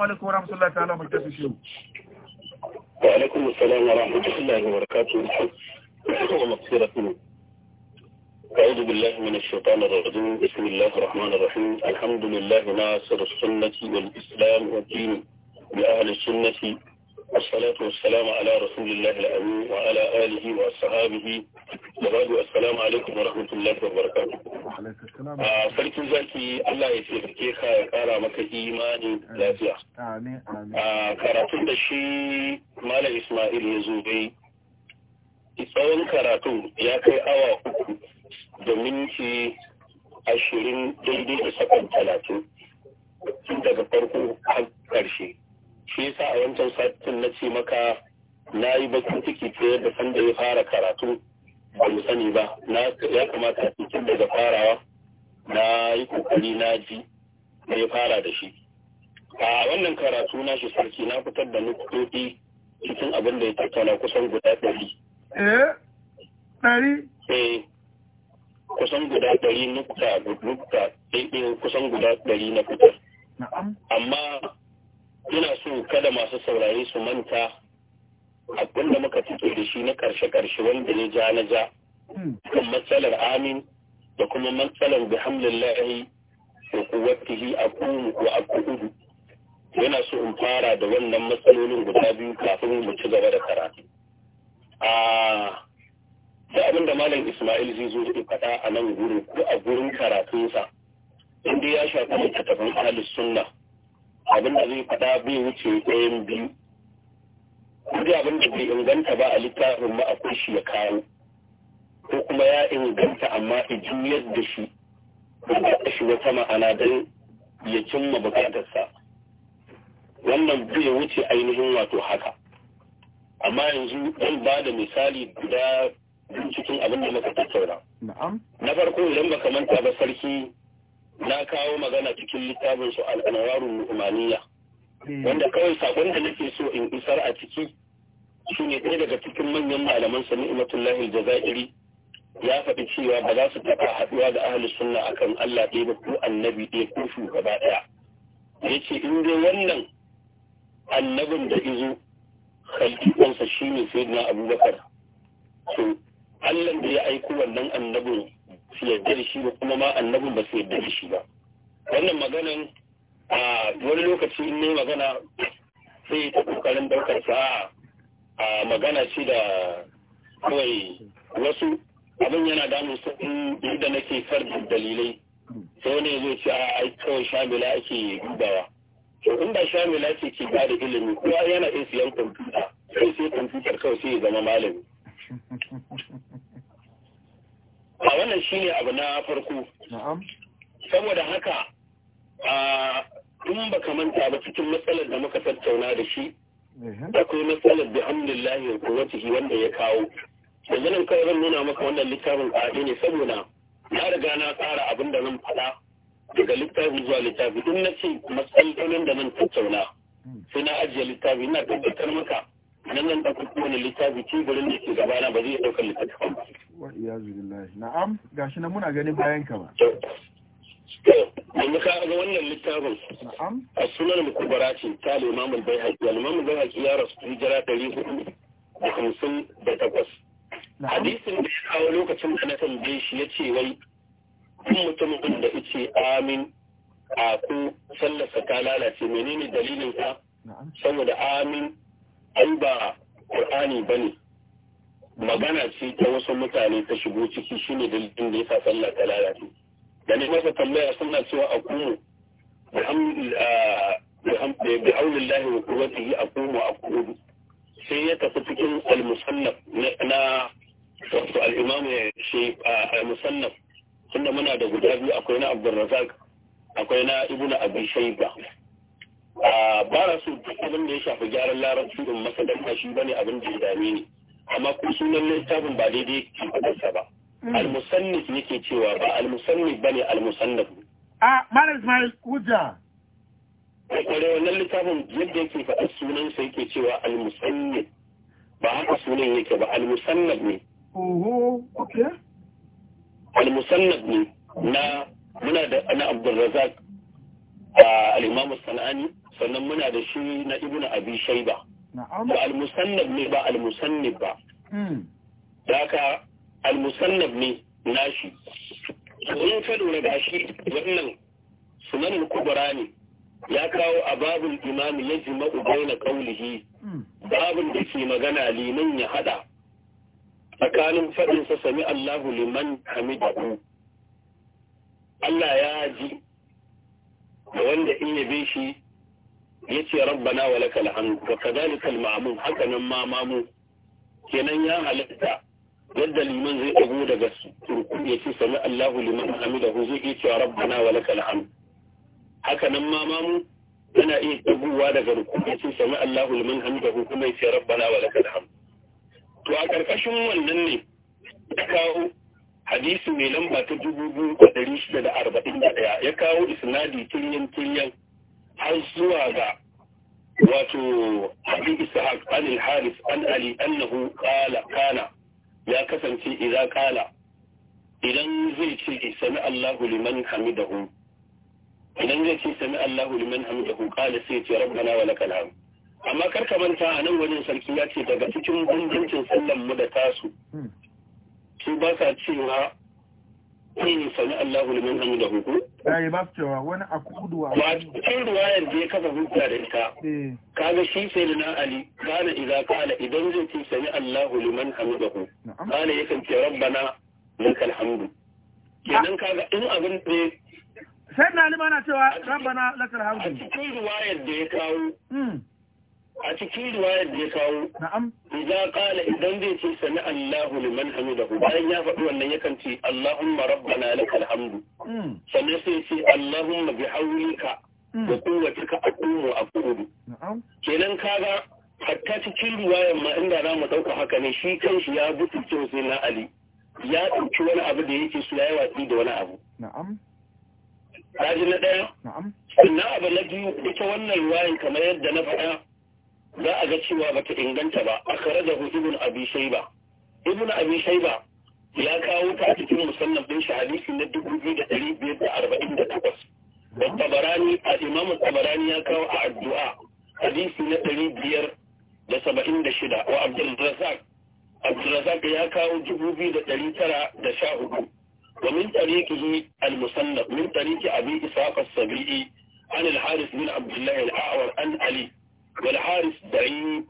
alaikum warahmatullahi ta'ala mai tafi shi wa alaikum assalam wa rahmatullahi wa barakatuh أعوذ بالله من الشيطان الرجيم بسم الله الرحمن الرحيم الحمد لله ناصر السنة والإسلام والدين بأهل السنة والصلاة والسلام على رسول الله الأمين وعلى آله وصحابه وبعد السلام عليكم ورحمة الله وبركاته sarki zaki Allah ya taimake ka ya kara maka imani lafiya karatun da shi Malam Ismail ya zo bai tsawon karatu ya kai awa uku da minti ashirin daidai da talatin daga farko har ƙarshe shi yasa a wancan satin na ce maka na yi bakin ciki ta yadda sanda ya fara karatu ba mu sani ba na ya kamata a cikin daga farawa na yi kokari na ji na ya fara da shi a wannan karatu na shi sarki na fitar da nukuɗoɗi cikin abin da ya tattauna kusan guda ɗari. Eh, ɗari? Eh, kusan guda ɗari nukta nukta ɗaiɗin eh, eh, kusan guda ɗari na fitar. Amma ina so kada masu saurari su manta abin da muka fito da shi na karshe-karshe wanda ya ja na ja kan matsalar amin da kuma matsalar bihamdillahi da kuwatihi a kuma ko a kudu yana so in fara da wannan matsalolin guda biyu kafin mu ci gaba da karatu a da abin da malam ismail zai zo da faɗa a nan gurin ko a gurin karatunsa inda ya shafi littattafan ahalus sunna abin da zai fada bai wuce ɗayan biyu duk abin da bai inganta ba a littafin ba a kushi ya kawo ko kuma ya inganta amma i juyar da shi ko ba shi wata ma'ana don ya cimma bukatarsa wannan bai wuce ainihin wato haka amma yanzu zan ba da misali guda cikin abin da muka tattauna na farko idan ba manta ba sarki na kawo magana cikin littafin su al'anwarun nu'umaniya wanda kawai sabon da nake so in isar a ciki shi ne ɗaya daga cikin manyan malaman sa da jazairi ya faɗi cewa ba za su taɓa haɗuwa da ahli sunna akan Allah ɗaya ba ko annabi ɗaya ko shugaba ɗaya yace in dai wannan annabin da izo ne sai na abubakar to Allah da ya aiko wannan annabin su yarda da shi ba kuma ma annabin ba su yarda da shi ba wannan maganan a wani lokaci in ne magana sai ta kokarin daukar sa a magana ce da kawai wasu abin yana damun su da nake fardin dalilai sai wani zai ce a kawai shamila ake dubawa to in ba shamila ce ke ba da ilimi kowa yana iya siyan kwamfuta sai sai kwamfutar kawai sai ya zama malami a wannan shi ne abu na farko saboda haka a in ba manta ba cikin matsalar da muka tattauna da shi akwai matsalar da hamdulillahi wa kuwatihi wanda ya kawo yanzu nan kawai zan nuna maka wannan littafin ƙaɗe ne saboda na riga na tsara abin da zan faɗa daga littafi zuwa littafi duk na ce matsalolin da nan tattauna hmm. sai na ajiye littafi ina tabbatar maka nan nan ɗauka kowane littafi ci garin da ke gabana ba zai ɗaukar littattafan ba. Wa iyazu billahi. Na'am gashi nan muna ganin bayan ka ba. Yanzu ka ga wannan littafin. Na'am. A sunan mukubara ce ta limamul bai haƙi. Limamul bai haƙi ya rasu hijira ɗari hudu da hamsin da takwas. Hadisin da ya kawo lokacin da na tambaye shi ya ce wai kun mutumin da ice amin a ku sallarsa ta lalace menene dalilin ka saboda amin ai ba Qur'ani ne magana ce ta wasu mutane ta shigo ciki shine dalilin da ya yasa sallah ta lalace da ne masa tambaya suna cewa a kuma bi aulillahi wa quwwatihi a kuma a kudu sai ya tafi cikin al-musannaf na wato al-imam shi al-musannaf tunda muna da guda biyu akwai na Abdurrazzaq akwai na Ibn Abi Shayba ba na su duk abin da ya shafi gyaran larabci in masa dan shi bane abin da ya dame ni amma ko sunan littafin ba daidai ke fadarsa ba hmm. almusannif yake cewa ba almusannif bane almusannif musannaf a malam Ismail Kuja kware wannan littafin yadda yake faɗa sunan sa yake cewa almusannif ba haka sunan yake ba almusannif ne oho okay al ne na muna da ana Abdul Razak al-Imam sannan muna da shi na Ibn abi shaiba ba al-musannab ne ba al-musannab ba hmm. da al-musannab ne nashi in ka lura da shi wannan sunan kubra ne ya kawo a babun imami ya jima na kaulihi hmm. babun da ke magana liman ya haɗa. tsakanin faɗinsa sami Allahu liman hamidahu Allah ya ji da wanda in yabe shi Ya ce rabbana wa lakal hamd wa kadhalika al ma'mum haka nan ma mamu kenan ya halatta yadda liman zai dago daga turku ya ce sami Allahu liman hamidahu zai iya cewa rabbana wa lakal hamd haka nan ma mamu yana iya dagowa daga ruku ya ce sami Allahu liman hamidahu kuma ya ce rabbana wa lakal hamd to a karkashin wannan ne ya kawo hadisi mai lamba ta dubu biyu da ɗari shida da arba'in da ɗaya ya kawo isnadi tiryan tiryan har zuwa ga wato abin ishaq an al-haris an ali annahu qala kana ya kasance idan kala idan zai ce sami Allahu liman hamidahu idan zai ce sami Allahu liman hamidahu qala sai ce rabbana wa lakal hamd amma kar ka manta a nan wajen sarki ya ce daga cikin bambancin sallan mu da tasu su ba sa cewa in sami Allahu liman ba cewa wani wa ba cikin ruwayar da ya kafa hujja da ita eh. kaga shi sai na ali kana idza kana idan zai ce sami Allahu liman hamidahu kana yakan ce rabbana lakal hamdu kenan kaga in abin da sai na ali bana cewa rabbana lakal hamdu cikin ruwayar da ya kawo hmm. a cikin riwayar da ya kawo idan kala idan zai ce sami Allahu liman hamidahu bayan ya faɗi wannan yakan ce Allahumma rabbana lakal hamdu hmm. sannan sai ce Allahumma bihaulika da hmm. kowatika a kuma a kenan kaga hatta cikin riwayar ma inda za mu ɗauka haka ne shi kanshi ya butu sai na Ali ya ɗauki wani abu da yake su ya yi watsi da wani abu Raji na ɗaya, sannan abu na biyu ita wannan ruwayin kamar yadda na faɗa za a ga cewa bata inganta ba a kare da ibn abi shaiba ibn abi shaiba ya kawo ta cikin musamman din shahadisi na dubu biyu da biyar da arba'in da takwas tabarani a imamu tabarani ya kawo a addu'a hadisi na ɗari biyar da saba'in da shida wa abdulrazak abdulrazak ya kawo dubu biyu da ɗari tara da sha hudu wa min tariqihi al-musannaf min tariqi abi isaq as bin abdullah awar an ali Wani haris da yi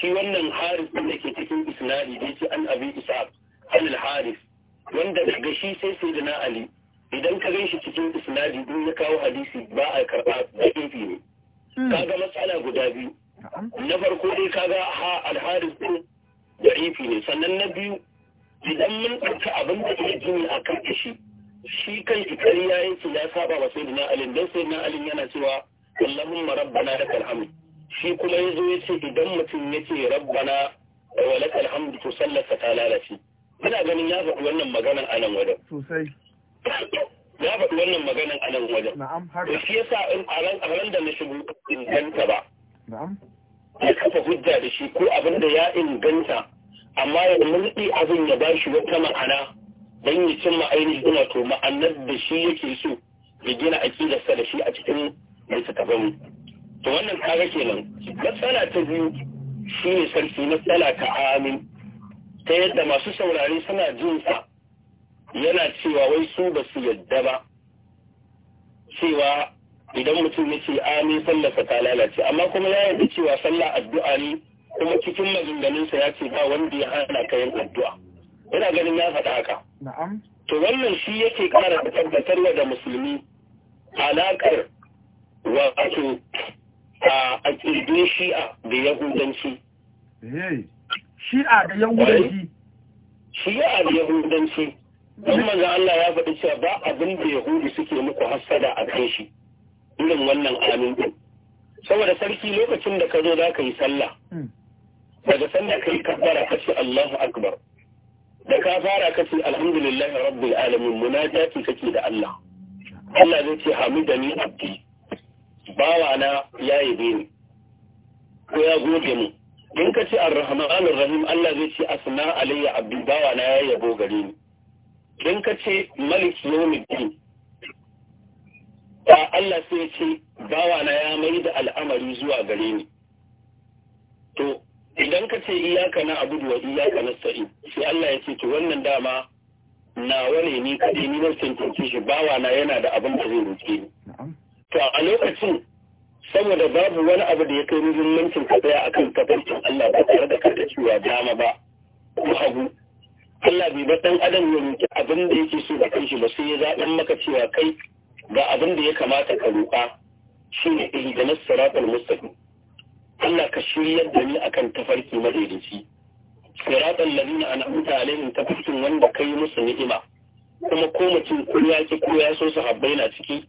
shi wannan haris da ke cikin isnadi da ce an abi isab an haris wanda daga shi sai sai na ali idan ka gan shi cikin isnadi din ya kawo hadisi ba a karɓa da ifi ne hmm. kaga matsala guda biyu na farko dai kaga ha al haris din da ifi ne sannan na biyu idan mun ɗauki abin da ya jini a kan shi shi kan ƙarya yake ya saba wa sai da na alin don sai na alin yana cewa Allahumma rabbana lakal hamd shi kuma ya zo ya ce idan mutum ya ce rabbana wa walaka alhamdu to sallarsa ta lalace ina ganin ya faɗi wannan maganan a nan wajen sosai ya faɗi wannan maganan a nan wajen na'am da shi yasa in a ran da na shigo inganta ba na'am ya kafa hujja da shi ko abin da ya inganta amma ya mulki abin ya ba shi wata ma'ana don ya cimma ainihin to ma'anar da shi yake so ya gina aƙidarsa da shi a cikin littattafan to wannan kaga kenan matsala ta biyu shi ne sarki matsala ta amin ta yadda masu saurare suna jin sa yana cewa wai su ba su yadda ba cewa idan mutum ya ce amin sallarsa ta lalace amma kuma ya yarda cewa sallah addu'a ne kuma cikin maganganunsa ya ce ba wanda ya hana ka yin addu'a ina ganin ya faɗa haka to wannan shi yake ƙara tabbatarwa da musulmi alaƙar wato a ƙirgin shi'a da yahudanci eh, shi'a da yahudanci shi'a da yahudanci don maza Allah ya faɗi cewa ba abin da yahudu suke muku hassada a kan shi irin wannan amin ɗin. saboda sarki lokacin da ka zo za ka yi sallah hmm. daga sanda ka yi kabbara ka ce Allahu akbar da ka fara ka ce alhamdulillahi rabbil alamin munajati kake da Allah Allah zai ce hamidani abdi bawa na ya yi ni ko ya goge mu in ka ce ar-rahman rahim Allah zai ce asna alayya abdi bawa na ya yabo gare ni in ka ce malik yawmiddin ba Allah sai ya ce bawa na ya mai da al'amari zuwa gare ni to idan ka ce iyaka na abudu wa iyaka na sa'i, sai Allah ya ce to wannan dama na wane ni kaɗai ni na tantance shi bawa na yana da abin da zai roƙe ni to a lokacin saboda babu wani abu da ya kai muhimmancin ka tsaya akan kafarcin Allah ba tare da kada cewa dama ba ko hagu Allah bai bar dan adam ya roki abin da yake so da kanshi ba sai ya zaɓi maka cewa kai ga abin da ya kamata ka roƙa shine ihdinas siratal mustaqim Allah ka shiryar da ni akan tafarki madaidaici siratal ladina an'amta alaihim tafarkin wanda kai musu ni'ima kuma ko mutum ko ki ko ya so su Habbaina na ciki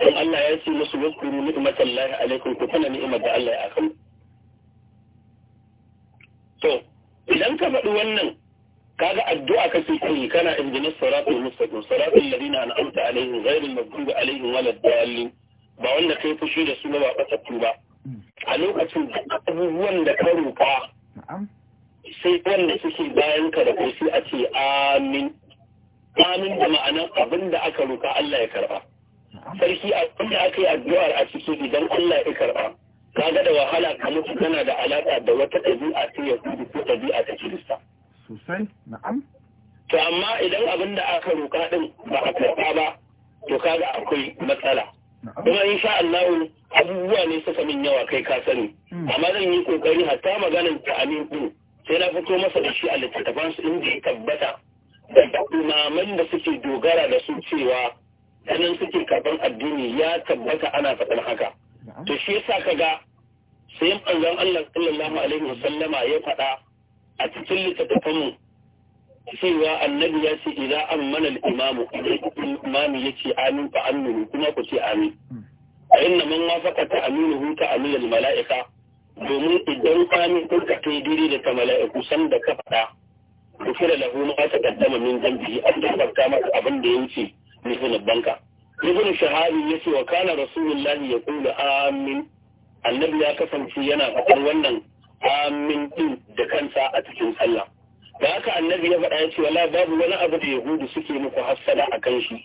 don Allah ya ce musu wasu ni'imatan lahi alaikum ku tana ni'imar da Allah ya akan to idan ka faɗi wannan kaga addu'a kake kai kana injinin siratul mustaqim siratul ladina an'amta alaihim ghayril maghdubi alaihim waladdallin ba wanda kai fushi da su ba batattu ba a lokacin abubuwan da ka roƙa sai wanda suke bayan ka da kai sai a ce amin amin da ma'ana abin da aka roƙa Allah ya karba sarki abinda aka yi addu'ar a ciki idan Allah ya karba kaga da wahala ka mutu tana da alaka da wata ɗabi'a ta yahudu ko ɗabi'a ta kirista sosai na'am to amma idan abin da aka roƙa din ba a karɓa ba to kaga akwai matsala kuma insha Allah abubuwa ne suka min yawa kai ka sani hmm. amma zan yi kokari hatta maganar ta amin din sai na fito masa da shi a littattafan su inda ya tabbata da imaman da suke dogara da su cewa nan suke karɓar addini ya tabbata ana faɗin haka to shi yasa ga sai manzon Allah sallallahu alaihi wasallama ya faɗa a cikin littattafan mu cewa annabi ya ce ina an mana imamu imamu ya ce amin fa aminu kuma ku ce amin hmm. a inna man wafaka ta aminu ta aminul mala'ika domin idan amin kun ka kai dire da ta mala'iku san da ka faɗa kufira lahu ma ta kaddama min zambi an tabbata maka abin da ya wuce rufin banka ibn shahari ya ce wa kana rasulullahi ya kula amin annabi ya kasance yana faɗar wannan amin ɗin da kansa a cikin sallah da haka annabi ya faɗa ya ce wala babu wani abu da yahudu suke muku hassada a kan shi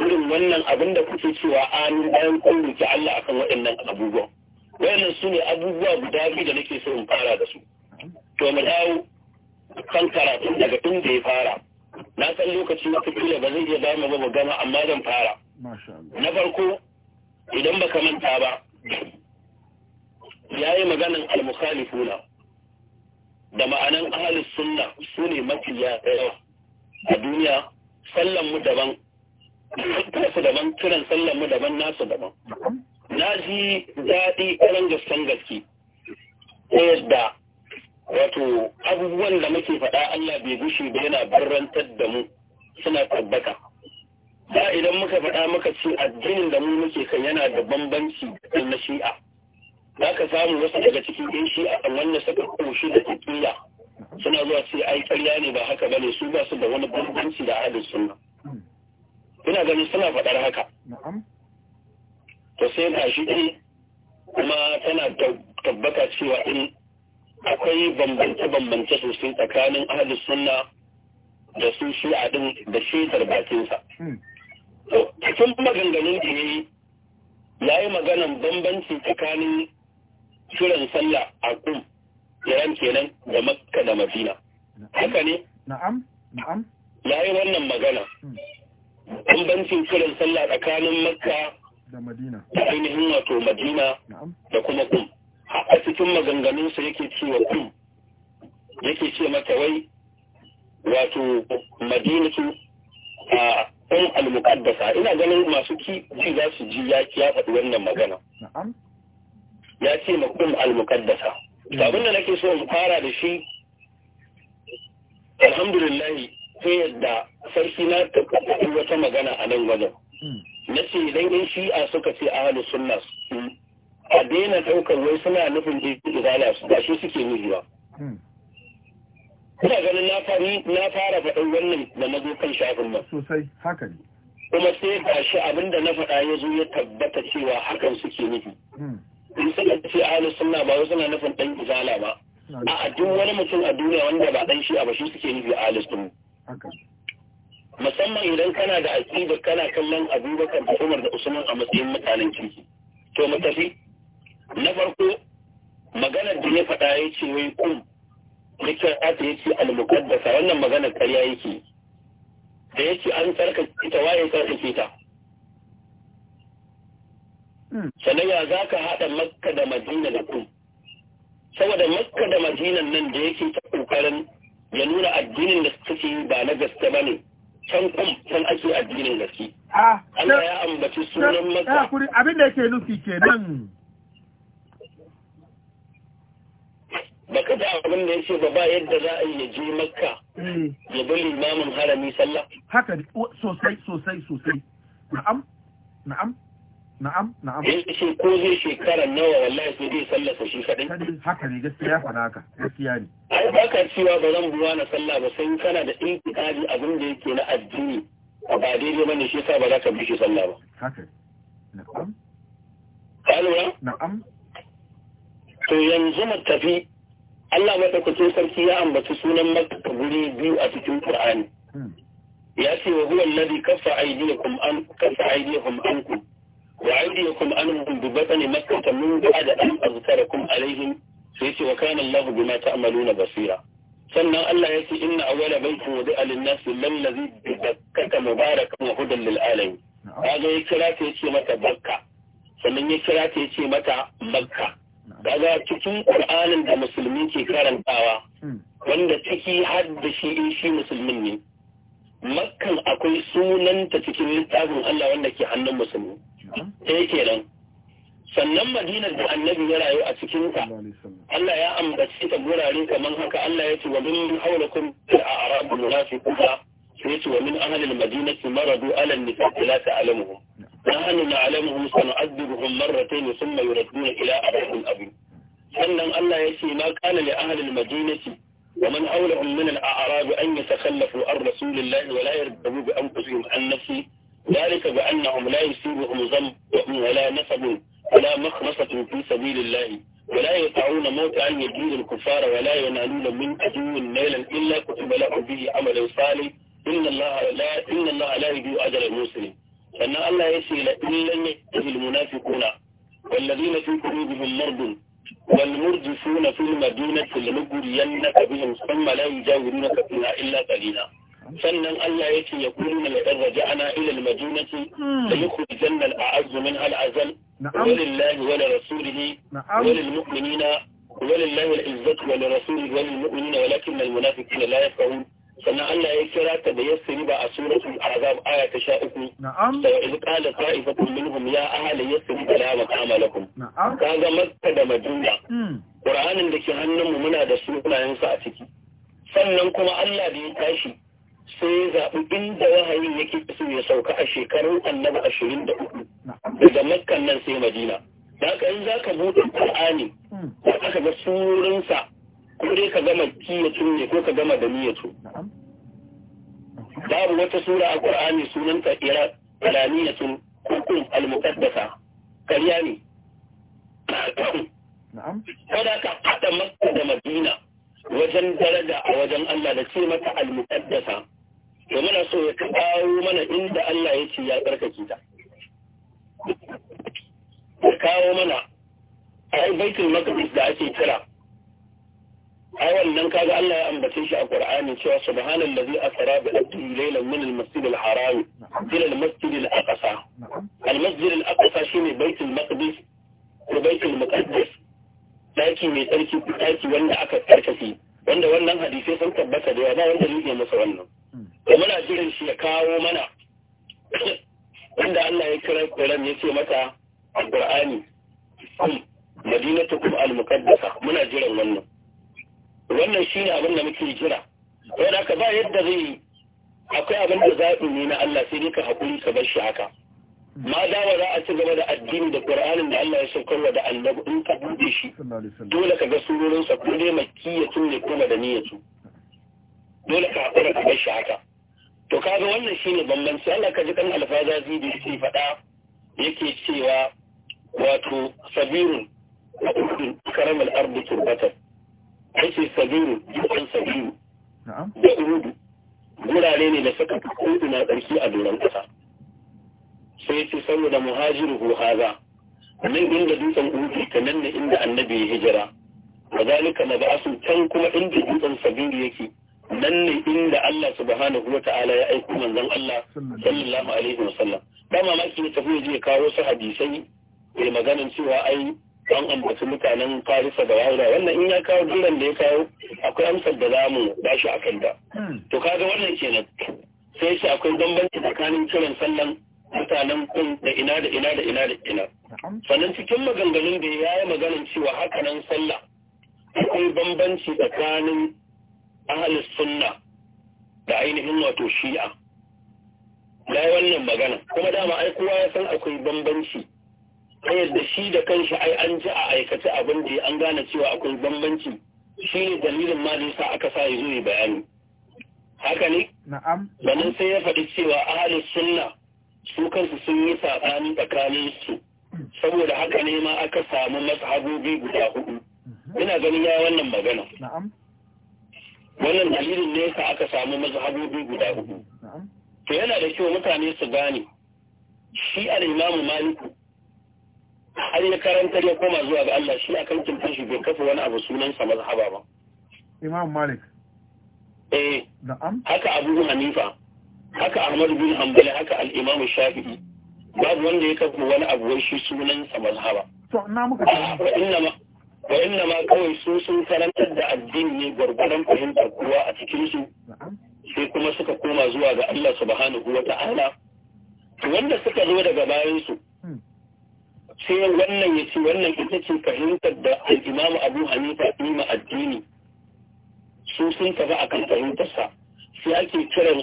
irin wannan abin da kuke cewa amin bayan kun roki Allah akan waɗannan abubuwa wayannan su ne abubuwa guda biyu da nake so in fara da su to mu dawo kan karatun daga tun da ya fara na san lokaci na fitila ba zai iya dama ba gama amma zan fara na farko idan baka manta ba ya yi maganan almukhalifuna da ma'anan ahalus sunna su ne ya yawa a duniya sallan mu daban nasu daban kiran sallan mu daban nasu daban na ji daɗi ƙaran gaskan gaske ta yadda wato abubuwan da muke faɗa Allah bai gushi ba yana barrantar da mu suna tabbata da idan muka faɗa muka ce addinin da mu muke kan yana da bambanci na shi'a za ka samu wasu daga cikin yan shi'a wannan saka koshi da tafiya suna zuwa ce ai ƙarya ne ba haka bane su ba su da wani bambanci da adin sunna ina ganin suna faɗar haka to sai ga shi kuma tana tabbaka cewa in akwai bambance-bambance sosai tsakanin ahalus sunna da su a ɗin da shaidar bakinsa. Hmm. To, cikin maganganun da ya yi, ya yi maganan bambanci tsakanin shirin sallah a kum yaran kenan da makka da madina. Haka ne? Na'am, na'am. Ya yi wannan magana. Hmm. Bambancin shirin sallah tsakanin makka da madina. Da ainihin wato madina da kuma kum. a cikin maganganunsa yake cewa kun yake ce mata wai wato madinatu a ɗan almukaddasa ina ganin masu ki za su ji ya ya faɗi wannan magana ya ce ma kun almukaddasa abin da nake so in fara da shi alhamdulillahi ta yadda sarki na taɓa wata magana a nan wajen hmm. na ce idan yan shi'a suka ce ahalus sunna a daina ɗaukar wai suna nufin izala su ba shi suke nufi ba. Hmm. Ina ganin na fara faɗin wannan da na zo kan shafin nan. Sosai, haka ne. Kuma sai ga shi abin na faɗa ya zo ya tabbata cewa hakan suke nufi. In hmm. suka ce ahalus sunna ba wasu suna nufin ɗan izala ba. A duk wani mutum a duniya wanda ba ɗan shi a ba shi suke nufi ahalus sunna. Musamman idan kana da aƙida kana kallon abubakar da Umar da Usman a matsayin mutanen kirki. To mu tafi. na farko maganar da ya faɗa ya ce wai kun likar ata ya ce almukaddasa wannan maganar karya yake da ya ce an tsarkake ta waye tsarkake ta hmm. sannan ya za ka haɗa makka da madina da kun saboda makka da madinan nan da yake ta ƙoƙarin ya nuna addinin da suke ba na gaske ba ne can kun can ake addinin gaske ah, Allah ya ambaci sunan makka abin da yake nufi kenan baka ji abin da yake ba ba yadda za a yi je makka hmm. ya bi limamin harami sallah haka sosai sosai sosai na'am na'am na'am na'am shi ko zai shekara nawa wallahi sai dai sallarsa shi kadai haka ne gaskiya fa haka gaskiya ne ai baka cewa ba zan buwa na sallah ba sai kana da intiqadi abin da yake na addini ba daidai bane shi yasa ba za ka bi shi sallah ba haka na'am ka lura na'am to yanzu mu tafi Allah madaukakin sarki ya ambaci sunan Makka guri biyu a cikin Qur'ani. Hmm. Ya ce wa huwa alladhi kaffa aydiyakum an kaffa aydiyakum ankum wa aydiyakum anhum bi batni makkah min ba'da an azkarakum alaihim sai ce wa kana Allahu bima ta'maluna basira. Sannan Allah ya ce inna awwala baitin wudi'a lin-nas lallazi bi Bakkata mubarakan wa hudan lil-alamin. Kaga ya kira ta ya ce mata Bakka sannan ya kira ta ya ce mata Makka. daga cikin ƙur'anin da musulmi ke karantawa hmm. wanda ciki har da shi shi musulmin ne makkan akwai sunanta cikin littafin Allah wanda ke hannun musulmi sai eh, kenan sannan madinar da annabi ya rayu a cikin ka Allah ya ambace ta gurare kamar haka Allah ya ce wa min hawlakum al-a'rab munafiquna sai ce wa min ahli al-madinati maradu ala an-nifaq la ta'lamuhum نحن نعلمهم سنعذبهم مرتين ثم يردون إلى أبيهم أبي sannan Allah يسي ما كان لأهل المدينة ومن حولهم من الأعراب أن يتخلفوا عن رسول الله ولا yatakhallafu بأنفسهم عن نفسي ذلك بأنهم لا يصيبهم ذنب ولا نسب ولا مخمصة في سبيل الله ولا يطعون موقعا يدين الكفار ولا ينالون من عدو نيلا إلا كتب لهم به عمل صالح إن الله لا إن الله لا يضيع أجر المسلم sannan Allah ya ce la illan yahil munafiquna والذين في قلوبهم مرض والمرجفون في المدينة لنجرينك بهم ثم لا يجاورونك فيها إلا قليلا sannan Allah ya ce ya kuri na laɗar waje ana ilil majunati da hmm. yi kuri jannar a azumin al'azal walillahi wala rasulihi walil mu'minina walillahi al'izzatu wani rasulihi walil mu'minina walakin al munafiqina la yafqahun sannan Allah ya kira ta da yassiri ba a suratul azab aya ta sha uku. sai in qala ta'ifatun minhum ya ahli yassiri la maqama lakum kaga makka da madina hmm. qur'anin da ke hannun mu muna da sunayen sa a ciki sannan kuma Allah da ya tashi sai ya zaɓi inda wahayin yake so ya sauka a shekarun annabi ashirin da uku daga makkan nan sai madina da haka in za ka buɗe qur'ani hmm. za ka ga surinsa ko dai ka gama kiyatun ne ko ka gama da niyatu babu wata sura a qur'ani sunanta ira kalaniyatun ko kun al-muqaddasa kariya ne kada ka haɗa makka da madina wajen daraja a wajen Allah da ce mata almukaddasa, to muna so ya kawo mana inda Allah ya ce ya tsarkake ta ya kawo mana a baitul maqdis da ake kira a wannan kaga Allah ya ambace shi a Qur'ani cewa subhanallazi asra bi abdihi laylan min al-masjid al-haram ila al-masjid al-aqsa al-masjid al-aqsa shine baitul maqdis ko baitul muqaddas daki mai tsarki daki wanda aka tsarkake wanda wannan hadisi sun tabbata da ba wanda yake masa wannan to muna jiran shi ya kawo mana wanda Allah ya kira Qur'an ya ce mata al-Qur'ani madinatukum al-muqaddasa muna jiran wannan wannan shi ne abin da muke jira wadda ka ba yadda zai akwai abin da zaɓi ne na Allah sai dai ka haƙuri ka bar shi haka ma za a ci gaba da addini da ƙur'anin da Allah ya saukarwa da annabi in ka buɗe shi dole ka ga surorinsa ko dai makiyatun ne da madaniyatu dole ka haƙura ka bar shi haka to kaga wannan shine bambanci Allah ka ji kan alfaza zidi shi faɗa yake cewa wato sabirun a kudin karamar arziki batar aiki sabiru dukkan sabiru da urudu wurare ne da suka fi ko'ina tsarki a doron ƙasa sai sanu saboda muhajiru ko haza nan inda dutsen urudu ta nan ne inda annabi ya hijira wa zalika mab'asu can kuma inda dutsen sabiru yake nan ne inda Allah subhanahu wa ta'ala ya aiko manzon Allah sallallahu alaihi wa sallam ba mamaki ne tafiya je kawo su hadisai mai maganin cewa ai an ambaci mutanen farisa da yahuda wannan in ya kawo duran da ya kawo akwai amsar da zamu mu bashi a kanta hmm. to kaga wannan kenan sai shi akwai bambanci tsakanin kiran sallan mutanen kun da ina da ina da ina da ina sannan cikin maganganun da ya yi maganin cewa nan sallah akwai bambanci tsakanin ahalis sunna da ainihin wato shi'a na wannan magana kuma dama ai kowa ya san akwai bambanci ta yadda shi da kanshi ai an ji a aikace abin da an gane cewa akwai bambanci shi ne dalilin ma da aka sa ya zuwa bayani haka ne na'am sannan sai ya faɗi cewa halin sunna su kansu sun yi saɓani tsakanin su saboda haka ne ma aka samu mazhabobi guda hudu mhm. ina ganin ya wannan magana na'am wannan dalilin ne yasa aka samu mazhabobi guda hudu to yana da kyau mutane su gane shi al-imamu maliku har ya karanta ya koma zuwa ga Allah shi akan kimfin shi bai kafa wani abu sunansa mazhaba ba Imam Malik eh na'am haka Abu Hanifa haka Ahmad bin Hanbali haka al-Imam Shafi'i babu wanda ya kafa wani abu shi sunansa mazhaba to na muka ah, wa inna ma kawai su sun karantar da addini ne gwargwadon fahimtar kowa a cikin su sai kuma suka koma zuwa ga Allah subhanahu wa ta'ala wanda suka zo daga bayan su hmm. sai wannan ya ce wannan ita ce fahimtar da al'imamu abu hanifa ima addini su sun a kan fahimtarsa sai ake kiran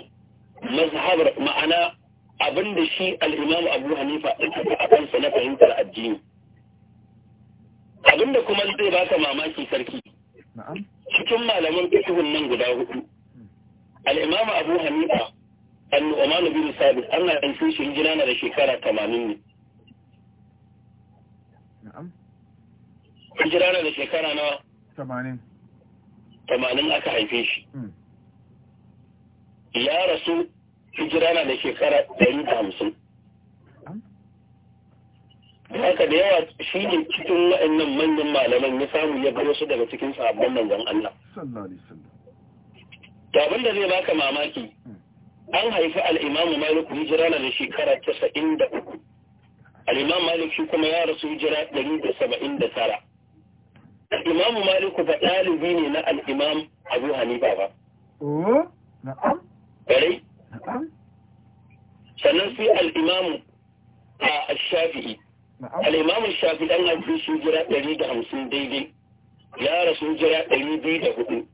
mazhabar ma'ana abin da shi al'imamu abu hanifa ɗin tafi a kansa na fahimtar addini abin da kuma zai baka mamaki sarki cikin malaman fikihun nan guda hudu al'imamu abu hanifa annu umanu bin sabit ana yanzu shi jina na da shekara tamanin ne hijira na da shekara na tamanin aka haife shi hmm. ya rasu hijira na da shekara ɗari da hamsin hmm. haka da yawa shi ne cikin waɗannan manyan malaman ya samu ya bar wasu daga cikin sabon manzon Allah to abin da zai baka mamaki hmm. an haifi al'imamu malik hijira na da shekara casa'in da uku al'imam malik shi kuma ya rasu hijira ɗari da saba'in da tara imamu maliku ba ɗalibi ne na al'imam abu hanifa ba eh, Na’am? sannan sai al'imamu a shafi'i Al’imamun shafi ɗan abin sun jira ɗari da hamsin daidai yara sun jira ɗari biyu da hudu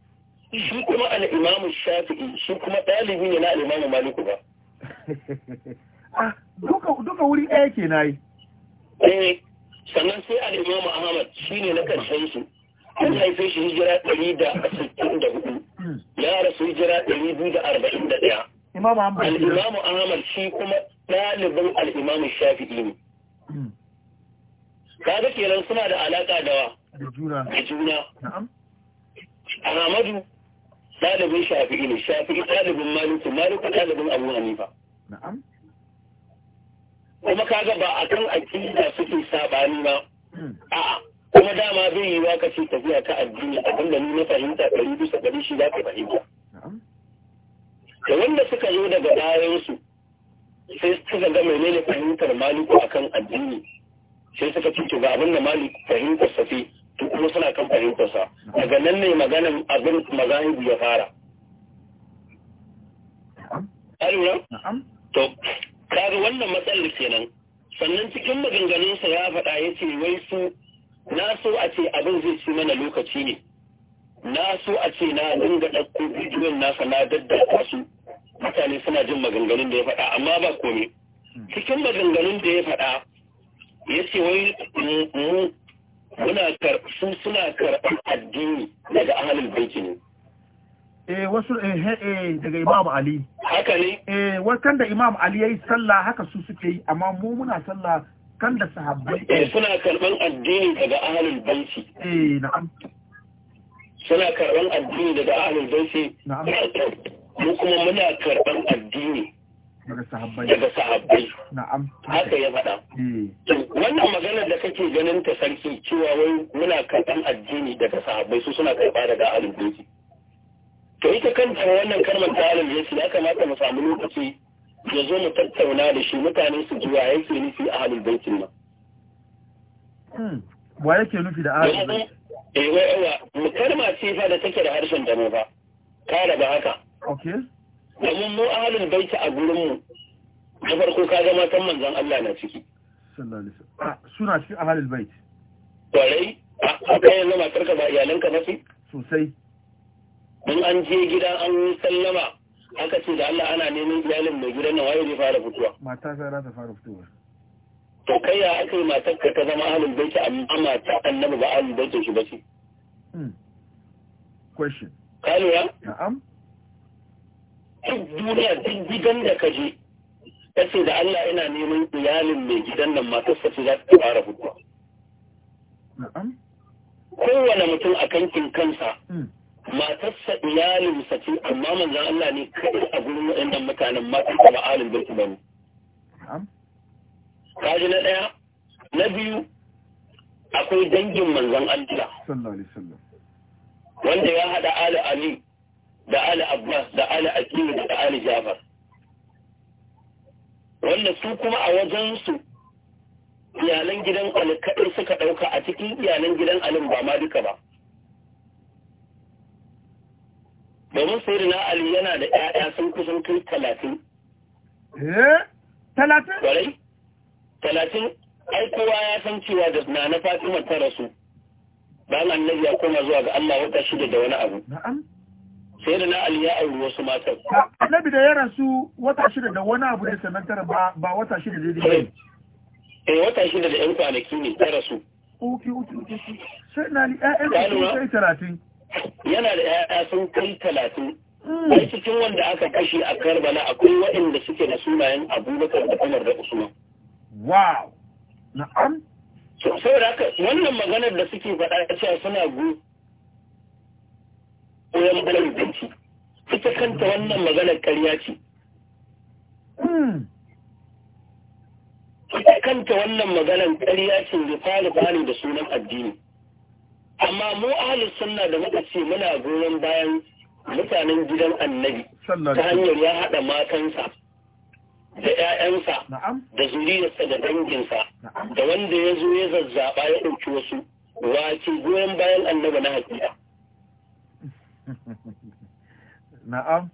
shi kuma al’imamun shafi'i shi kuma ɗalibi ne na al'imamu maliku ba ah, duka wuri ɗaya ke na yi eh, sannan sai al'imam ahmad shine na karshen su an haife shi hijira ɗari da sittin da hudu ya rasu hijira ɗari biyu da arba'in da ɗaya al'imam ahmad shi kuma ɗalibin al'imam shafi'i ne hmm. kaga kenan suna da alaƙa da wa da juna ahmadu ɗalibin shafi'i ne shafi'i ɗalibin maliku maliku ɗalibin abu hanifa na'am kuma kaga ba a kan aƙida suke saɓani ba a'a kuma dama zai yi wa kace tafiya ta addini abinda ni na fahimta ɗari bisa ɗari shi za ka fahimta da wanda suka zo daga su sai suka ga menene fahimtar maliku akan addini sai suka ce ga abin da maliku fahimtar sa to kuma suna kan fahimtar sa daga nan ne maganan abin mazahibu ya fara To, kaga wannan matsalar kenan sannan cikin maganganunsa ya faɗa ya ce wai su na so a ce abin zai ci mana lokaci ne na so a ce na dinga ɗauko bidiyon nasa na daddaka su mutane suna jin maganganun da ya faɗa amma ba komai cikin maganganun da ya faɗa ya ce wai mu suna karɓar addini daga ahalin baiki ne eh wasu eh, eh daga Imam Ali haka ne eh kan da Imam Ali yayi sallah haka su suke yi amma mu muna sallah kan da sahabbai eh suna karban addini daga ahlul baiti eh na'am suna karban addini daga ahlul baiti na'am mu kuma muna karban addini daga sahabbai daga sahabbai na'am haka ya faɗa eh. wannan maganar da kake ganin ta sarki cewa wai muna karban addini daga sahabbai su suna karba daga ahlul baiti to ita kanta wannan kalmar ta alal jinsi ya kamata mu samu lokaci ya zo mu tattauna da shi mutane su ji wa ke nufi halin baitin nan hmm, wa yake nufi da ahlul bait eh wai wa mu kalma ce fa da take da harshen da mu ba kare ba haka okay mun mu ahlul baiti a gurin mu da farko ka ga matan manzon Allah na ciki sallallahu alaihi wasallam ah, suna cikin ahlul bait kwarai ah, a kai yanzu matar ka ba iyalanka ba sosai in an je gida an yi sallama aka ce da Allah ana neman iyalin mai gidan nan waye zai fara fitowa mata sai za ta fara fitowa to kai ya aka yi matar ka ta zama ahlul baiti amma mata annabi ba ahlul baitin shi ba hmm. question Kalu lura na'am duk duniya duk gidan da ka je ka ce da Allah ina neman iyalin mai gidan nan sa ce za ta fara fitowa na'am kowane mutum a kankin kansa hmm. matarsa iyalinsa ce amma manzan Allah ne kaɗai a gurin waɗannan mutanen matan da ba alin bai kuma ne. Kaji na ɗaya, na biyu akwai dangin manzan Allah. Wanda ya haɗa Ali Ali da Ali Abbas da Ali Akiyu da Ali Jafar. Wanda su kuma a wajensu iyalan gidan Ali kaɗai suka ɗauka a cikin iyalan gidan Ali ba ma duka ba. domin sai na ali yana da ƴaƴa sun kusan kai talatin eh talatin ƙwarai talatin ai kowa ya san cewa da na na fatima ta rasu bayan annabi ya koma zuwa ga Allah wata shida da wani abu na'am sai da na ali ya auri wasu matan annabi da ya rasu wata shida da wani abu ne sannan tara ba ba wata shida da ne eh wata shida da ƴan kwanaki ne ta rasu uki uki uki sai na ali ƴaƴan kai talatin yana da ya'ya sun kai talatin hmm. ai cikin wanda aka kashe a karbala akwai waɗanda suke da sunayen abubakar da umar da usman wow na'am so saboda haka wannan maganar da suke faɗa cewa suna go koyan balar binci ita kanta wannan maganar karya ce ita kanta wannan maganar ƙarya ce da hmm. fara bani da sunan addini amma mu ahalin sunna da muka ce muna goyon bayan mutanen gidan annabi ta hanyar ya haɗa matansa da ‘ya'yansa da zuriyarsa da danginsa da wanda ya zo ya zazzaɓa ya ɗauki wasu wace goyon bayan annabi na haƙiƙa. Na'am,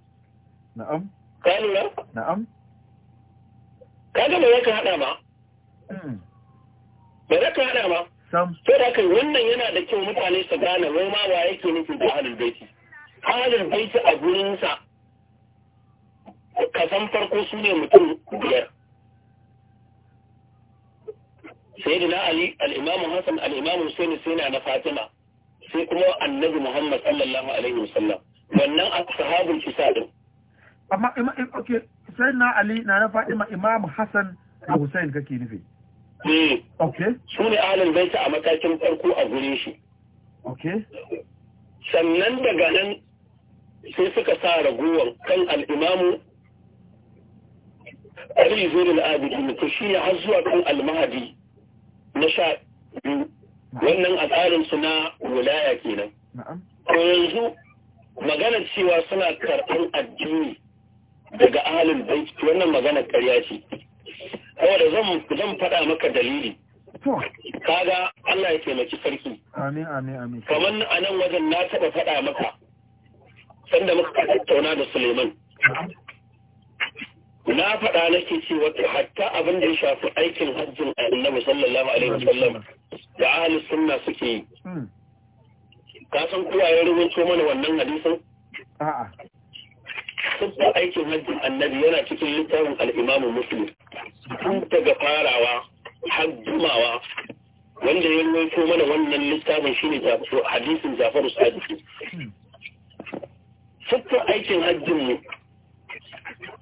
na'am. Kalura? Na'am. Kaga ba ya ka haɗa ba? Ba hmm. ya ka haɗa ba? sam da kai wannan yana da kyau mutane su gane wai ma yake nufi da ahlul baiti ahlul baiti a gurin sa kasan farko su ne mutum biyar sayyidina ali al-imam hasan al-imam husain sai na fatima sai kuma annabi muhammad sallallahu alaihi wasallam wannan a ashabul kisa din amma sai na ali na na fatima imam hasan da husain kake nufi Hmm. su ne ahalin baita a matakin farko a gurin shi sannan daga nan sai suka sa raguwar kan al'imamu Ali da Abidin to shi ne har zuwa kan almahadi na sha biyu wannan a tsarinsu na wulaya kenan. Ko yanzu magana cewa suna karɓar addini daga ahalin baiti wannan magana karya ce. saboda zan zan faɗa maka dalili kaga Allah ya taimaki sarki amin amin amin kamar a nan wajen na taɓa faɗa maka sanda muka tattauna da Suleiman na faɗa nake cewa hatta abin da ya shafi aikin hajjin annabi sallallahu alaihi wasallam da ahli sunna suke yi hmm. ka san kowa ya rubuto mana wannan hadisin a'a sabon aikin hajjin annabi yana cikin littafin al'imamu muslim tun daga farawa har jimawa wanda ya ruwaito mana wannan littafin shine hadisin jafaru sadiki sabon aikin hajjin mu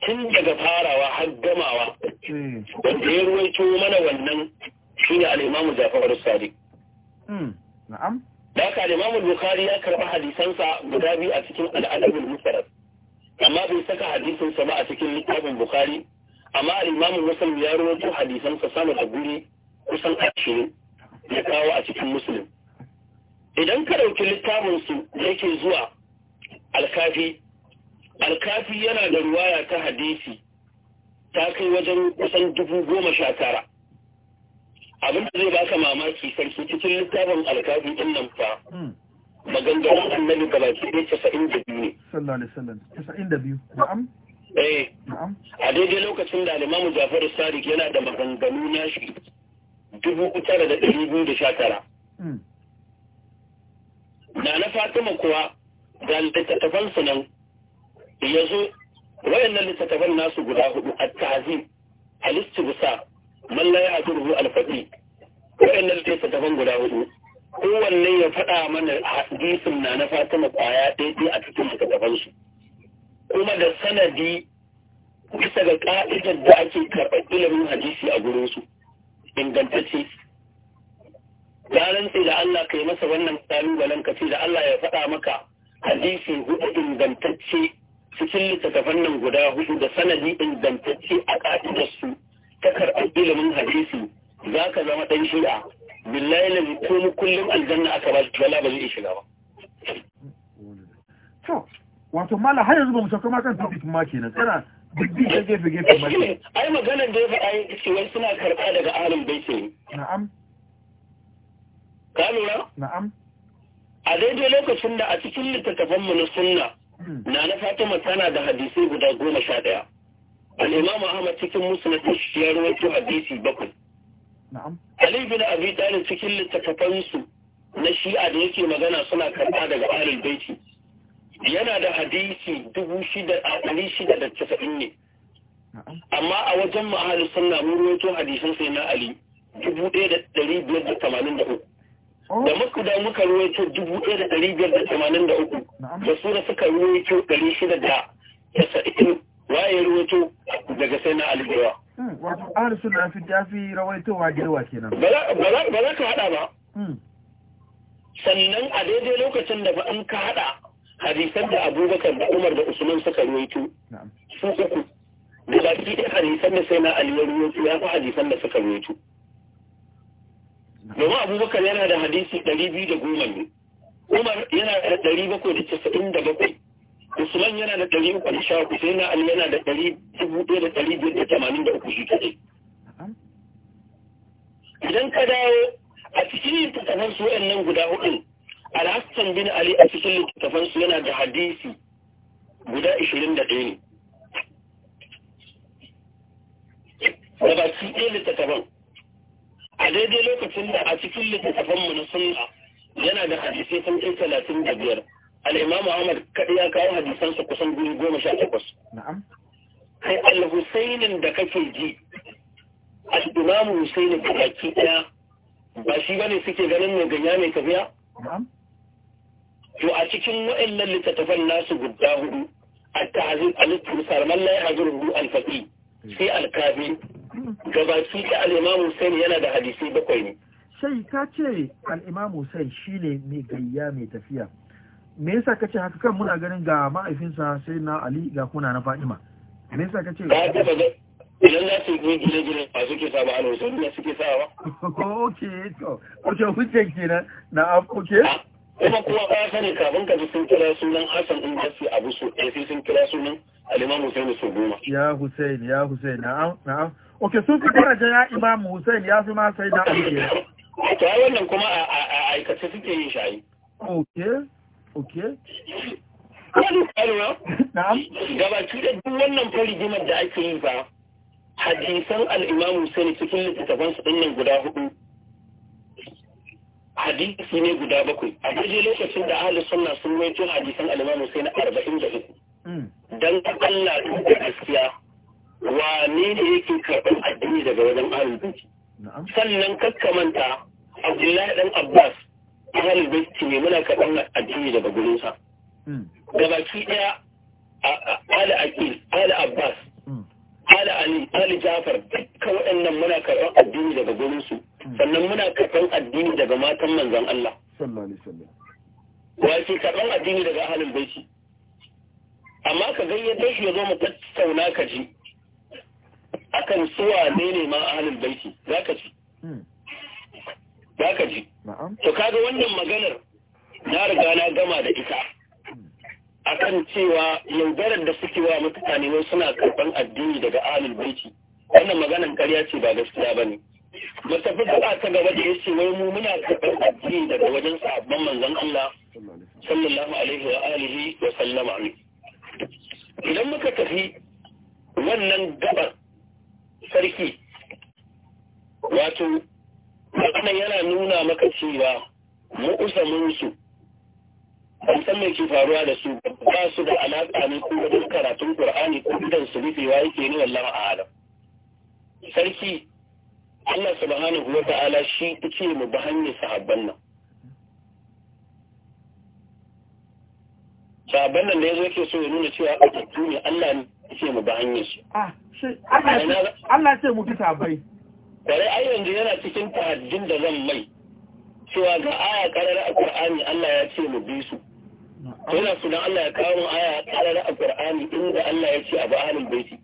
tun daga farawa har gamawa wanda ya ruwaito mana wannan shine al'imamu jafaru sadiki hmm, na'am da haka al'imamu bukhari ya karɓi hadisansa guda biyu a cikin al'adabul mufarrad amma bai saka hadisin sa ba a cikin littafin bukari amma al'imamu muslim ya rawaito hadisansa sama da guri kusan ashirin ya kawo a cikin muslim idan ka ɗauki littafinsu su yake zuwa alkafi alkafi yana da ruwaya ta hadisi ta kai wajen kusan dubu goma sha tara abin da zai baka mamaki sarki cikin littafin alkafi din nan fa hmm. maganganun annabi ga ne casa'in da biyu ne. Sallallahu alaihi wasallam casa'in da biyu na'am. Eh. Na'am. A daidai lokacin da Alimamu Jafaru Sadiq yana da maganganu na shi dubu tara da ɗari biyu da sha tara. Mm. Na na Fatima kuwa ga littattafansu nan ya zo wayannan littattafan nasu guda hudu a tazim al-istibsa man la ya'duru al-faqih wayannan littattafan guda hudu kowanne ya faɗa mana hadisin na na fatima kwaya ɗaya a cikin littattafansu kuma da sanadi bisa ga ƙa'idar da ake karɓar ilimin hadisi a gurinsu ingantacce ya rantse da Allah ka yi masa wannan ƙalubalen ka ce da Allah ya faɗa maka hadisi hudu ingantacce cikin littattafan nan guda hudu da sanadi ingantacce a su ta karɓar ilimin hadisi za ka zama ɗan shi'a billahi na ko kullum aljanna aka ba shi wala ba zai shiga ba to wato mala har yanzu ba mu sauka ma kan topic ma kenan tsara dubbi ta gefe gefe ma ai maganar da ya faɗa yin cewa suna karɓa daga bai ce na'am ka lura na'am a daidai lokacin da a cikin littattafanmu na sunna hmm. na na fatima tana da hadisai guda goma sha ɗaya al'imam ahmad cikin musnad ya rawaito hadisi bakwai Ali bin Abi Talib cikin littattafansu na shi'a da yake magana suna karɓa daga Ahlul Baiti. Yana da hadisi dubu shida a ɗari shida da casa'in ne. Amma a wajen ma'ahalin sunna mun rawaito hadisan sai na Ali dubu ɗaya da ɗari biyar da tamanin da uku. Oh. Da muka da muka rawaito dubu ɗaya da ɗari biyar da tamanin da uku. Da su da suka rawaito ɗari shida da casa'in waye ruwato daga sai na alibewa hmm, wato ahli sunna fi tafi rawaitowa da yawa kenan ba za ka hada ba hmm. sannan a daidai lokacin da ba an ka hada hadisan da abubakar da umar da usman suka ruwaito su uku da baki ɗaya hadisan da sai na aliyar ruwaito ya fi hadisan da suka ruwaito domin abubakar yana da hadisi ɗari biyu da goma ne umar yana da ɗari bakwai da casa'in da bakwai Usman yana da ɗari uku da sha uku sai na Ali yana da ɗari dubu ɗaya da ɗari biyar da tamanin da uku shi kaɗai. Idan ka dawo a cikin littattafan su nan guda hudu Alhassan bin Ali a cikin littattafan su yana da hadisi guda ishirin da ɗaya ne. Da ba ci ɗaya littattafan. A daidai lokacin da a cikin littattafan mu na sunna yana da hadisi sun ɗaya talatin da biyar. al'imamu ahmad kaɗai ya kawo hadisansa kusan biyu goma sha takwas kai al-husainin da kake ji al husaini husainin baki ɗaya ba shi ba ne suke ganin mai ganya mai tafiya to a cikin wa'annan littattafan nasu guda hudu التعذيب الاستمسار من لا يعذره الفقيه sai الكافي gabaki da al'imam husaini yana da hadisai bakwai ne. Sai ka ce al'imam husain shi ne mai gayya mai tafiya. me yasa kace haka kan muna ganin ga ma'aifinsa sai na ali ga kuna na fatima me yasa kace idan za su yi gine-gine ba suke sa ba alhussein da suke sa ba oke to kuce hujjan ke na na afkoke kuma kuma ba sani kafin ka ji sun kira sunan hassan in ba su abu su ɗaya sun kira sunan aliman hussein su goma ya hussein ya hussein na'am na'am ok sun fi daraja ya imam hussein ya fi ma sai da Ali ke ta wannan kuma a aikace suke yin shayi oke Okay. Gabaki da duk wannan fari farigimar da ake yi ba, hadisan al'imamu sani cikin littattafansa ɗin nan guda hudu. Hadisi ne guda bakwai. A daidai lokacin da ahalin sunna sun waito hadisan al'imamu sai arba'in da uku. Hmm. Don Allah duk da gaskiya, wane ne yake karɓar addini daga wajen ahalin Sannan kakkamanta, Abdullahi ɗan Abbas, ahalul baiti ne muna kaɗan addini daga gurinsa da hmm. baki ɗaya hmm. Ali Akil, Ali abbas Ali ali Ali jafar dukkan waɗannan muna karɓar addini daga gurinsu hmm. sannan muna karɓar addini daga matan manzon Allah Wace kaɗan karɓar addini daga ahalul baiti amma ka gayya dai ya zo mu tattauna ka ji akan suwa ne ne ma ahalul baiti ka ji ka ji to kaga wannan maganar na riga na gama da ita akan cewa yaudarar da suke wa mutane ne suna karban addini daga ahlul baiti wannan maganar ƙarya ce ba gaskiya ne. mu tafi gaba ta gaba da yace wai mu muna karban addini daga wajen sahabban manzon Allah sallallahu alaihi wa alihi wa sallama idan muka tafi wannan gabar sarki wato wannan yana nuna maka cewa musu ban san mai ke faruwa da su ba su da alaƙa ne ko wajen karatun Kur'ani ko idan su rufewa yake ne wallahu a'lam sarki Allah subhanahu wa ta'ala shi yake mu ba hanyar sahabban nan sahabban nan da yazo yake so ya nuna cewa a ne Allah ne yake mu ba hanyar su ah, Allah sai mu bi sahabbai kwarai ai yanzu yana cikin ta'addin da zan mai cewa ga aya karara a ƙar'ani Allah ya ce mu bi su to yana sunan Allah ya kawo mu aya karara a ƙar'ani inda Allah ya ce abu ahlul baiti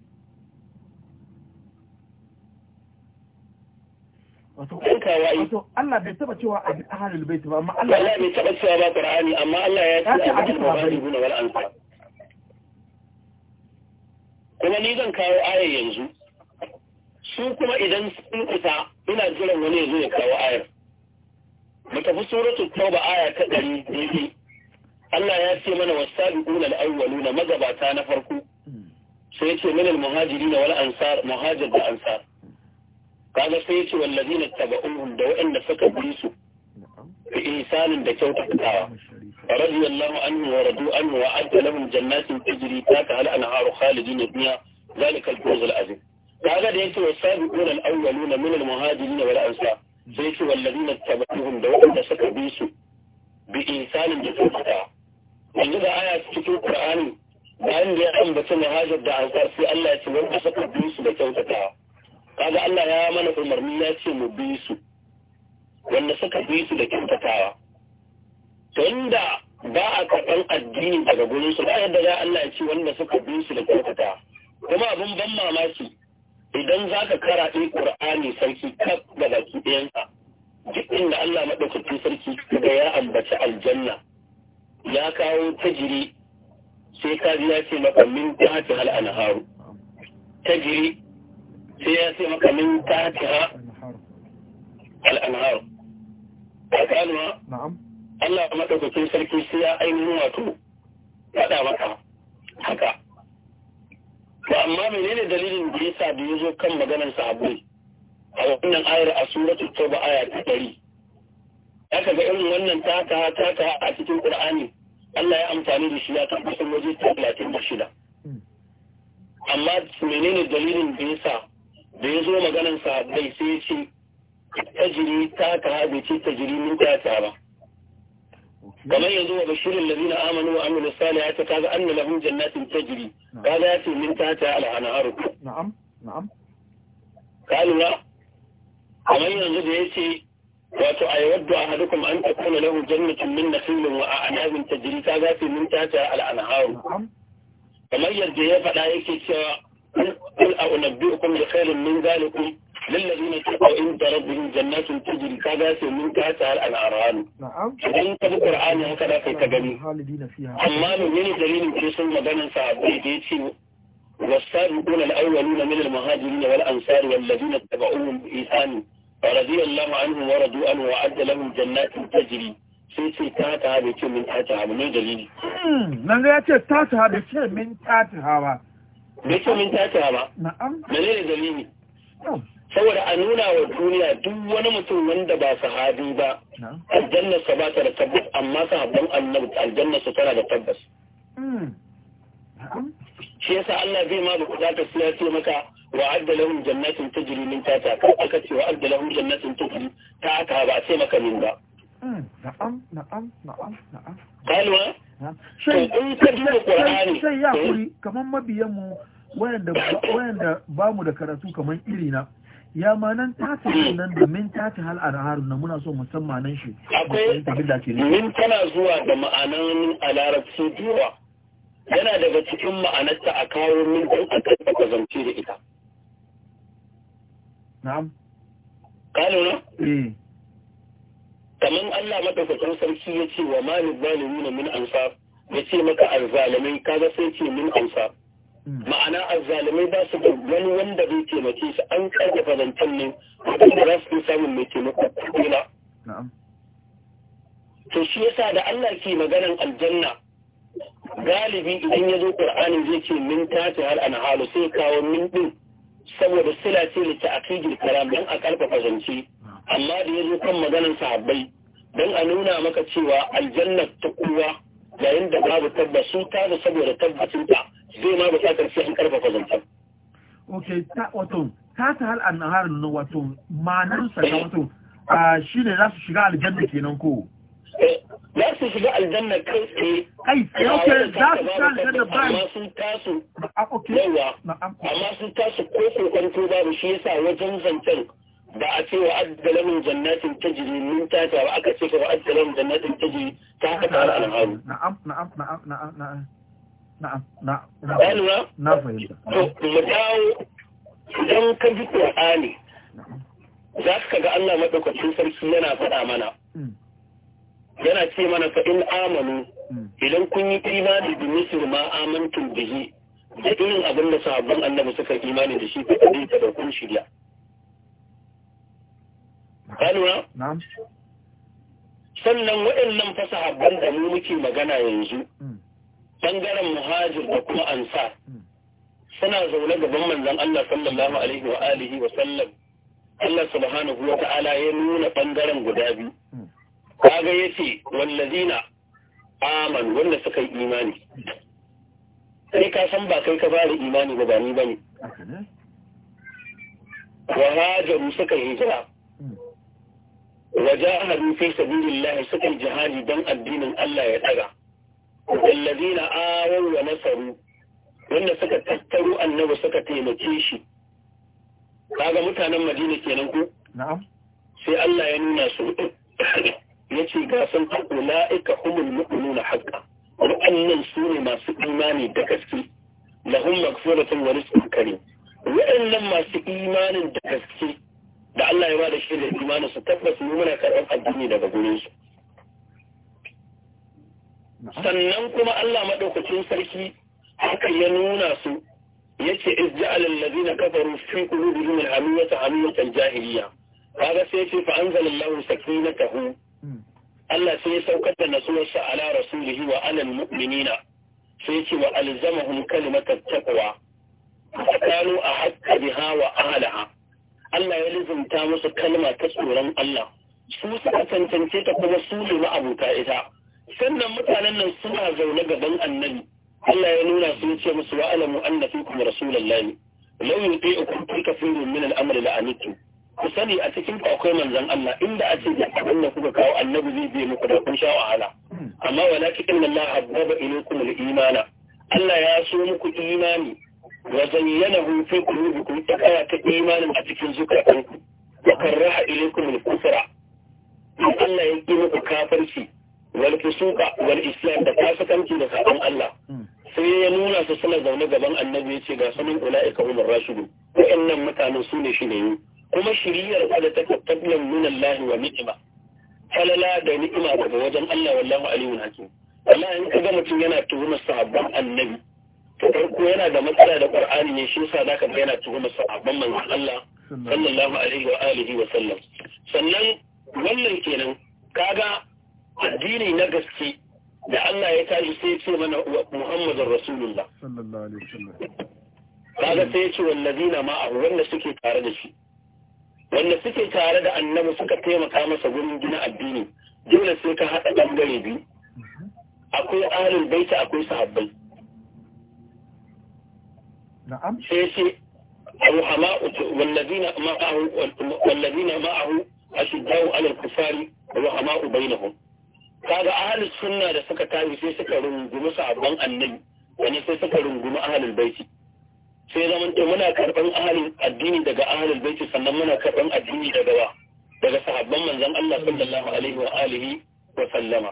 wato Allah bai taba cewa a ahlul bait ba amma Allah Allah bai taba cewa ba amma Allah ya ce a cikin Qur'ani wal ansar kuma ni zan kawo aya yanzu su kuma idan sun isa ina jiran wani ya zo ya kawo ayar mu tafi suratul tauba aya ta ɗari daidai Allah ya ce mana wasabiquna al-awwaluna magabata na farko sai yace minal muhajirin wal ansar muhajir da ansar kaga sai yace wallazina tabauhum da waɗanda suka bi su bi ihsanin da kyautatawa radiyallahu anhu wa radu anhu wa adda lahum jannatin tajri tahtaha al-anharu khalidina fiha ذلك الفوز العظيم kaga da yake wasabi qulal na min al muhajirin wal ansar sai yake walladina tabi'uhum da wanda suka bi su bi insanin da suka yanzu da aya cikin ƙur'ani, bayan da ya ambata muhajir da ansar sai Allah ya ce wanda suka bi su da kyautata. kaga Allah ya mana umarni ya ce mu bi su wanda suka bi su da kyautatawa Tunda ba a karɓar addini daga gurin su ba yadda za Allah ya ce wanda suka bi su da kyautata. kuma abin ban mamaki idan za ka kara ɗin ƙur'ani sarki kaf ga baki ɗayansa jikin da Allah maɗaukakin sarki da ya ambaci aljanna ya kawo tajiri sai ka ya ce maka min tahti hal anharu tajiri sai ya ce maka min tahti ha al anharu ka kanuwa Allah maɗaukakin sarki sai ya ainihin wato faɗa maka haka to amma menene dalilin da yasa da yazo kan maganar sahabbai a wannan ayar a suratul tauba aya ta dari aka ga irin wannan taka taka a cikin qur'ani Allah ya amfani da shi ya tabbatar waje ta 36 amma menene dalilin da yasa da yazo maganar sahabbai sai ya ce tajiri taka bai ce tajiri min ta ba kamar yanzu wa bashirin ladina amanu wa amilu salihati kaga anna lahum jannatin tajri kaga yati min tahta al-anharu na'am na'am kalura kamar yanzu da yace wato a yawaddu ahadukum an takuna lahu jannatun min nakhilin wa a'nabin tajri kaga yati min tahta al-anharu kamar yadda ya faɗa yake cewa قل أنبئكم بخير min ذلكم للذين اتقوا عند ربهم جنات تجري كذا من تحتها الانهار idan ka bi qur'ani هكذا da kai ka gani amma menene dalilin ke sun maganar sahabbai da والسابقون الأولون من المهاجرين والأنصار والذين اتبعوهم بإحسان رضي الله عنهم ورضوا عنه وأعد لهم جنات تجري sai ce ta ta bai ce min ta ta ne dalili. Nan ce ta ta bai ce min ta ta Bai ce min ta ta ba. Na'am. da dalili? saboda a nuna wa duniya duk wani mutum wanda ba sahabi ba aljannar sa ba ta da tabbas amma sahabban annabi aljannar su tana da tabbas hmm. shi yasa Allah zai ma bukatar su ya ce maka wa adda lahum jannatin tajri min tata ko aka ce wa adda lahum jannatin tajri ta aka ba a ce maka min ba hmm. na'am na'am na'am na'am kalwa sai in ka duba qur'ani sai ya eh? kuri kamar mabiyan mu wayanda ba mu da karatu kamar irina ya ma nan tafi nan da min tafi hal arharu na muna so musamman nan shi akwai min tana zuwa da ma'anan alarab su duwa yana daga cikin ma'anarta a kawo min don a karfafa zance da ita na'am ka na? eh kamar Allah madaukakin sarki ya ce wa malin zalimi na min ansar ya ce maka alzalimin kaga sai ce min ansar ma'ana azzalumai ba su ga wani wanda zai taimake su an karya zancen ne da za su samun mai taimako kuma to shi yasa da Allah ke maganan aljanna galibi idan ya zo ƙur'anin zai ce min ta hal an halu sai kawo min ɗin saboda sila ce da ta aqidul karam don a ƙarfafa zance amma da ya zo kan maganan sahabbai dan a nuna maka cewa aljanna ta kowa yayin da babu tabbas su ta saboda tabbacin ta zai ma bukatar sai an karfafa zancen. ok wato ta ta hal an nahar nan wato ma'anar sa wato shi ne za su shiga aljanna kenan ko eh, za su shiga aljanna kai tsaye kai tsaye ok za su shiga aljanna ba amma sun tasu yawa amma sun tasu ko kokwanto ba da shi ya sa wajen zancen ba a ce wa addalamin jannatin ta jiri min ta ba aka ce wa addalamin jannatin ta jiri ta haka ta al'amu na'am na'am na'am na'am mu dawo idan ka za ka ga Allah sarki yana faɗa mana hmm. yana ce mana fa in amanu hmm. idan kun yi imani da misir ma amantum shi da irin abin da sahabban annabi suka imani da shi ta kadin da kun shirya ka lura sannan waɗannan fa sahabban da mu muke magana yanzu hmm. bangaren muhajir da kuma ansa suna zaune gaban manzon Allah sallallahu alaihi wa alihi wa sallam Allah subhanahu wa ta'ala ya nuna bangaren guda biyu kaga yace wallazina aman wanda suka yi imani sai ka san ba kai ka fara imani ba ba ni bane wa hajaru suka hijira hmm. wa jahadu fi sabilillah suka jihadi dan addinin Allah ya daga alladina awaw wa nasaru wanda suka tattaro annabi suka taimake shi kaga mutanen madina kenan ko na'am sai Allah ya nuna su yace ga san ulaika humul mu'minuna haqqan wa'annan su ne masu imani da gaske lahum maghfiratun wa rizqun karim wa'annan masu imanin da gaske da Allah ya ba da shi da imanin su tabbas mu muna karɓar addini daga gurin su sannan kuma Allah maɗaukacin sarki hakan ya nuna su yace izja'al allazina kafaru fi qulubihim al-hamiyata hamiyatan jahiliya kaga sai yace fa anzalallahu sakinatahu hmm. Allah sai ya saukar da nasuwarsa ala rasulihi wa ala al-mu'minina sai ce, wa alzamahum kalimatat taqwa kanu a hakka biha wa ahliha Allah ya lizinta musu kalma ta tsoron Allah su suka cancance ta kuma su ne ma'abuta ita sannan mutanen nan suna zaune gaban annabi Allah ya nuna sun ce musu wa alamu anna fikum rasulullah law yuti'ukum fi kathirin min al-amri la'anitu ku sani a cikin ku akwai manzon Allah inda a ce abin da kuka kawo annabi zai bi muku da kun sha wahala amma walakin Allah habbaba ilaykum al-imana Allah ya so muku imani wa zayyanahu fi qulubikum ta kaya ta imanin a cikin zukatanku wa karaha ilaykum al-kufra Allah ya yi muku kafirci wal fusuqa wal islam da fasikanci da sabon Allah hmm. sai ya nuna su suna zaune gaban annabi ya ce ga sanin ulaika umar rashidu wa'annan mutanen su ne shiriyu kuma shiriyar da ta tabbatar min Allah wa ni'ima falala da ni'ima daga wajen Allah wallahu aliyun hakim wallahi in kaga mutum yana tuhumar sahabban annabi to farko yana da matsala da Qur'ani ne shi yasa zaka ga yana tuhumar sahabban manzon Allah sallallahu alaihi wa alihi wa sallam sannan wannan kenan kaga addini na gaske da Allah ya tashi sai ce mana Muhammadu Rasulullah. Sallallahu Alaihi Wasallam. Kaga sai ya ce wallazina ma'a wanda suke tare da shi. Wanda suke tare da annabi suka taimaka masa gurin gina addini dole sai ka haɗa ɓangare biyu. Akwai ahlul baita akwai sahabbai. Na'am. Sai ce الرحماء والذين معه والذين معه أشداء على الكفار رحماء بينهم kaga ahalus sunna da suka tashi sai suka rungumi sabon annabi wani sai suka rungumi ahalul baiti sai zaman to muna karban ahalul addini daga ahalul baiti sannan muna karban addini daga wa daga sahabban manzon Allah sallallahu alaihi wa alihi wa sallama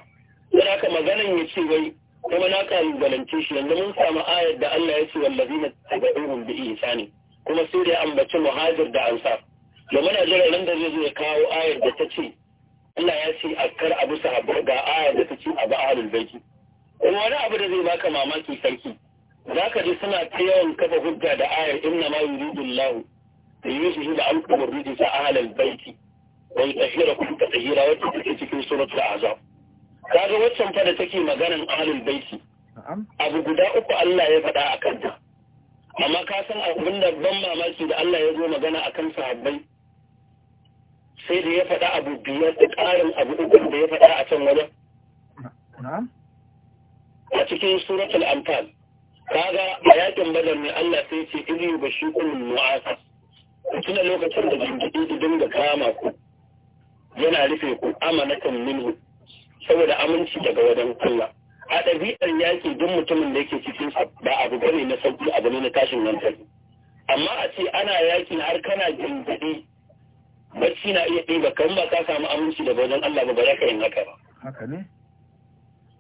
dan haka maganan yace wai kuma na kalubalance shi yanzu mun samu ayar da Allah ya ce wallazina tabi'uhum bi ihsani kuma sai da ambaci muhajir da ansar da muna jira nan da zai zo ya kawo ayar da ta ce Allah ya ce a akkar abu sahabbai ga ayar da take abu ahlul baiti wani abu da zai baka mamaki sarki zaka ji suna ta yawan kafa hujja da ayar inna ma yi yusufu da an alkum rijisa ahlul baiti wa yutahhirakum tatheera wacce take cikin suratul azab kaga waccan fa da take maganan ahlul baiti abu guda uku Allah ya faɗa a kanta amma ka san abin da ban mamaki da Allah ya zo magana akan sahabbai sai da ya faɗa abu biyar da ƙarin abu ɗin da ya faɗa a can wajen a cikin suratul ka kaga a yakin badar ne Allah sai ce iri ba shi kullum mu'asa tuna lokacin da jinkiri da dinga kama ku yana rufe ku amanatan minhu saboda aminci daga wajen Allah a ɗabi'ar yaƙi duk mutumin da yake cikin ba abu bane na sauki abu ne na tashin hankali amma a ce ana yaƙi har kana jindaɗi bacci na iya ɗiba kan ba ka samu aminci daga wajen Allah ba ba za ka yin haka ba haka ne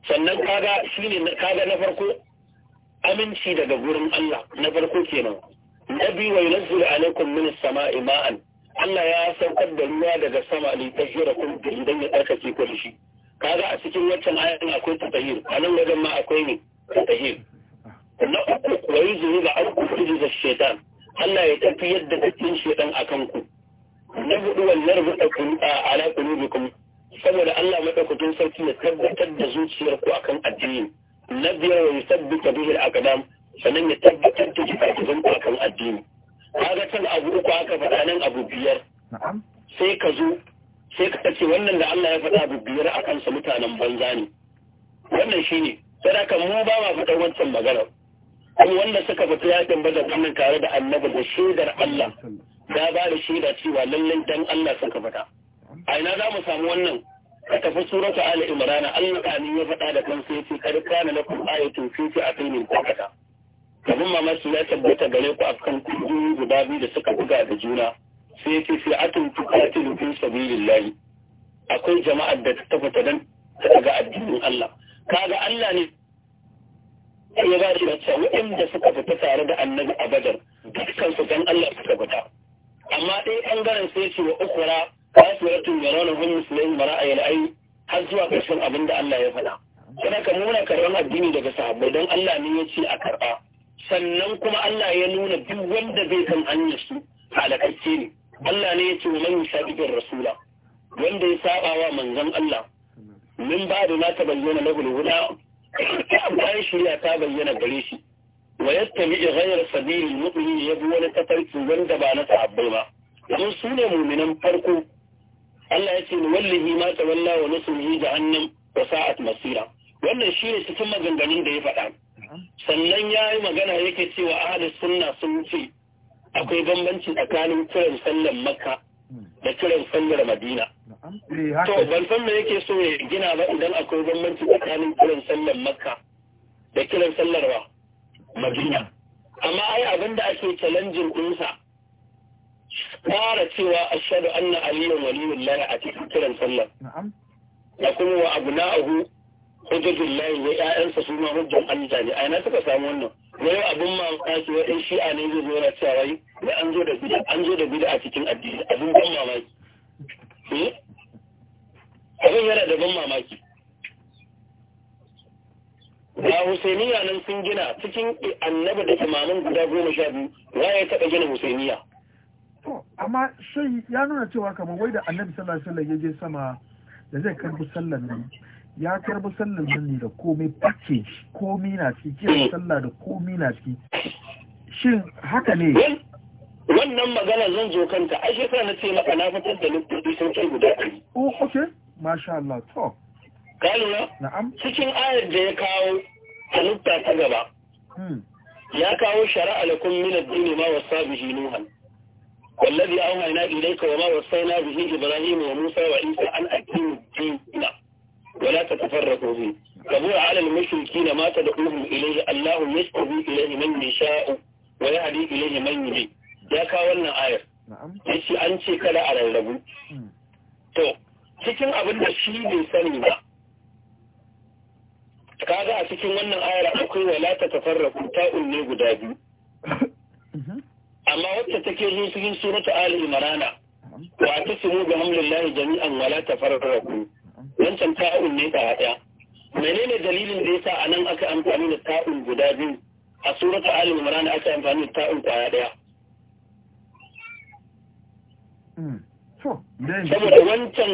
sannan kaga shine kaga na farko aminci daga gurin Allah na farko kenan biyu wa yunzilu alaikum min as-sama'i Allah ya saukar da ruwa daga sama li tahirakum da idan ya tsarkake ku shi kaga a cikin waccan ayan akwai tatahir a nan wajen ma akwai ne tatahir na uku wa yuzhiru ba'akum rijza ash shaitan. Allah ya tafi yadda cikin shaitan akan ku na hudu wannan rubuta ala qulubikum saboda Allah madaukakin sarki ya tabbatar da zuciyar ku akan addini na biyar wa yusabbita bihi al-aqdam sannan ya tabbatar da kitabu akan addini kaga can abu uku aka faɗa nan abu biyar sai ka zo sai ka ce wannan da Allah ya faɗa abu biyar a sa mutanen banza ne wannan shi ne sadaka mu ba ma faɗar wancan magana kuma wanda suka fita yakin bada wannan tare da annabi da shaidar Allah ya ba da shaida cewa lallai dan Allah sun ka faɗa a ina za mu samu wannan ka tafi surata ali imran Allah kamin ya faɗa da kansa yace kad kana lakum ayatun fi fi'atin qatata kafin mamaki ya tabbata gare ku akan kungiyoyi guda biyu da suka buga da juna sai yace fi'atun tuqatilu fi sabilillah akwai jama'ar da ta tabbata dan ta ga addinin Allah kaga Allah ne ya ba shi da cewa waɗanda suka fita tare da annabi a badar dukkan su dan Allah suka fita amma ɗaya ɓangaren sai ce wa ukura kasuwatun yaronin hun musulun mara a yanayi har zuwa ƙarshen abin da Allah ya faɗa. Yana ka nuna karɓar addini daga sahabbai don Allah ne ya ce a karɓa. Sannan kuma Allah ya nuna duk wanda bai kan hanyar su halakacce ne. Allah ne ya ce wa manyan yusabiqir rasula wanda ya saba wa manzon Allah min ba da na ta bayyana lahu huda bayan shirya ta bayyana gare shi wa yattabi hanyar sabilil mu'minin ya bi wani tafarki wanda ba na sahabbai ba idan su ne mu'minan farko Allah ya ce ni wallahi ma tawalla wa da hannun wa sa'at masira wannan shine cikin maganganun da ya faɗa sannan ya yi magana yake cewa ahadi sunna sun ce akwai bambanci tsakanin kiran sallar makka da kiran sallar madina to ban san me yake so ya gina ba idan akwai bambanci tsakanin kiran sallar makka da kiran sallar wa madina amma ai abin da ake challenging ɗinsa fara cewa ashadu anna aliyan waliyun laya a cikin kiran sallar Na kuma wa abu na na'ahu hujjajin layi wa ƴaƴansa su ma hujjan Allah ne ai na suka samu wannan ne yau abin mamaki wa ɗin shi'a ne zai zo na cewa wai da an zo da bida an zo da bida a cikin addini abin ban mamaki hmm? abin yana da ban mamaki ba husainiya nan sun gina cikin annaba da imaman guda goma sha biyu wa ya taɓa gina husainiya to amma shi ya nuna cewa kamar wai da annabi sallallahu alaihi wasallam ya je sama da zai karbi sallan nan ya karbi sallan nan ne da komai bakke komai na ciki kiran sallah da komai na ciki shin haka ne wannan magana zan zo kanta ai sa na ce maka na fitar da lokaci sun kai guda ɗari. Oh, okay. Masha Allah, to. Galina? Na'am. Cikin ayar da ya kawo halitta ta gaba. Hmm. Ya kawo shari'a lakum min ad-din ma wasa bihi Nuh. Wallazi awhayna ilayka wa ma wasayna bihi Ibrahim wa Musa wa Isa an aqimu ad-din wa la tatafarraqu fihi. Kabu ala al-mushrikeena ma tad'uhum ilayhi Allahu yastahi ilayhi man yasha'u wa yahdi ilayhi man yuri. Ya kawo wannan ayar. Na'am. Yace an ce kada a rarrabu. Hmm. To, cikin abin shi bai sani ba, kaga a cikin wannan ayar akwai wala ta tafarraku ta'un ne guda biyu amma wacce take zo cikin surata ali imrana wa tasimu bi hamdillahi jami'an wala ta tafarraku wancan ta'un ne ta hada menene dalilin da yasa anan aka amfani da ta'un guda biyu a surata ali imrana aka amfani da ta'un ta daya hmm. saboda wancan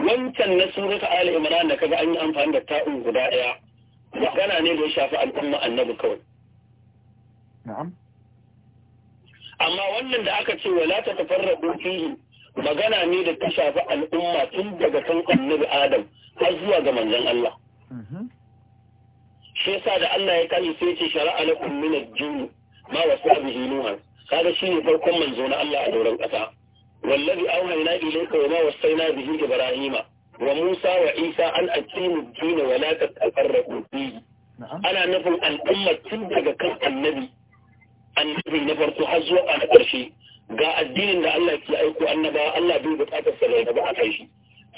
wancan na surata ali imrana kaga an yi amfani da ta'un guda daya magana ne da ya shafi al'umma annabi kawai na'am amma wannan da aka ce wala ta tafarraqu fihi magana ne da ta shafi al'umma tun daga kan annabi adam har zuwa ga manzon Allah mhm. shi yasa da Allah ya kashi sai ce shari'a na min ad-din ma wasa bihi nuha kaga ne farkon manzo na Allah a dauran kasa wallazi auhayna ilayka wa ma wasayna bihi ibrahima wa Musa wa Isa an aqimu ad-din wa la tatafarraqu fihi ana nufin al'umma tun daga kan annabi annabi na farko har zuwa a ga addinin da Allah ke aiko annaba Allah bai buƙatar sa da ba a kai shi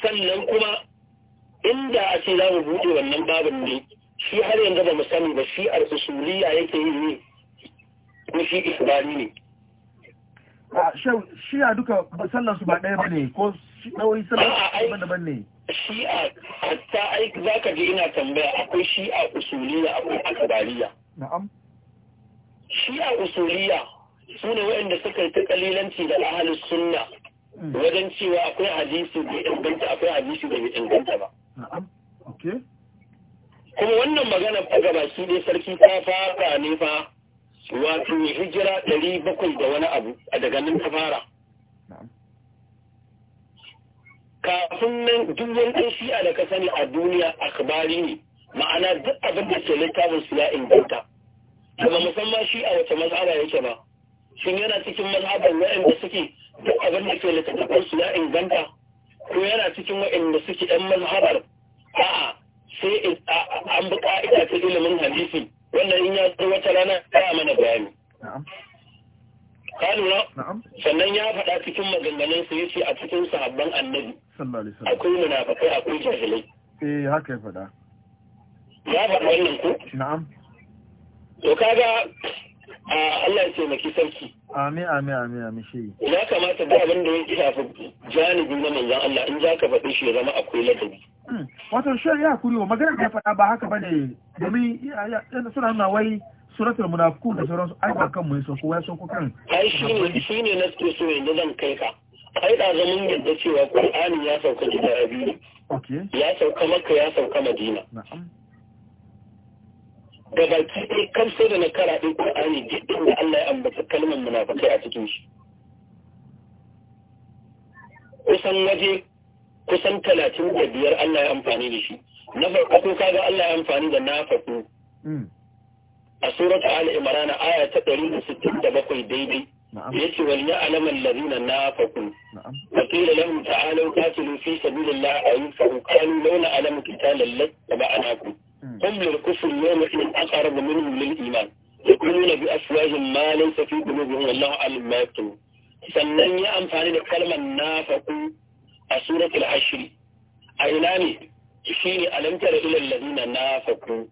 sannan kuma inda a ce za mu buɗe wannan babin ne shi har yanzu mu sani yake yi ne ko shi ne shi a duka sallar su ba ne ko shi ɗawai daban ne shi a aiki za ka ina tambaya akwai shi a usuliya akwai akabariya na'am shi a usuliya su ne waɗanda suka yi ta kalilanci da ahalus sunna mm. wajen cewa akwai hadisi bai inganta akwai hadisi bai inganta ba na'am okay kuma wannan magana ta gaba shi ne sarki ta fara ne fa wato hijira ɗari bakwai da wani abu a daga nan ta fara kafin nan duk wani ɗan shi'a da ka sani a duniya akbari ne ma'ana duk abin da ke littafin su ya inganta kuma musamman shi a wace mazhaba yake ba shin yana cikin mazhaban waɗanda suke duk abin da ke littafin su ya inganta ko yana cikin waɗanda suke ɗan mazhabar a'a sai an bi ƙa'ida ta ilimin hadisi wannan in ya zo wata rana ya mana bayani ka lura sannan ya faɗa cikin maganganun su yace a cikin sahabban annabi akwai munafakai akwai jahilai eh haka ya faɗa ya faɗa wannan ko na'am to kaga Allah ya taimaki sarki. Amin, amin, amin, amin shi. Ya kamata da abin da ya shafi janibi na manzon Allah in za ka faɗi shi ya zama akwai ladabi. Hmm. Wato shi ya kuri wa maganar da ya faɗa ba haka ba ne domin suna nuna wai suratul munafiqun da sauransu ai ba kan mu so ko ya so ko kan ai shine shine na so so yanzu zan kai ka ai da zaman yadda cewa qur'ani ya sauka gida biyu okay ya sauka makka ya sauka madina na'am da baki ɗaya kan sai da na kara qur'ani ƙur'ani jiɗin da Allah ya ambata kalmar munafakai a cikin shi. Kusan waje kusan talatin da biyar Allah ya amfani da shi. Na farko kaga Allah ya amfani da na a surata al imran aya ta 167 daidai yace wal ya'lamu allazina nafaqu wa qila lahum ta'alu qatilu fi sabilillahi aw yunfiqu qalu law na'lamu qitalan lataba'nakum hmm. hum lil kufri yawma idin aqrabu minhum lil iman يقولون بأفواههم ما ليس في قلوبهم والله أعلم ما يكتمون sannan ya amfani da kalmar nafaku a suratul ashiri a ina ne shi ne alamtar ilal ladina nafaku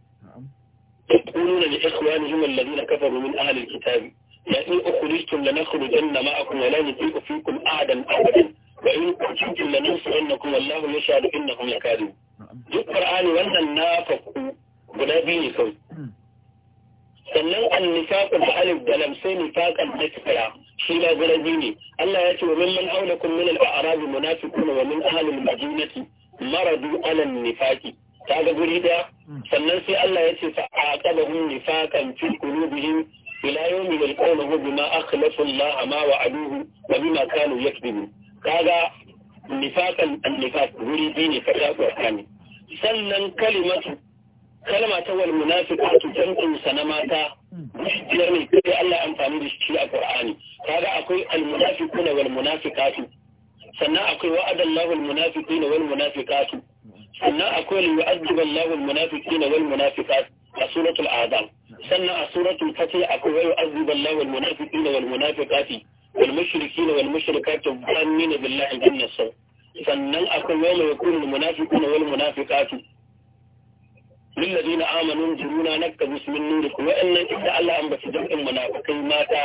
يقولون لإخوانهم الذين كفروا من أهل الكتاب لئن أخرجتم لنخرجن معكم ولا نطيع فيكم أحدا أبدا وإن قتلتم لننصرنكم والله يشهد إنهم لكاذبون duk Qur'ani wannan na faku guda biyu ne kawai hmm. sannan annifaqu da alif da lam nifaqan nasfara shi ma guda biyu ne Allah ya ce wa mimman haulakum min al-a'rab munafiqun wa min ahli al-madinati maradu ala an-nifaqi kaga guri daya hmm. sannan sai Allah ya ce fa aqabahum nifaqan fi qulubihim ila yawmi yalqawnahu bima akhlafu Allah ma wa'aduhu wa bima kanu yakdhibun kaga nifaqan an-nifaq guri biyu ne fa Qur'ani sannan kalimatu kalma ta wal munafiqatu jam'in sana mata hmm. biyar ne sai Allah ya amfani da shi a Qur'ani kaga akwai al-munafiquna wal munafiqatu sannan akwai wa'adallahu al-munafiqina wal munafiqatu sannan akwai li yu'adhiba Allahu al-munafiqina wal munafiqat a suratul azam sannan a suratul fatih akwai wa yu'adhiba Allahu al-munafiqina wal munafiqati wal mushrikina wal mushrikati dhanina billahi janna saw sannan akwai wa yakunu al-munafiquna wal munafiqatu للذين آمنوا انظرونا نكتبس من نوركم وإن إذا الله أن بتدعو المنافقين ماتا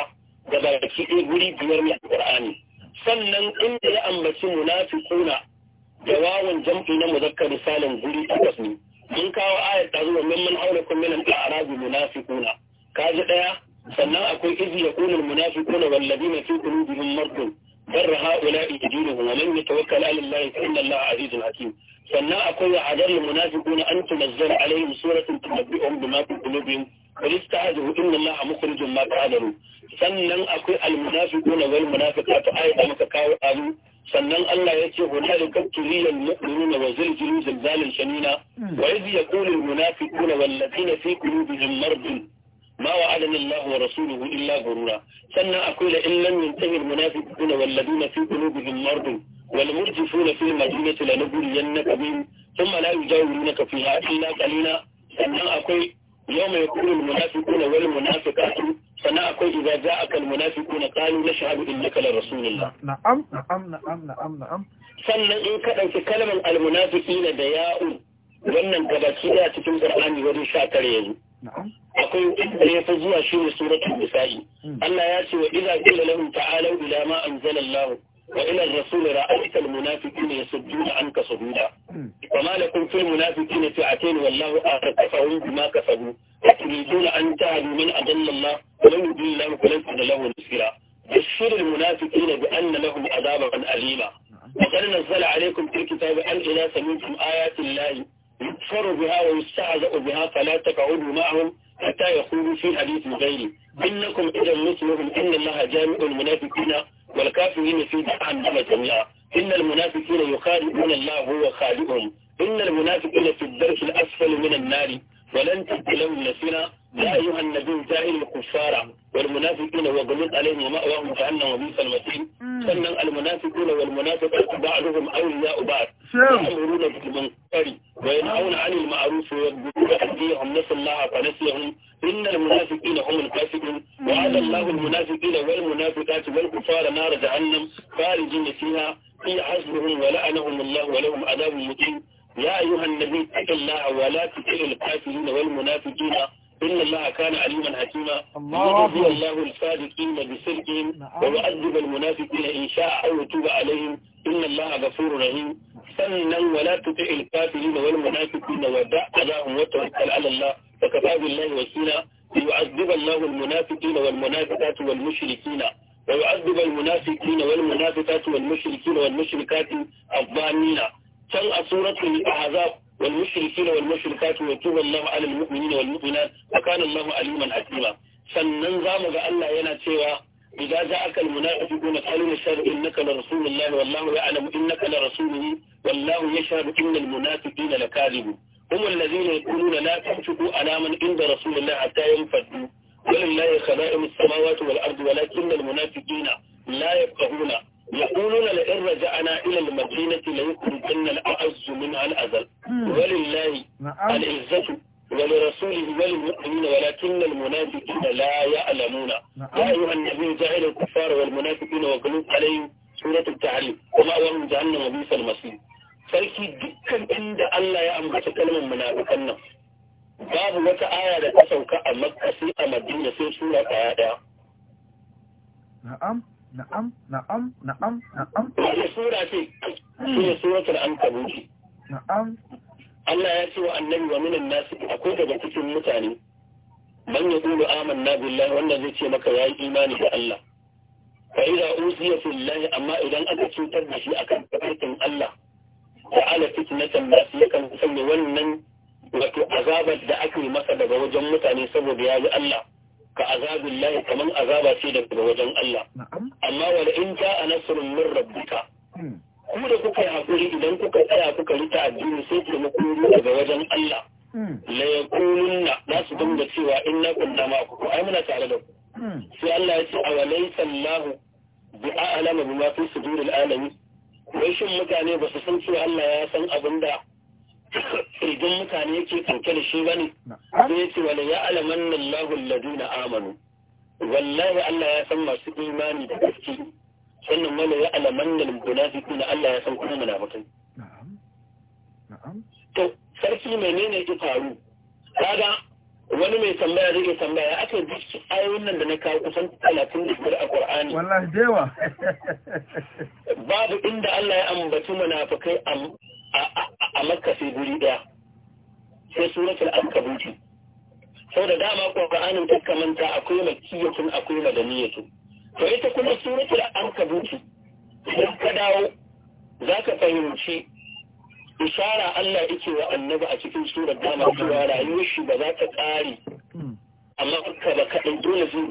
gabaki ɗaya guri biyar na Qur'ani sannan inda ya ambaci munafiquna da wawan jam'i na muzakkar salim guri takwas ne mun kawo ayat ta zuwa mimman haura kuma minan da arabi munafiquna kaji daya sannan akwai izi yaqulul munafiquna wal biyun fi qulubihim maradun bar haula'i dinuhum wa man yatawakkal 'ala allahi fa inna allaha 'azizun hakim sannan akwai wa hadarul munafiquna an tunazzala alaihim suratun tunabbi'uhum bima fi qulubihim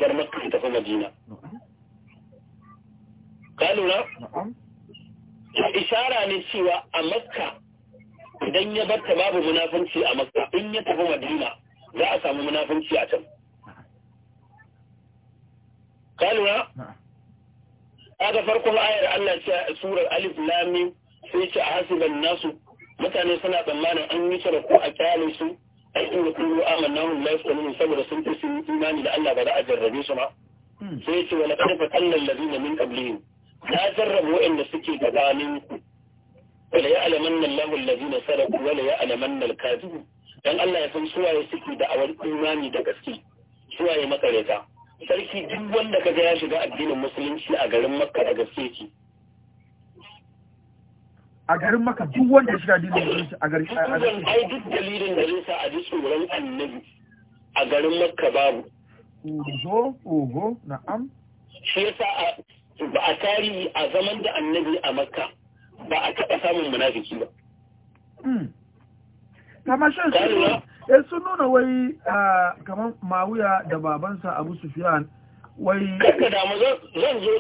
bar makka ta fa madina ka lura ishara ne cewa a makka idan ya ta babu munafunci a makka in ya tafi madina za a samu munafunci a can ka lura da farkon ayar Allah ce surar alif lam sai ce a hasiban nasu mutane suna tsammanin an yi ko a kyale su aikin da kullu na hum la yasqalun saboda sun fi sun imani da Allah ba da a jarrabe su ma hmm. sai ce wala qad fatalla allazina min qablihim la jarrabu waɗanda suke gabanin ku wala ya'lamanna Allahu allazina sadaqu wala ya'lamanna al kaji. dan Allah ya san suwaye suke da awar imani da gaske suwaye makareta sarki duk wanda kaga ya shiga addinin musulunci a garin Makka da gaske ce a garin maka duk wanda ya shiga dinin musulunci a garin ai duk dalilin da zai sa a ji tsoron annabi a garin makka babu oho ugo, na'am shi yasa ba a tarihi a zaman da annabi a makka ba a taɓa samun munafiki ba kamar shan e sun nuna wai kamar mawuya da babansa abu sufiyan wai Kanka damu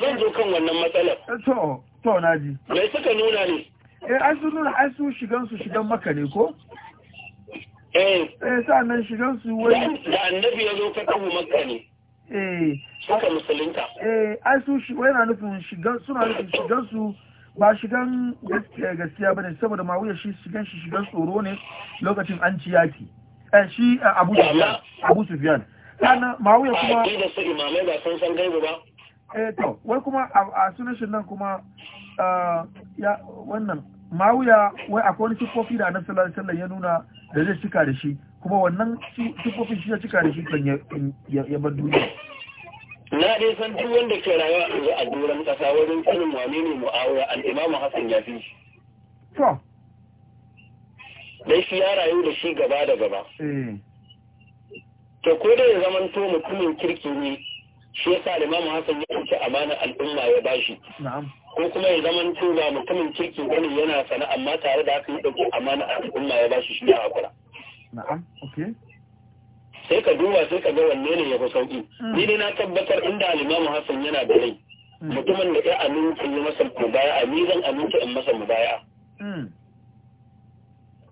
zan zo kan wannan matsalar eh, to to ji. mai suka nuna ne eh an su shigan su shigan maka ne ko eh, eh sai nan shigan su wai da annabi ya zo ka fatahu maka ne eh suka musulunta eh an su shi wai na nufin shigan suna nufin shigan su ba shigan gaskiya gaskiya bane saboda ma wuya shi shigan shi shigan tsoro ne lokacin an ci yaki eh shi eh, Abu Sufyan Abu Sufyan sannan wuya kuma da su imamai ba san san gaibu ba eh to wai kuma a sunan shi nan kuma Ah, wannan mawuya wai akwai wani siffofi da annabi sallallahu alaihi wasallam ya nuna da zai cika da shi kuma wannan siffofin shi ya cika da shi kan ya bar duniya na dai san duk wanda ke rayuwa a a duran kasa wurin kullum wane ne mu'awiya al-imam hasan ya fi shi to dai shi ya rayu da shi gaba da gaba eh. to ko dai ya to mutumin kirki ne shi yasa al-imam hasan ya fice amana al'umma ya bashi na'am ko kuma ya zama cewa mutumin kirki wani yana sana amma tare da haka ya ɗauki amana a al'umma ya ba shi shi ya kura Na'am, okay. Sai ka duba sai ka ga wanne ne ya fi sauki. Hmm. Ni ne na tabbatar inda Alimamu Hassan yana da rai. Hmm. Mutumin da ya aminci ya masa a ni zan aminci in masa mubaya'a. Hmm.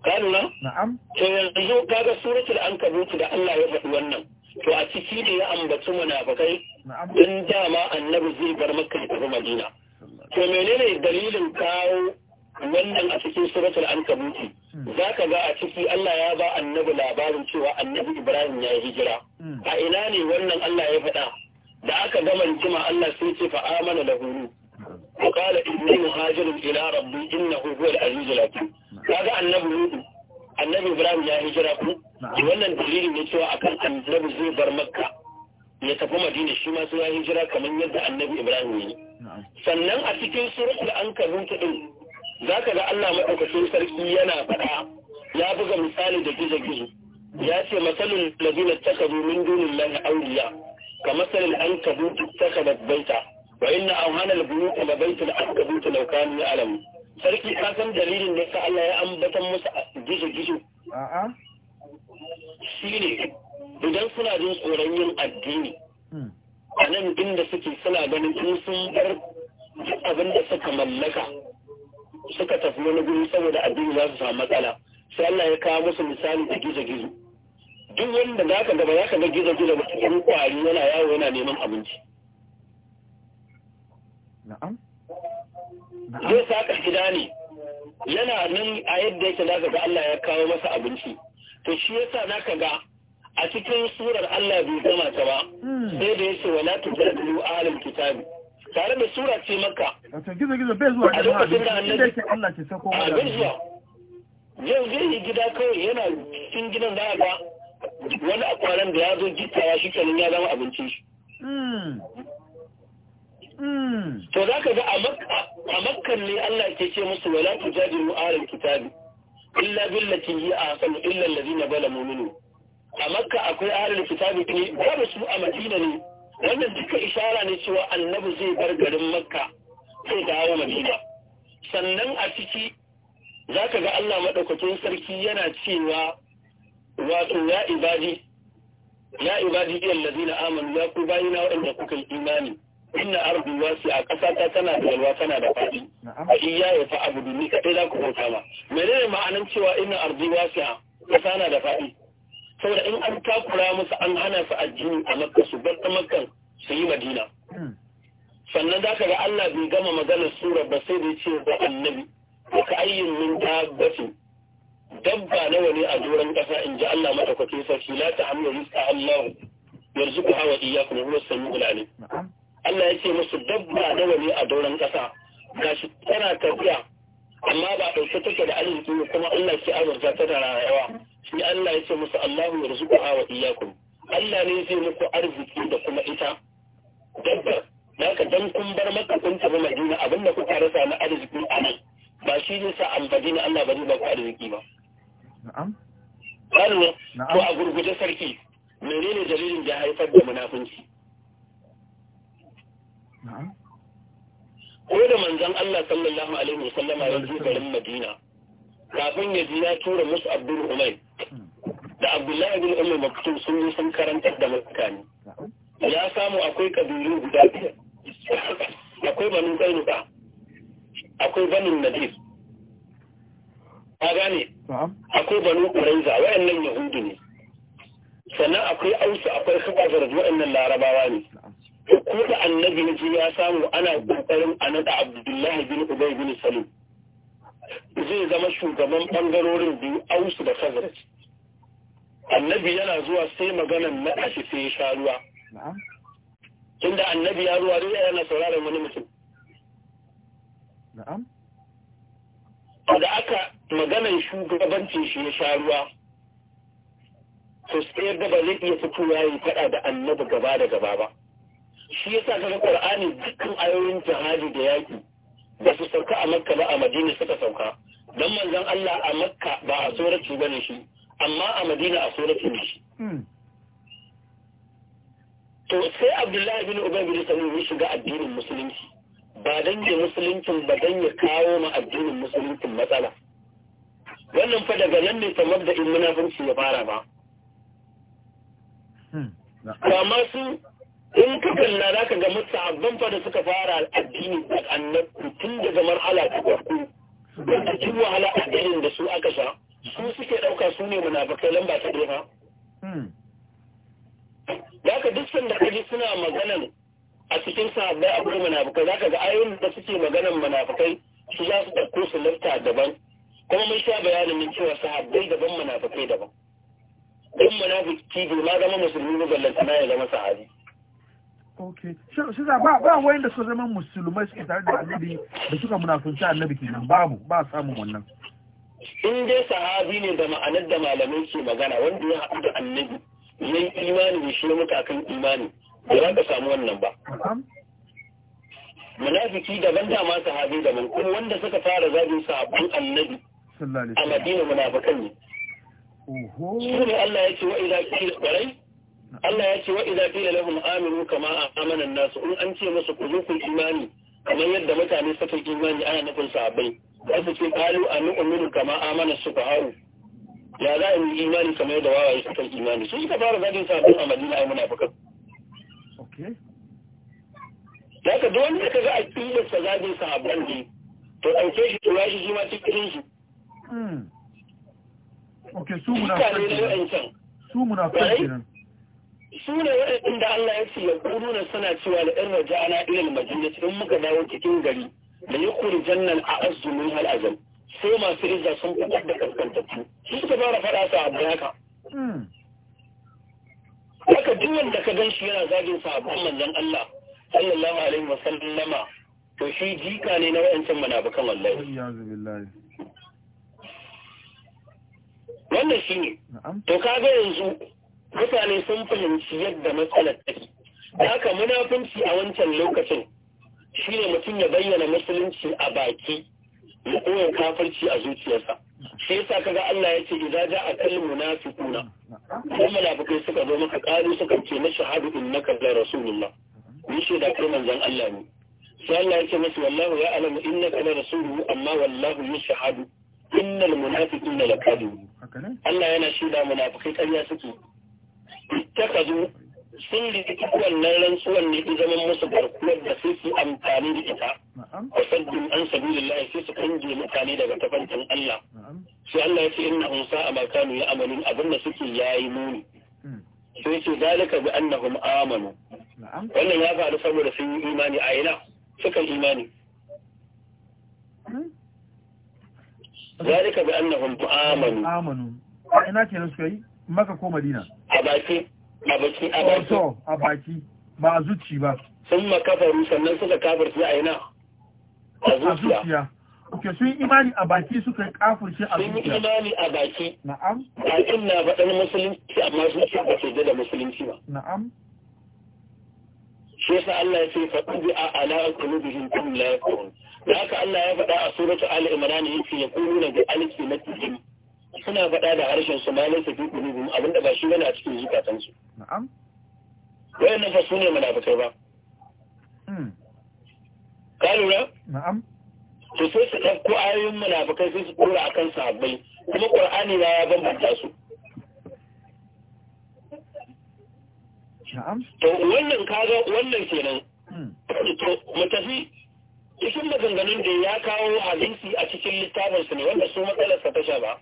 Ka nuna? Na'am. To yanzu kaga suratul ankabutu da Allah ya faɗi wannan. to a ciki ne ya ambaci munafikai dan dama annabi zai bar makka ya tafi madina to menene dalilin kawo wannan a cikin suratul ankabuti za ka ga a ciki Allah ya ba annabi labarin cewa annabi Ibrahim ya yi hijira a ina ne wannan Allah ya faɗa da aka gama jima Allah sai ce fa amana lahu wa qala inni muhajirun ila rabbi innahu huwal al-hakim kaga annabi Nuhu annabi Ibrahim ya hijira ku wannan dalilin ne cewa akan annabi zai bar Makka ya tafi madina shi ma sai ya hijira kamar yadda annabi ibrahim yi sannan a cikin suratul ankabut din zaka ga Allah maɗaukacin sarki yana faɗa ya buga misali da gizo gizo ya ce masalul ladina takabu min dunillahi awliya ka masalul ankabut takabat baita wa inna awhana al-buyut la baitul ankabut law kanu ya'lam sarki ka san dalilin da sa Allah ya ambata musu gizo gizo a'a shine idan suna jin tsoron yin addini hmm. a nan inda suke suna ganin in sun bar abin da suka mallaka suka tafi wani guri saboda addini za su samu matsala sai Allah ya kawo musu misali da gizo-gizo duk wanda za ka gaba za ka ga gizo-gizo mutum kwari yana yawo yana neman abinci zai saka gida ne yana nan a yadda yake za ka ga Allah ya kawo masa abinci to shi yasa za ka ga a cikin surar Allah bai gama ta ba hmm. sai da yace wala tujadilu ahlul kitabi tare da sura ce maka, wato gizo gizo bai zuwa a lokacin da annabi ke Allah ke sako wa bai zuwa yau zai yi gida kawai yana cikin gidan da ga wani akwaran da ya zo gittawa shi kenan ya zama abincin shi hmm. Hmm. to za ka ga a makkan ne Allah ke ce musu wala tujadilu ahlul kitabi illa billati hi ahsanu illa allazina zalamu minhum a makka akwai ahalin kitabi ne babu su a madina ne wannan duka ishara ne cewa annabi zai bar garin makka zai dawo madina sannan a ciki za ka ga allah maɗaukakin sarki yana cewa wato ya ibadi ya ibadi ɗin lazina amanu ya ku bayi na waɗanda kuka yi imani inna ardi a ƙasa ta tana da yalwa tana da faɗi a iya ya fa abu ni kaɗai za ku bauta ma menene ma'anan cewa inna ardi a ƙasa na da faɗi saboda in an takura musu an hana su addini a makka su bar ta makkan su yi madina hmm. sannan za ka ga Allah bai gama maganar sura ba sai da ce wa annabi wa ka ayyin min dabbatu dabba nawa ne a doron kasa in ji Allah madaukakin sarki la ta hamdu rizqa Allah hawa wa kuma kuma samiul alim Allah ya ce musu dabba nawa ne a doron kasa gashi tana tafiya amma ba ɗauke take da arziki kuma Allah ke azurta ta da rayuwa Allah ya ce musu Allahu yarzuquha wa iyyakum Allah ne zai muku arziki da kuma ita dabbar naka dan kun bar maka kun tafi Madina abinda kuka rasa na arziki a nan ba shi ne sa amfani na Allah ba zai ba ku arziki ba na'am kallo ko a gurguje sarki menene dalilin da ya haifar da munafunci ko da manzon Allah sallallahu alaihi wasallama ya zo garin Madina kafin ya ji ya tura musu Abdul Umayr da abdullahi bin umar maktum sun yi sun karantar da mutane ya samu akwai kabilu guda biyar akwai banin kainuka akwai banin nadir ka gane akwai banu kuraiza wayannan yahudu ne sannan akwai ausu akwai khazar wayannan larabawa ne ko da annabi na ji ya samu ana ƙoƙarin a nada abdullahi bin ubay bin salim zai zama shugaban bangarorin biyu ausu da khazar annabi yana zuwa sai maganan na ashe sai ya sha ruwa tunda annabi ya ruwa dai yana sauraron wani mutum da aka maganan shugabancin shi ya sha ruwa sosai da ba zai iya fito ya faɗa da annabi gaba da gaba ba shi ya sa kaga qur'ani dukkan ayoyin jihadi da yaƙi. ba su sauka a makka ba a madina suka sauka don manzon Allah a makka ba a tsoraci bane shi amma a madina a suratun shi hmm. to sai abdullahi bin ubay bin salul ya shiga addinin musulunci ba dan ya musuluncin ba dan ya kawo ma addinin musuluncin matsala wannan fa daga nan ne kamar da in munafunci ya fara ba hmm. amma su in ka kalla za ka ga musabban fa da suka fara addini da annabi tun daga marhala ta farko da cikin wahala addinin da su aka sha su suke ɗauka su ne munafukai lamba ta ɗaya za hmm. ka duk sanda kaji suna maganan a cikin sahabbai a gurin munafukai ka ga ayoyin da suke maganan munafukai su za su ɗauko su lafta daban kuma mun sha bayanin min cewa sahabbai daban munafukai daban Ɗan munafiki bai ma zama musulmi ba ballantana ya zama sahabi Ok, Shi za ba ba wayan da suka zama musulmai suke tare da annabi da suka munafunci annabi kenan babu ba samun wannan. in dai sahabi ne da ma'anar da malamai ke magana wanda ya haɗu da annabi ya yi imani da shi mutu akan imani ba za ka samu wannan ba munafiki daban da ma sahabi daban kuma wanda suka fara zagin sahabin annabi a madina munafikan ne su ne Allah ya ce wa ke da qarai Allah ya ce wa ke da lahum aminu kama a amanan nasu in an ce musu ku zo ku imani kamar yadda mutane suka imani ana nufin sahabai. za su ce kalu a nu'minu kama amana suka haru ya za a yi imani kamar da wawaye suka imani su suka fara zagin sabon a madina ai munafukan. da ka duk wanda ka ga a tilasta zagin sabon ne to ɗauke shi to yashi shi ma cikin su hmm. ok su munafikan su Allah ya ce ya kuru na suna cewa da ɗan raja'ana ilal madina idan muka dawo cikin gari da ya kuri jannan a azu min hal azal sai masu izza sun fitar da kaskantattu su suka fara faɗa sa abu haka haka duwan wanda ka gan shi yana zagin sa abun manzon Allah sallallahu alaihi wa sallama to shi jika ne na wayancan munafikan wallahi wannan shi ne to ka ga yanzu mutane sun fahimci yadda matsalar take haka munafunci a wancan lokacin shi ne mutum ya bayyana musulunci a baki ya koyan kafirci a zuciyarsa shi yasa kaga Allah ya ce idza ja'a kal munafiquna kuma munafikai suka zo maka karu suka ce na shahadu innaka la rasulullah ni shi da kai manzon Allah ne sai Allah ya ce musu wallahu ya alamu innaka la rasuluhu amma wallahu yashhadu innal munafiqina lakadibun Allah yana shida munafikai ƙarya suke ittakazu sun da ita wannan rantsuwan ne zaman musu garkuwar da sai su amfani da ita wasaddin an sabilillah sai su kange mutane daga tafarkin Allah sai Allah ya ce inna Musa sa'a ma ya ya'malun abin da suke yayi muni hmm. sai ce zalika bi annahum amanu wannan ya faru saboda sun yi imani a ina suka imani hmm. zalika bi annahum amanu amanu ina kenan suka yi maka ko madina a baki a baki a baki a baki ba a zuci ba sun makafaru sannan suka kafar kafirci a ina a zuciya Ok, sun imani a baki suka kafirce a zuciya. Sun imani a baki. Na'am. Bakin na faɗin musulunci amma zuciya ba ke da musulunci ba. Na'am. Shi yasa Allah ya ce faɗin bi a ala qulubihim kum la yaqulun. Da haka Allah ya faɗa a suratu Ali Imran yace yaquluna bi alsinatihim suna faɗa da harshen su malin su fi qulubihim abinda ba shi bane a cikin zukatan su na'am nan fa ne munafikai ba hmm. ka lura na'am to sai su ɗauko ayoyin munafikai sai su ɗora a kan kuma ƙur'ani na ya bambanta su to wannan kaga wannan kenan hmm. to mu tafi cikin maganganun da ya kawo hadisi a cikin littafinsu ne wanda su matsalarsa ta sha ba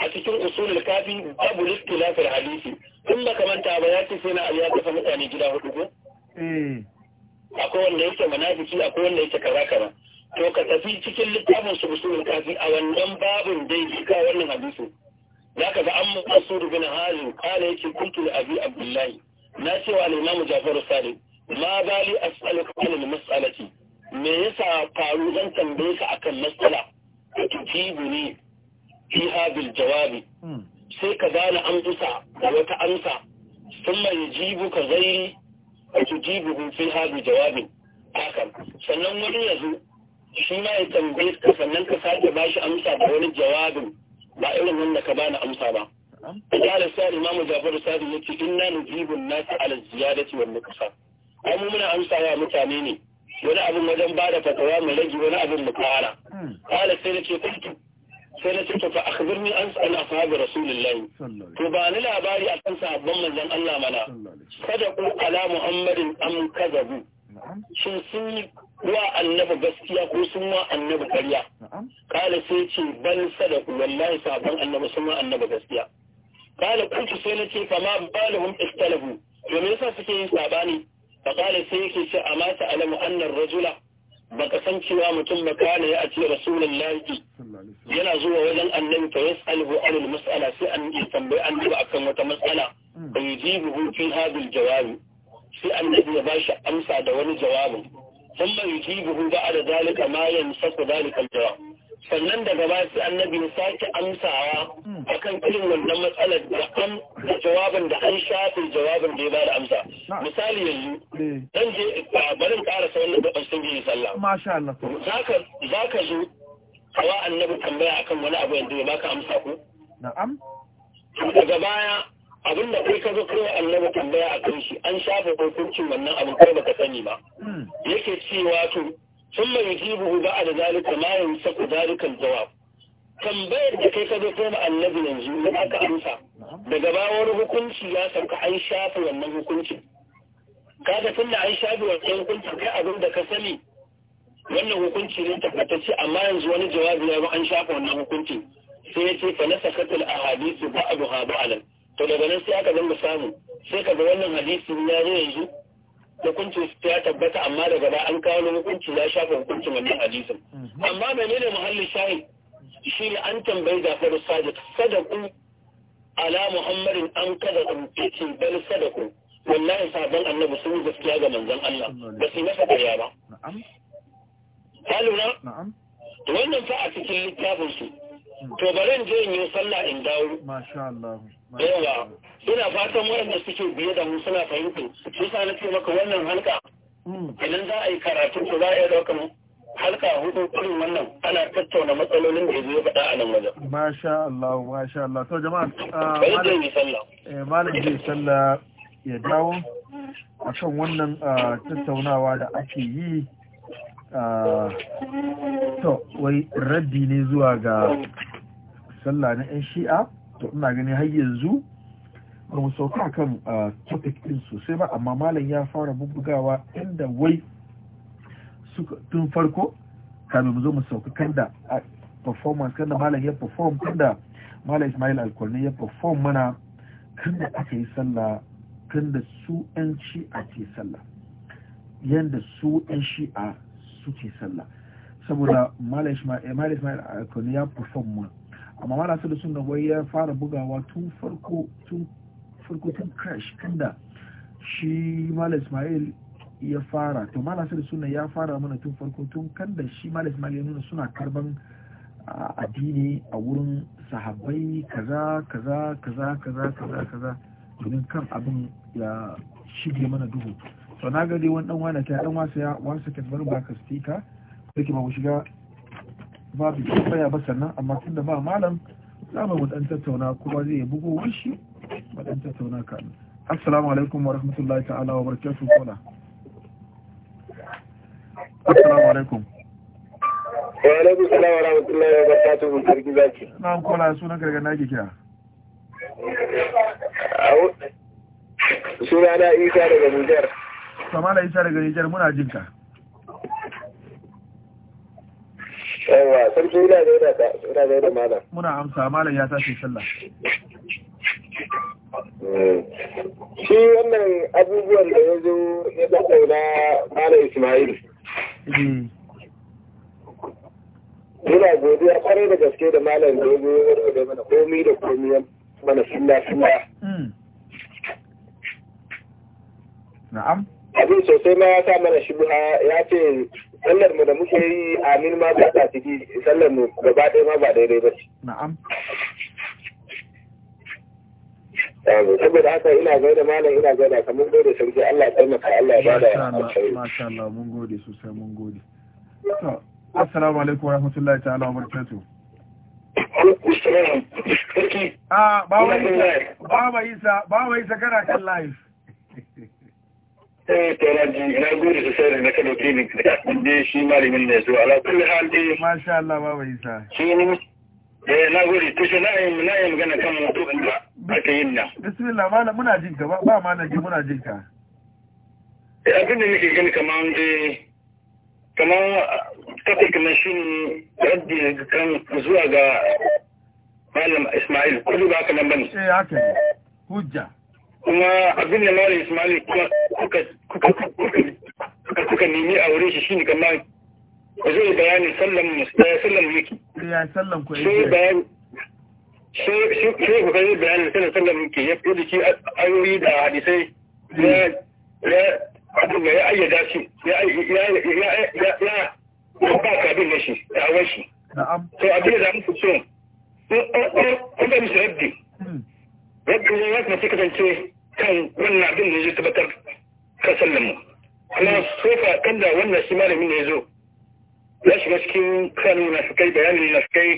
a cikin usul kafi babu littilafin hadisi in ba ba ya ce sai na ya kafa mutane gida hudu ko eh. akwai wanda yake munafiki akwai wanda yake kaza kaza to ka tafi cikin littafin su usul kafi a wannan babin dai ka wannan hadisi ka ga an masud bin halin kala yake kuntu da abi abdullahi na cewa wa imam jafaru sale ma bali as'aluka an masalati me yasa faru zan tambaye ka akan mas'ala ki tibu ne fiha bil jawabi sai ka gane amsa da wata amsa thumma jibu ka zairi jibu tujibu fiha bil jawabi hakan sannan wani yanzu. shi ma ya tambaye ka sannan ka sake shi amsa da wani jawabin ba irin wanda ka bani amsa ba A قال السائل إمام جعفر السادي يقول jibun نجيب الناس على الزيادة والنقصان ai mu muna amsawa mutane ne wani abin wajen ba da fatawa mu rage wani abin mu kara kala sai na ce kuntu sai na ce fa birni an sala ashabi rasulillahi to ba ni labari akan sahabban manzon Allah mana kada ku ala muhammadin am kazabu shin sun yi wa annabi gaskiya ko sun wa annabi karya kala sai ce bal sadaku wallahi sahabban annabi sun wa annabi gaskiya kala kuntu sai na ce fa ma balahum ikhtalafu to me yasa suke yin sabani fa kala sai yake ce a ta alamu annar rajula baka san cewa mutum makana ya ce rasulullahi yana zuwa wajen annabi fa yas'aluhu anil mas'ala sai an yi tambayi annabi akan wata mas'ala fa hu fi hadhihi jawabi sai annabi ya bashi amsa da wani jawabin thumma yujibuhu ba'da zalika ma yansaku zalika al-jawab sannan daga ba sai annabi ya sake amsawa hmm. akan irin wannan matsalar da an da jawabin da an shafe jawabin da ya bada amsa misali yanzu dan eh. je barin karasa wannan da ban biyu sallah masha Allah zaka zaka zo kawa annabi tambaya akan wani abu yanzu ya baka amsa ko na'am daga baya abin da kai ka zo kai annabi tambaya akan shi an shafe hukuncin wannan abin kai baka sani ba hmm. yake cewa to ثم يجيبه بعد ذلك ما ينسق ذلك الجواب tambayar da kai ka zo kai annabi yanzu idan aka amsa daga ba wani hukunci ya sauka an shafe wannan hukuncin kaga tun an shafe wannan hukuncin kai abin da ka sani wannan hukunci ne tabbatacce amma yanzu wani jawabi ya an shafa wannan hukunci sai ya ce fa na sakatul ahadithu ba'daha ba'dan to daga nan sai aka zanga sai ka ga wannan hadisin ya yanzu hukuncin ya tabbata amma da gaba an kawo hukunci ya shafa hukuncin wannan hadisin mhm. amma menene muhallin shahid shi ne an tambayi Jafaru Sadiq sadaku ala Muhammadin an kada umfitin bal sadaku wallahi sabon annabi sun yi gaskiya ga manzon Allah ba su masa ƙarya ba ka lura wannan fa a cikin littafin su hmm. to bari in je in yi sallah in dawo masha Allah yawa ina fatan waɗanda suke biye da mu suna fahimta shi sa nake maka wannan halka hmm. idan za a yi karatu ko za a iya ɗaukar halka hudu irin wannan ana tattauna matsalolin da ya zo faɗa a nan wajen. Masha Allah, masha Allah. To jama'a, ah, eh, malam zai sallah ya dawo a kan wannan ah, tattaunawa da ake yi ah, to wai raddi ne zuwa ga sallah na 'yan shi'a to ina gani har yanzu ba mu sauka kan topic din sosai ba amma malam ya fara bubbugawa inda wai tun farko kamin mu zo mu sauka kan da performance kan da malam ya perform kan da malam ismail alkwarni ya perform mana kan da aka yi sallah kan da su yan ci a ke sallah yadda su yan shi'a suke sallah saboda eh, malam ismail alkwarni ya perform mana amma mara su da suna wai ya fara bugawa tun farko tun farko tun crash kanda shi mala ismail ya fara to mala su da suna ya fara mana tun farko tun kanda shi mala ismail ya nuna suna karban addini a wurin sahabbai kaza kaza kaza kaza kaza kaza domin kan abin ya shige mana duhu to na ga dai wani dan wani ta dan wasa ya wasa kan barin baka stika dake ba ku shiga babu tambaya ba sannan amma tunda ba malam za mu dan tattauna kuma zai yi bugu wanshi mu dan tattauna ka assalamu alaikum wa rahmatullahi ta'ala wa barakatuh kola assalamu alaikum wa alaikum salam wa rahmatullahi wa barakatuh sarki zaki na'am kola sunan garga naki kira suna na isa daga nijar samala isa daga nijar muna jinka yawa sarki ina gaida da ina gaida malam muna amsa malam ya tashi sallah hmm. shi wannan abubuwan da ya zo ya tattauna malam Ismail Muna hmm. godiya kwarai da gaske da malam da ya zo da mana komi da komi mana sunna sunna hmm. Na'am abin sosai ma ya sa mana shubuha ya ce sallar mu da muke yi amin ma ba ta ciki sallar mu gaba ɗaya ma ba daidai ba ce. Na'am. saboda haka ina gaida malam ina gaida ka mun gode sarki Allah ya taimaka Allah ya bada masha Allah mun gode sosai mun gode assalamu alaikum rahmatullahi ta'ala wabarakatuh Ah, Baba Isa, Baba Isa kana kan live. eh to na ji na gode sosai da na kano clinic da dai shi malamin ne zuwa ala kulli hal dai masha Allah baba Isa shi ne eh na gode to shi na yi na yi magana kan mutumin da aka yin nan bismillah mala muna jin ka ba ma na ji muna jin ka eh abin da nake gani kaman eh kaman kafin kaman shi raddi kan zuwa ga malam Ismail kullu ba ka nan bane eh haka ne hujja kuma abin da mara kuma kuka nemi a wurin shi shi ne kama zai bayani sallan sallan ya sallan ku sai ku kai bayanin sallan sallan wiki ya fi da shi ayoyi da hadisai ya abin da ya ayyada shi ya ya ba kabin da shi ya awon shi to abin da za so kuma ya kuma kasance kan wannan abin da zai tabbatar ka sallama. mu kuma sofa kan da wannan shi malamin da ya zo ya shiga cikin kan munafikai bayanin munafikai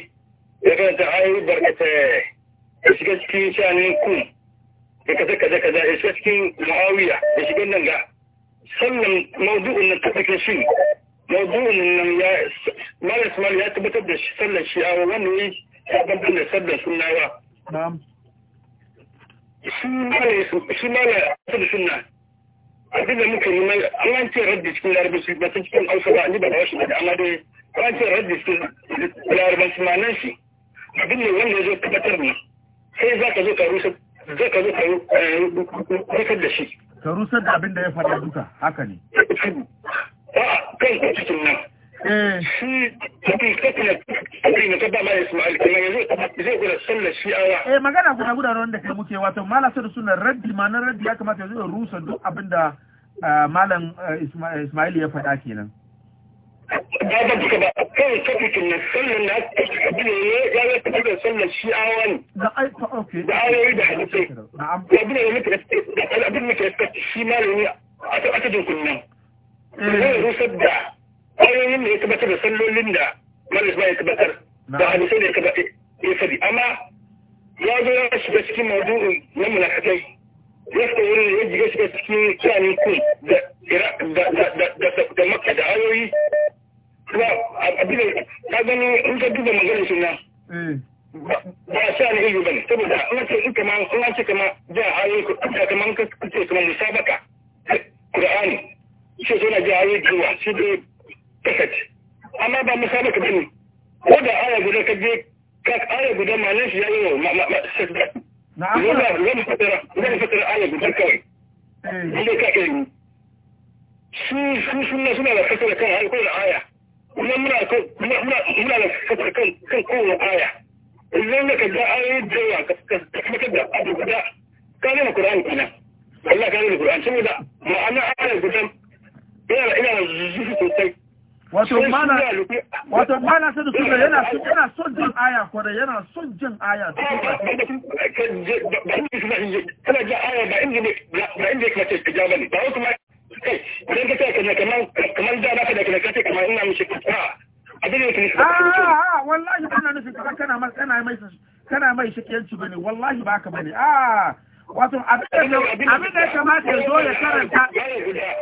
ya karanta ayi barkata ya shiga cikin shanin kun Ya kaza kaza kaza ya shiga cikin muawiya ya shiga nan ga sannan maudu'un nan tabbatar shi maudu'un nan ya malam ya tabbatar da shi sallan wani wannan ya bambanta da sallan sunnawa shi mare shi mare asali sunna abin da muka yi mai an ce raddi cikin larabanci ba ta cikin hausa ba ni ba da wasu ba da amma dai an ce raddi cikin larabanci ma nan shi abin ne wanda ya zo tabbatar ne sai za ka zo ka rusa za ka zo ka eh, rusar da shi ka rusar da abin da ya faɗa duka haka ne kan cikin nan Eh. shi eh magana guda guda da kai muke wato malam sai suna raddi na raddi ya kamata ya zo rusa duk abin da eh, malam eh, Ismail ya faɗa kenan ba da duka ba kai na sallan na ne ya sallan shi'awa ne da ai okay da da ya ne shi malami da ayoyin da ya tabbatar da sallolin da malis ya tabbatar da hadisai da ya tabbatar ya sadi amma ya zo ya shiga cikin maudu'in na mulakatai ya fita wurin ya jiga shiga cikin kyanin kun da maka da ayoyi kuma abin da ka gani in ka duba maganin suna mm. ba a sha ne ilu ba ne saboda an ce in kama an ce kama a ayoyi ko kama an ce kama musabaka Kur'ani shi zo na jihar ayoyi da shi dai kasat amma ba mu musabaka bane ko da aya guda ka je ka aya guda malan shi ya yayi ma ma ma na'am zan fatara zan fatara aya guda kawai inda ka kai su su su sunna suna da kasar kan da aya kuma muna ko muna muna da kasar kan kan kowace aya idan ne ka ga aya da ya ka ka ka da abu guda ka ne Qur'ani kana Allah ka ne Qur'ani saboda ma'ana aya guda ina ina zuwa sosai wato mana sai eh, son jin eh, aya yana son jin aya ba ba da naka wato abin da ya kamata ya zo ya karanta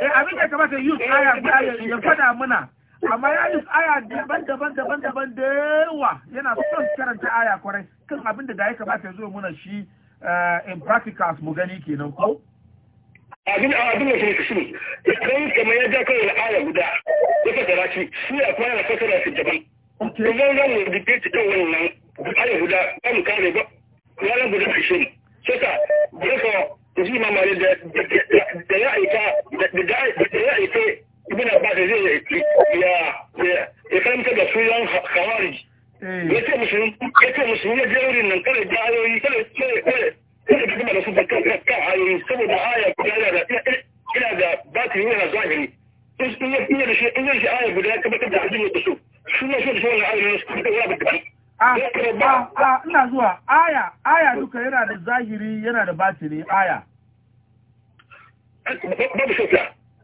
eh, abin da ya kamata yi ya fada muna amma ya yi aya daban daban daban daban da yawa yana son karanta aya kwarai kan abin da ya kamata ya zo muna shi eh, in practicals mu gani kenan ko abin abin da ke shi idan kamar ya ja da aya guda ya fasara shi shi ya fara fasara shi daban zan za mu diketi kan wannan aya guda ba mu kare ba ranar guda ashirin sai ka da ka ji mamari da ya aika da ya aika ibn abbas zai ya ya karanta da su yan hawari hmm. ya ce musulun ya ce je wurin nan kada da ayoyi kada kada kada kuma da su da kan ayoyi saboda aya guda da ina da batini yana zahiri in ya in shi in ya shi aya guda ya tabbatar da hadin da su su ne su da wannan ayoyi su da wani da a ah, ina zuwa aya aya duka yana da zahiri yana da batiri aya babu shakka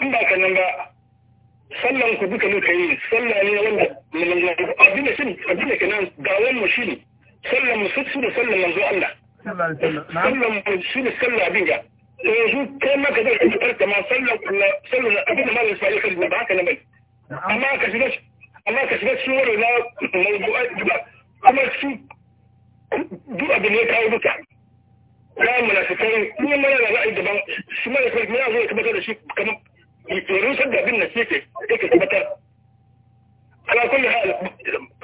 in ba ka nan ba sallan ku duka muka yi sallan ne wanda abinda shi abinda kenan ga wannan shi ne sallan mu da sallan manzo Allah sallan shi ne sallah abin ga yanzu kai maka zai kai karta ma sallan sallan abin da malam sai ba haka nan bai amma ka shiga amma ka shiga wani na mawdu'a kuma shi duk abin ne kawo duka ya munafikai ne mana da ra'ayi daban shi mana kai ne zo ya tabbatar da shi kamar turin shan gabin na shi ke yake tabbatar ala kulli hal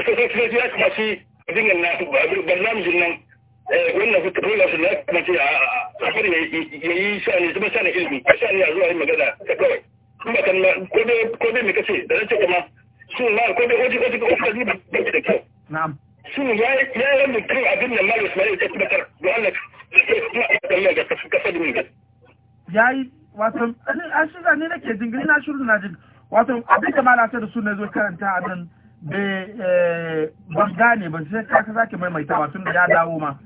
sai sai ya kuma shi dingan na barnamijin nan wannan su tafi lasu na kuma ce a kar ya yi shani zama shani ilimi a shani a zuwa yin magana ta kawai kuma kan na ko dai me kace da nace kuma shin ma ko dai oji oji ko kaji ba da kyau na'am shin ya ya rabu kan abin nan malu Ismail ya tabbatar don Allah ya kuma kallon da kasa da ni ya yi wato an shi nake jingiri na shiru na jin wato abin da malata da su na zo karanta a nan ban gane ba sai ka sake maimaita wato da ya dawo ma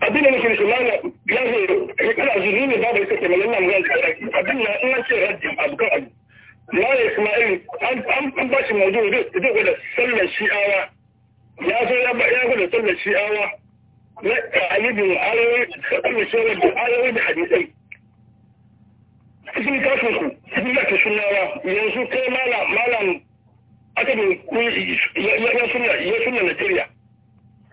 abin da nake da shimala ya kana jini ne babu ita ke malanna mu yanka abin na ina ce raddi abu ka abu kuma in an ba shi da zai gwada sallar shi'awa ya zo ya gwada sallar shi'awa na ayyubin ayoyi sallar shi'awa da ayoyi da hadisi cikin kasan ku cikin da sunawa yanzu kai malam malam aka bin ya suna ya suna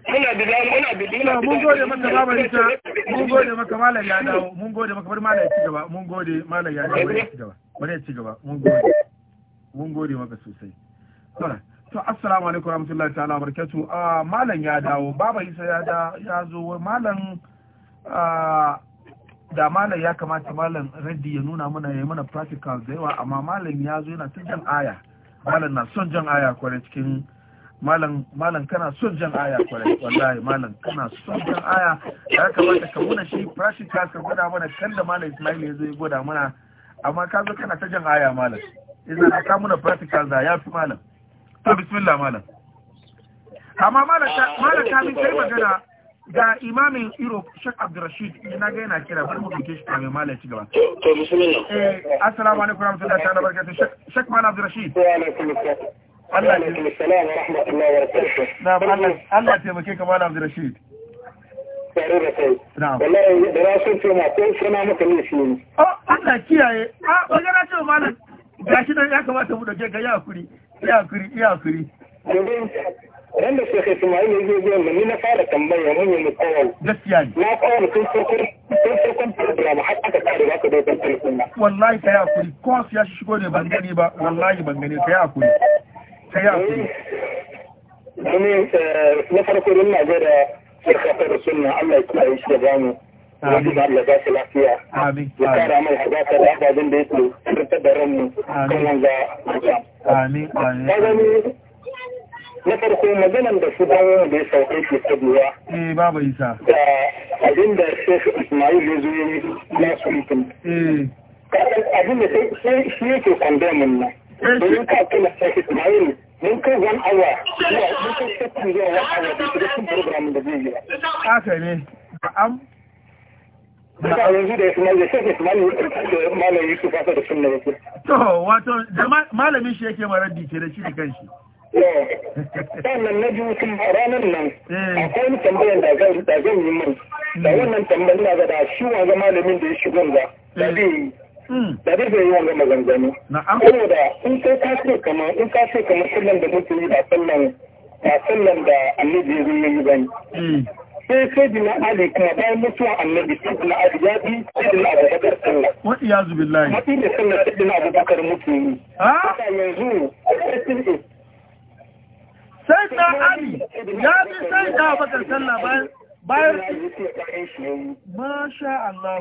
Najeriya muna da muna da muna mun gode maka baba Isa mun gode maka malam ya dawo mun gode maka bar malam ya ci gaba mun gode malam ya dawo ya ci gaba bari ya ci gaba mun gode mun gode maka sosai to assalamu alaikum warahmatullahi ta'ala barkatu ah malam ya dawo baba Isa ya da ya zo malam ah da malam ya kamata malam raddi ya nuna mana ya mana practical da yawa amma malam ya zo yana ta jan aya malam na son jan aya kwarai cikin malam malam kana son jan aya kwarai wallahi malam kana son jan aya ya kamata ka muna shi practical ka gwada mana kan da malam Ismail ya zo ya gwada mana amma ka zo kana ta jan aya malam idan ka muna practical da ya fi malam to bismillah malam amma malam malam ka min kai magana da imamin europe sheikh abdurrashid ina ga yana kira bari mu duke shi kamin mai ci gaba to bismillah eh, assalamu alaikum warahmatullahi ta'ala barakatuh sheikh malam abdurrashid wa alaikum assalam Allah ne kuma salam wa rahmatullahi wa barakatuh na Allah Allah taimake ka malam abdurrashid tare da kai wallahi da na sun ce ma ko sana maka ne shi ne oh Allah kiyaye ah bagana ce malam gashi nan ya kamata mu dauke ga ya hakuri ya hakuri ya dan da shekhe Ismail zai zo mun na fara tambaya mun yi kawai gaskiya ne na kawai kun farko kun farkon program har aka kare ba ka da kan telefon na wallahi kai hakuri ko su ya shigo ne ban gani ba wallahi ban gani kai hakuri kai hakuri domin na farko din na gada shekha ta sunna Allah ya kiyaye shi da bamu Wani da Allah ba su lafiya. Amin. Ya kara mai hazaka da ababen da yake tattar da ranmu kan wanga. Amin. Amin. na farko maganan da su dawo da ya sauke shi ta ba eh yi isa da abin da ismail ya zo yi na su mutum eh abin da sai shi yake kwandamin nan eh, domin ka kila ismail mun kai one awa. Ya yi kai shehu zuwa one awa da shiga sun program da zai yi haka ne yanzu da Ismail da da malamin shi yake maradi ke da shi da kanshi. Eh, sannan na biyu kuma ranar nan hmm. akwai wani tambayar da zan yi min hmm. da wannan tambayar na da shi wanga malamin da ya shigo ga da hmm. zai yi da zai zai yi wanga maganganu saboda in kai ka ce kamar in ka ce kamar sallan da muke yi ba sallan ba sallan da annabi ya zo yi bane sai sai dina ali kuma bayan mutuwa annabi sai na ali ya bi sai dina abubakar sallah wa iyazu billahi mafi da sallah sai dina abubakar mutu yi ah? yanzu sai da ali ya fi sai da bakar sallah bayan bayan masha Allah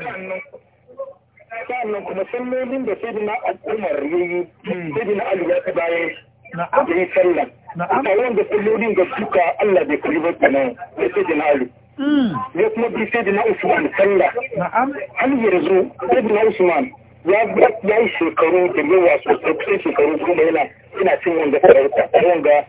sannan kuma sallolin da sai na al'ummar yayi sai na ali ya ta bayan na'am da sallah na'am da wanda sallolin da suka Allah bai kuri ba kenan sai na ali hmm. ya kuma bi sai na Usman sallah Hali har yanzu sai na Usman ya yi shekaru da yawa sosai kusan shekaru kuma yana ina cin wanda sarauta wanga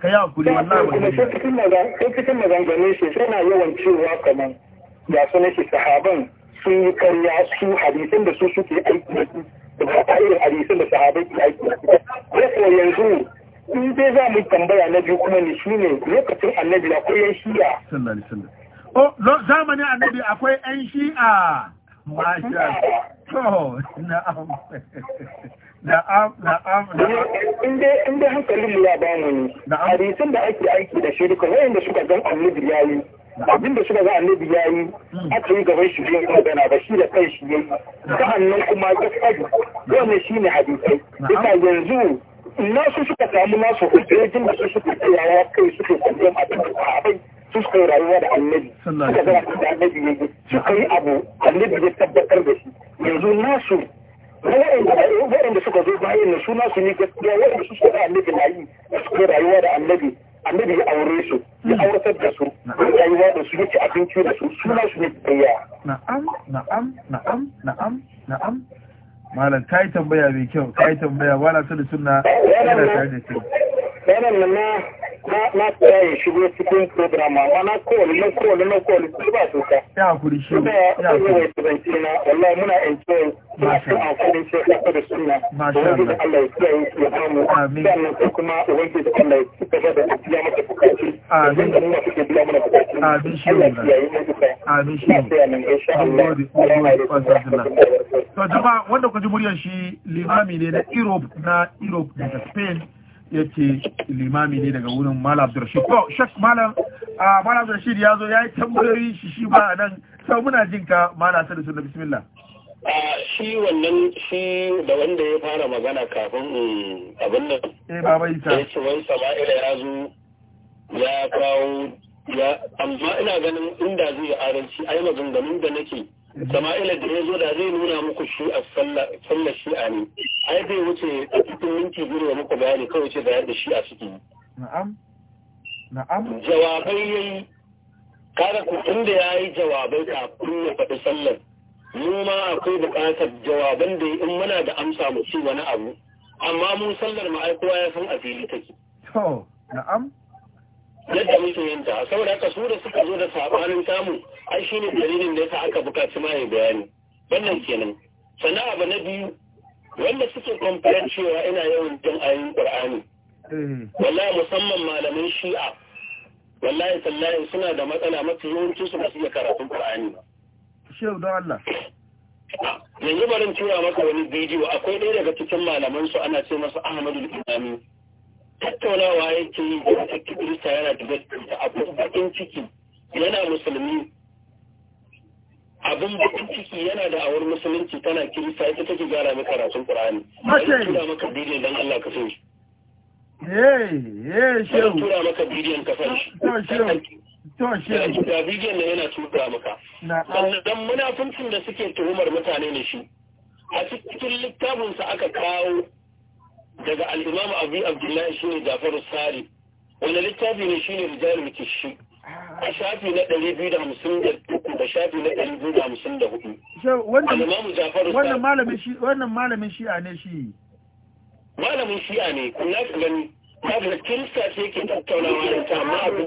ka yi hakuri wallahi ne sai cikin maganganun shi suna yawan cewa kamar ga su nake sahaban sun yi karya su hadisin da su suke aiki da su ba ta irin hadisin da sahabai ke aiki da su ya yanzu in dai za mu tambaya na biyu kuma ne shi ne lokacin annabi akwai yan shi'a oh, o zamanin annabi akwai yan shi'a masha na'am na'am hankalin mu ya bamu ne hadisin da ake aiki da shirka wayanda suka gan annabi yayi abin da suka ga annabi ya yi hmm. aka yi gaban shi biyan magana ba shi da kai shi yayi sa'annan kuma ya fadi wannan shine hadisai duka yanzu nasu suka samu nasu hujjojin da su suka tsayawa kai suke kallon abin da sahabai su suka yi rayuwa da annabi suka ga da annabi yayi suka yi abu annabi ya tabbatar da shi yanzu nasu waɗanda suka zo bayan na suna su ne gaskiya waɗanda su suka annabi na yi da suka rayuwa da annabi annabi ya aure su ya hmm. auratar da su ya rayuwa da su ya ci abinci da su suna su ne tsaya na'am na'am na'am na'am na'am malam ta yi tambaya mai kyau ta yi tambaya wala su da suna yana tare da su tsaron nan na na tsaya ya e, shigo cikin program amma na kowane na kowane na kowane su ba ka. ya hakuri shi ya hakuri na wallahi muna enjoy masu amfani shi ya da suna wanda Allah ya kiyaye su ya samu sannan sai kuma wanda da Allah ya kiyaye da biya mata bukaci amin da muna suke biya mana bukaci amin shi ne amin shi ne to jama'a wanda kun ji muryar shi limami ne na Europe na Europe daga Spain ce limami ne daga wurin mala abdurrashid to shak mala mala ya zo ya yi tambayoyi shi shi ba nan sau muna jin ka mala sadu suna bismillah shi wannan shi da wanda ya fara magana kafin abin nan eh baba isa ya ce wani sama'ila ya zo ya kawo ya amma ina ganin inda zai yi adalci ai maganganun da nake Sama'ila da ya zo da zai nuna muku shi a sallar shi'a ne. Ai bai wuce a cikin minti biyu da muku bayani kawai ce da yadda shi'a suke. Na'am. Na'am. Jawabai ya yi. Kada ku inda ya yi jawabai kafin ya faɗi sallar. Mu ma akwai buƙatar jawaban da in muna da amsa mu ci wani abu. Amma mu sallar ma'aikowa ya san a fili take. To, na'am. yadda muke yin ta saboda haka su da suka zo da sabanin tamu ai shine dalilin da yasa aka bukaci mai bayani wannan kenan sana abu na biyu wanda suke kwamfiyar cewa ina yawan jin ayin qur'ani hmm. wallahi musamman malamin shi'a wallahi tallahi suna da matsala mafi yawancin su masu iya karatun qur'ani ba shehu don Allah yanzu barin tura maka wani bidiyo akwai ɗaya daga cikin malaman su ana ce masa Ahmadu Imami tattaunawa yake yi da kirista yana da abin bakin ciki yana musulmi abin bakin ciki yana da awar musulunci tana kirista ita take gyara maka karatun qur'ani zan tura maka bidiyon don Allah ka san shi eh tura maka bidiyon ka san shi to shehu bidiyon nan yana tura maka sannan dan munafincin da suke tuhumar mutane ne shi a cikin littafinsa aka kawo daga al'imam abu abdullahi shi ne jafar sari wanda littafi ne shi ne rijal mutashi a shafi na 253 da shafi na 254 wannan malamin shi wannan malamin shi'a ne shi malamin shi'a ne kun na gani kaga kirista ce yake tattaunawa da ta amma abu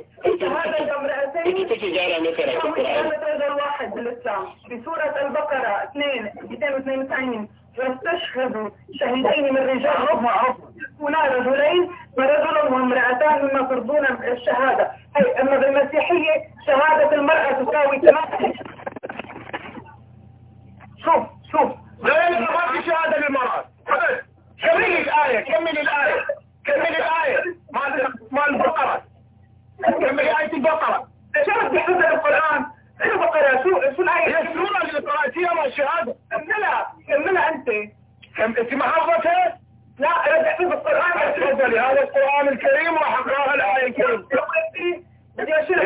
ita take gyara na karatun Qur'ani. يستشهد شهيدين من رجال ربما هنا رجلين ورجل وامرأتان مما ترضون الشهادة أي أما بالمسيحية شهادة المرأة تساوي ثمانية شوف شوف لا ما في شهادة للمرأة كمل الآية كمل الآية كمل الآية مال مال البقرة كمل آية البقرة شرط بحسب القرآن الفقراء سوء اللي يسرون القراءة والشهادة كملها كملها أنت كم أنت محافظة لا انا في القرآن تفضلي هذا القرآن الكريم اقراها الآية الكريم بدي أشرح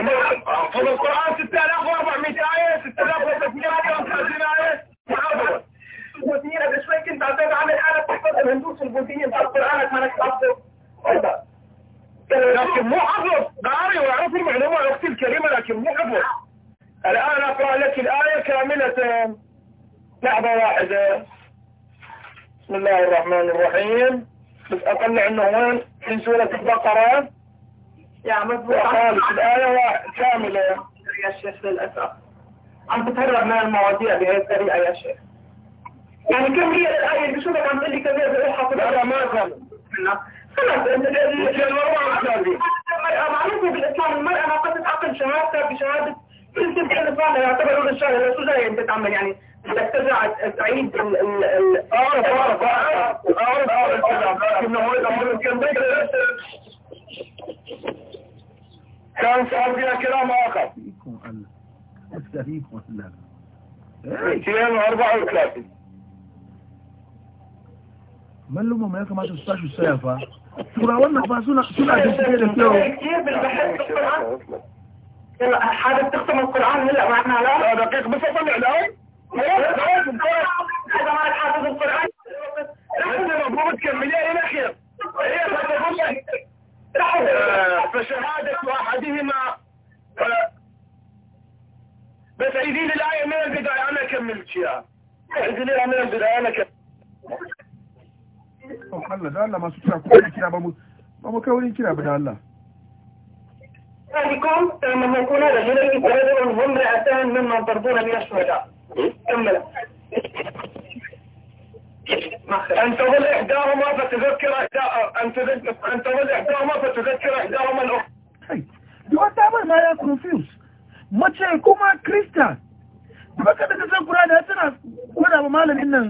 في القرآن 6400 آية 6330 آية،, آية محافظة البوذيين قبل شوي كنت عم بعمل حالة تحفظ الهندوس البوذيين القرآن كانك حافظه لكن مو حفظ قاري وعرف المعلومة اختي الكريمة لكن مو حفظ الآن أقرأ لك الآية كاملة لحظة واحدة بسم الله الرحمن الرحيم بس أطلع أنه وين في سورة البقرة يا مضبوط الآية كاملة يا شيخ للأسف عم تتهرب من المواضيع بهي الطريقة يا شيخ يعني كم هي الآية بشوفك عم تقول لي كم هي بروح حاطط أنا ما فهمت خلص المرأة معروفة بالإسلام المرأة ناقصة عقل شهادتها بشهادة يمكن كان فعلا يعتبر رجل الشهر لا انت تعمل يعني انك ترجع تعيد ال ال ال اعرف اعرف اعرف اعرف انه هو الامر كان كان صار فيها ولا اثنين واربعة ما يكما تستاش السيافة تراولنا فاسونا سنة تستير السيو كتير بالبحث يلا حابب تختم القرآن هلا معنا لا دقيق بس اطلع لا لا ما حافظ القرآن انت المفروض تكمليها الى خير فشهادة احدهما بس عيدي لي الآية من البداية انا كملت اياها عيدي لي من البداية انا كملت محمد Allah masu kira kuma kira ba mu ba mu kawai kira ba da Allah أهلكم من يكون رجلين ورجل هم رأسان ممن ترضون من الشهداء كملا أن تظل إحداهما فتذكر إحداهما فتذكر إحداهما الأخرى دوات أمان ما لا كونفيوز ما تشاهدكم مع كريستان دوات كده كسان قرآن أسنا ودا ممالا إنا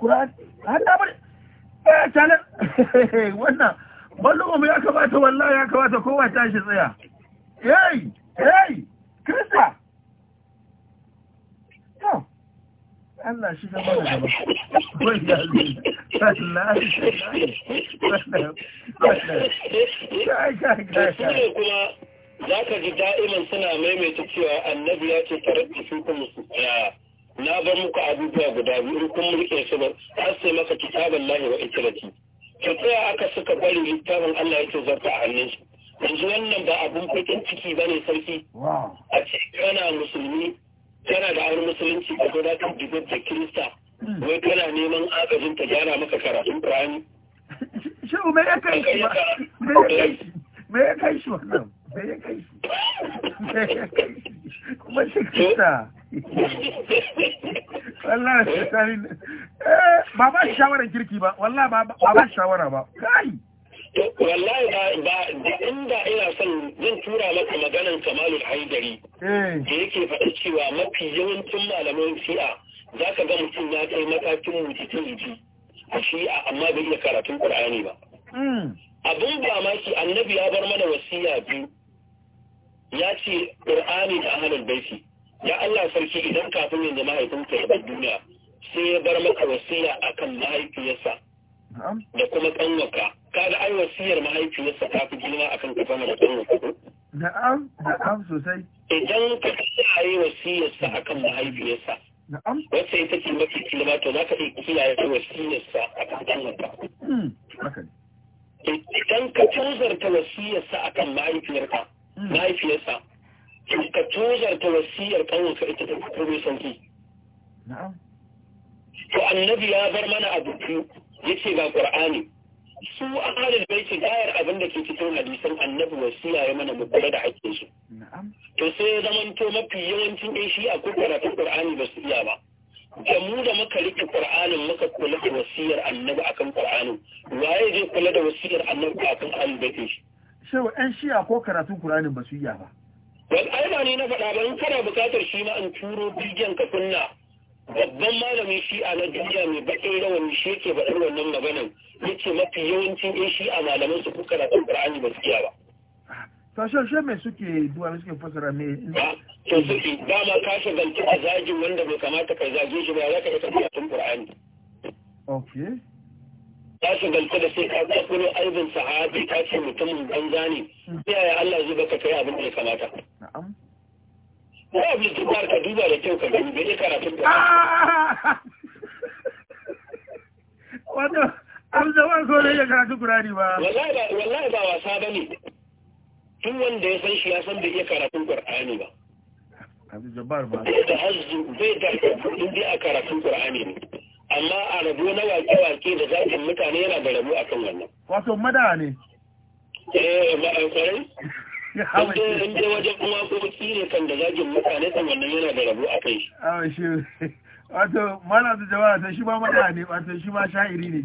قرآن هل أمان إيه تعالى وانا بلغم يا كباتو والله يا كباتو كوة تاشي صياح hey hey krista Allah shi zama da gaba. za ka ji da'iman suna maimaita cewa annabi ya ce tare da su kuma su na bar muku abubuwa guda biyu in kun rike su ba har sai maka kitaban lahi wa ikirati ka tsaya aka suka bari littafin Allah ya ce zarta a hannun shi yanzu wannan ba abun fakin ciki ba ne sarki a ce kana musulmi kana da aure musulunci a guda kan dubin da kirista hmm. wai kana neman agajin ta gyara maka karatun kurani shehu me ya kai shi ba, me ya kai shi wannan me ya kai shi kuma shi kirista eh, ba ba shawara kirki ba ba ba shawara ba kai wallahi ba da inda ina son zan tura maka maganan kamalul haidari hmm. da yake faɗa cewa mafi yawancin malaman shi'a za ka ga mutum ya kai matakin mutum ji a shi'a amma bai iya karatun ƙur'ani ba abin ba shi annabi ya bar mana wasiya biyu ya ce ƙur'ani da ahalul baiti ya Allah sarki idan kafin yanzu mahaifinka ya bar duniya sai ya bar maka wasiya akan mahaifiyarsa da kuma kanwaka kaga an wasiyar mahaifiyarsa ta fi girma akan kan sama da kanwaka ko na'am na'am sosai idan ka kiyaye wasiyarsa akan mahaifiyarsa na'am wacce ita ce mafi girma to za ka iya kiyaye wasiyarsa akan kanwaka hmm, idan ka tozarta wasiyarsa akan mahaifiyarka hmm. mahaifiyarsa ka tozarta wasiyar kanwaka ita ta fi sauki na'am to annabi ya bar mana abu biyu yace ga qur'ani su ahlul baiti gayar abin da ke cikin hadisan annabi wasiya ya mana mu kula da hakkin su to sai ya zamanto mafi yawancin dai shi a karatun qur'ani ba su iya ba da mu da muka rike qur'anin muka kula da wasiyar annabi akan qur'ani waye zai kula da wasiyar annabi akan ahlul baiti shi cewa ɗan shi'a ko karatun qur'ani ba su iya ba. Wal aina ne na faɗa ba in kana buƙatar shi ma in turo bidiyon ka kunna babban malamin shi'a na duniya mai bakin rawan shi yake faɗar wannan maganan yace mafi yawancin yan shi'a malaman su kuka da qur'ani ba su iya ba sashen shi mai suke duwa mai suke fasara ne to suke ba ma ka shagaltu a zagin wanda bai kamata ka zage shi ba za ka isa karatun qur'ani Ok. ka shagaltu da sai ka tsakuro aibin sahabi ka ce mutumin banza ne hmm. yaya Allah zai baka kai abin da ya kamata na'am Wai abin jimar ka duba da kyau ka gani bai iya karatun da. Wato, an zama so da iya karatun Kurani ba. Wallahi ba wasa ba ne. Tun wanda ya san shi ya san bai iya karatun Kurani ba. Abu Jabbar ba. Zai da hazu, zai da kudin dai a karatun Kurani ne. Amma a rabu na wake-wake da zafin mutane yana da rabo akan wannan. Wato madawa ne. Eh, ma'aikwarai. Eh, in dai wajen waƙoƙi ne kan da zagin mutane kan yana da rabu a kai shi wato mana da jama'a ta shi ba mada ne wato shi ba sha'iri ne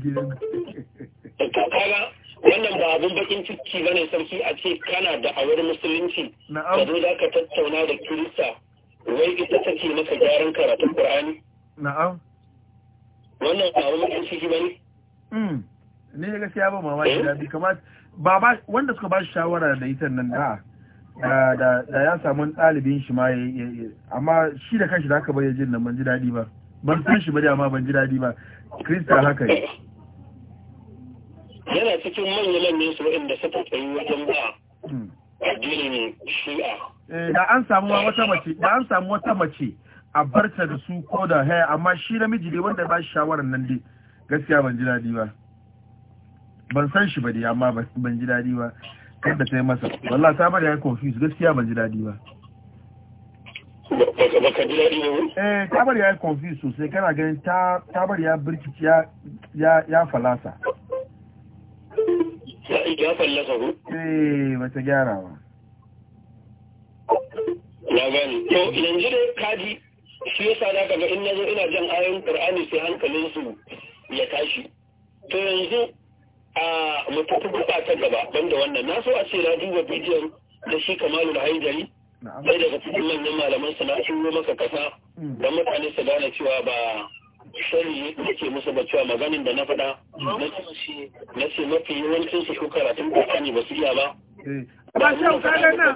ke kaga wannan ba abin bakin ciki ne sarki a ce kana da awar musulunci ka zo za ka tattauna da kirista wai ita take maka gyaran karatun qur'ani na'am wannan ba abin bakin ciki ba ne hmm. Ni ya gaskiya ba mamaki eh? da kamar ba wanda suka ba shi shawara da ita nan da da ya samu ɗalibin shi ma amma shi da kashi da aka bayyana jin nan ban ji daɗi ba ban san shi ba da amma ban ji daɗi ba krista haka ne yana cikin manyan ne su inda suka tsayi wajen ba hmm. addinin shi'a eh, da an samu wata mace da an samu wata mace a barta da su ko da haya amma shi namiji dai wanda ba shi shawarar nan dai gaskiya ban ji daɗi ba ban san shi ba dai amma ban ji dadi ba da ta yi masa wallah ta bari ya yi confuse gaskiya ban ji dadi ba eh ta bari ya yi confuse sosai kana ganin ta ta bari ya birkici ya ya falasa ya falasa ko eh wata gyara ba na to yanzu dai kaji shi yasa da kaga in nazo ina jan ayoyin Qur'ani sai hankalin su ya tashi to yanzu a mutum gaba ta gaba banda wannan na so a ce na duba bidiyon da shi kamalu da haidari sai daga cikin manyan malaman su na turo maka kasa mm. don mutane su gane cewa ba sani ke musu ba cewa maganin da na faɗa na ce mafi yawancin su karatun kokani ba su iya ba eh, ba yau kaga nan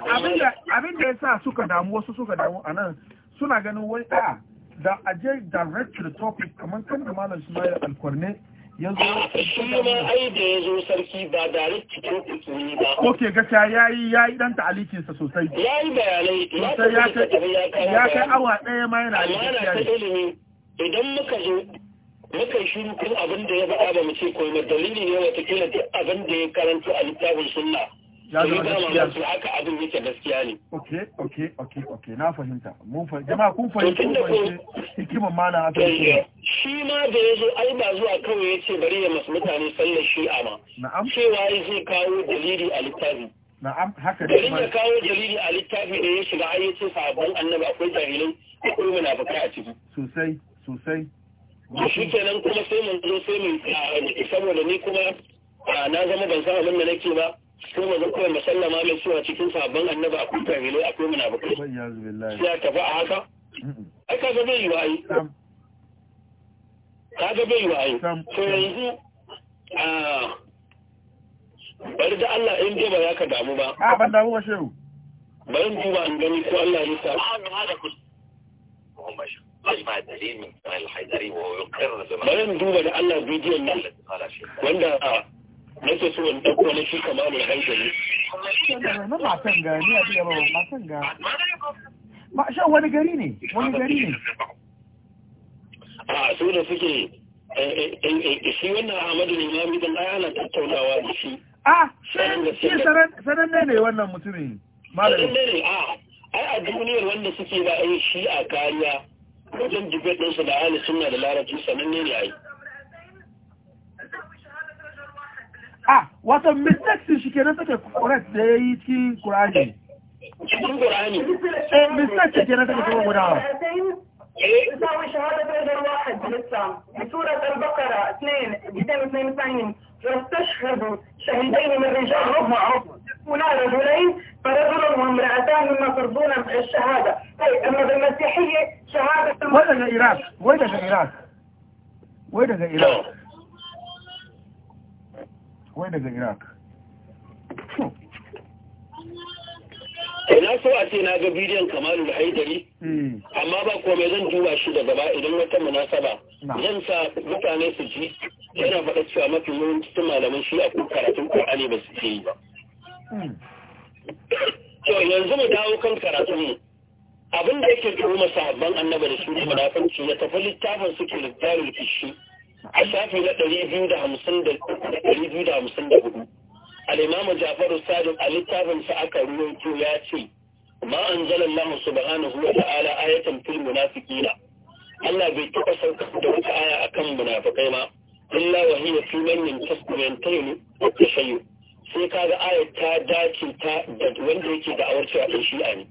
abin da ya sa suka damu wasu suka damu a nan suna ganin wai a da aje direct to the topic kamar kan da malam Ismail Alkwarne shi ya zo sarki ba da ba ok gaskiya ya yi ya yi ta'alikinsa sosai ya yi bayanai kai awa ɗaya ma yana amma na ta idan muka zo muka yi shiru kun abin da ya ba ba mu ce dalili ne watakila duk abin da ya karanta a littafin sunna ya zama gaskiya ne haka abin yake gaskiya ne okay okay okay okay na fahimta mun fahimta jama'a kun fahimta kun fahimta hikiman mana aka yi shi ma da ya zo ai ba zuwa kawai ya ce bari ya masu mutane sallar a ma na'am cewa zai kawo dalili a littafi na'am haka da kuma kawo dalili a littafi da ya shiga ai yace sabon annabi akwai jahilai akwai munafikai a ciki sosai sosai shi kenan kuma sai mun zo sai mun saboda ni kuma na zama ban san abin da nake ba sai ba zan kawai musallama mai cewa cikin sabon annaba a kuma na munafukai sai ya tafi a haka ai ga bai yi Ka ga bai yi to yanzu a bari da Allah in dai ba ya ka damu ba a ban damu ba shehu bari in duba an gani ko Allah ya sa bari in duba da Allah bidiyon nan wanda nake so in ɗauko na shi kama mai hankali. Na matan ga ni a biya ba matan ga. Ma shan wani gari ne wani gari ne. A su da suke eh, eh, eh, shi wannan Ahmadu ne ya midan ai ana tattaunawa da shi. A shi sananne ne wannan mutumin. Sananne ne a ai a duniyar wanda suke ba ai shi a kariya wajen dubbe ɗinsu da ahli sunna da larabci sananne ne ai. ah a mistake can not take correct da yayi cikin Qur'ani cikin Qur'ani eh mistake ce kenan take cikin Qur'ani يساوي شهادة غير واحد بالإسلام بسورة البقرة اثنين جدين اثنين ثانيين واستشهدوا شهيدين من رجال ربما عفوا هنا رجلين فرجل وامرأتان مما ترضون الشهادة أي أما بالمسيحية شهادة وين العراق؟ وين العراق؟ وين العراق؟ wai daga iraq eh, na so a ce na ga bidiyon kamalu da haidari hmm. amma ba komai zan duba shi da gaba idan wata munasaba zan sa mutane su ji yana faɗa cewa mafi muhimmanci cikin malaman shi a kun karatun ƙwa'ani ba su ke yi ba hmm. to yanzu mu dawo kan karatun mu abin da yake turo masahabban annaba da su ne munafanci ya tafi littafin suke littafin kishi a shafi na ɗari biyu da hamsin da ɗari biyu da hamsin da hudu al'imamu jafaru sadiq a littafinsa aka ruwaito ya ce ma anzalallahu subhanahu wa ta'ala ayatan fil munafiqina Allah bai taɓa sauka da wata aya akan munafikai ma illa wa hiya fi mannin tasmentayn wa tashayyu sai kaga ayat ta dace ta da wanda yake da awar cewa dan shi'a ne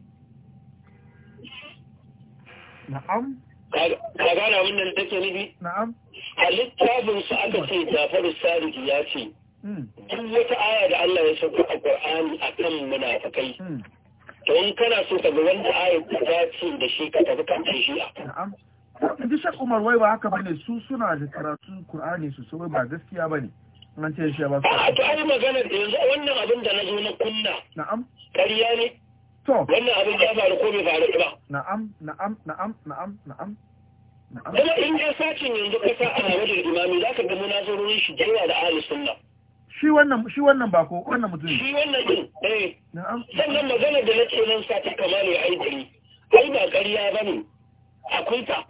na'am ka gane abin da take nufi na'am a littafin su aka ce Jafaru Sadiq ya ce hmm. duk wata aya da Allah ya sauko a Qur'ani akan munafikai hmm. to in kana so ka ga wanda aya ta dace da shi ka tafi kan shi na'am duk shak Umar wai ba haka bane su suna da karatun Qur'ani su sai ba gaskiya bane an ce shi ba a to ai magana da yanzu wannan abin da na zo na kunna na'am ƙarya ne to wannan abin ya faru ko bai faru ba na'am na'am na'am na'am na'am kuma in ka sacin yanzu kasa a wajen imami za ka ga munazarorin shi jewa da ahli sunna shi wannan shi wannan ba ko wannan mutum shi wannan din eh sannan magana da nake nan sa ta kamalu ai gari ai ba ƙarya bane akwai ta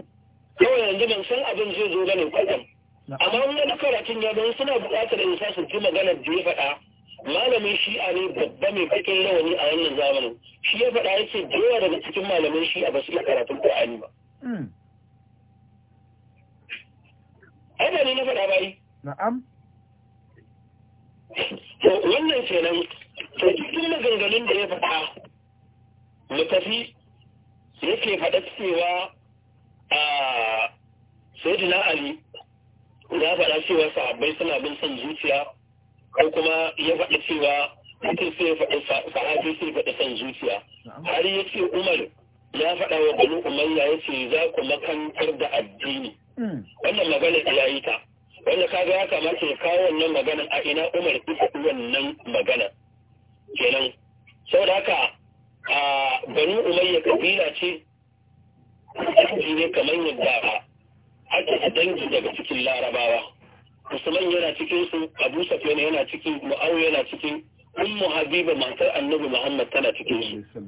kawai yanzu ban san abin zai zo bane kwatsam amma wani karatun ya don suna buƙatar in sa su ji maganar da ya faɗa malamin shi'a ne babba mai bakin rawani a wannan zamanin shi ya faɗa yake da yawa daga cikin malamin shi'a ba su iya karatun ƙur'ani ba hmm. na'am wannan kenan to cikin maganganun da ya faɗa mu tafi yake faɗa cewa a sayyidina ali ya faɗa cewa sahabbai suna bin son zuciya ko kuma ya faɗa cewa mutum sai ya faɗa sahabi sai ya faɗa son zuciya har ya ce umar ya faɗa wa bani ya ce za ku makantar da addini hmm. wannan magana ya yi ta wanda ga ya kamata ya kawo wannan magana a ina umar ita wannan magana kenan Sau da haka a Umar umayya kabila ce dangi ne kamar yadda ake dangi daga cikin larabawa usman yana cikin su abu safiyan yana cikin mu'awiya yana cikin ummu habiba matar annabi muhammad tana cikin su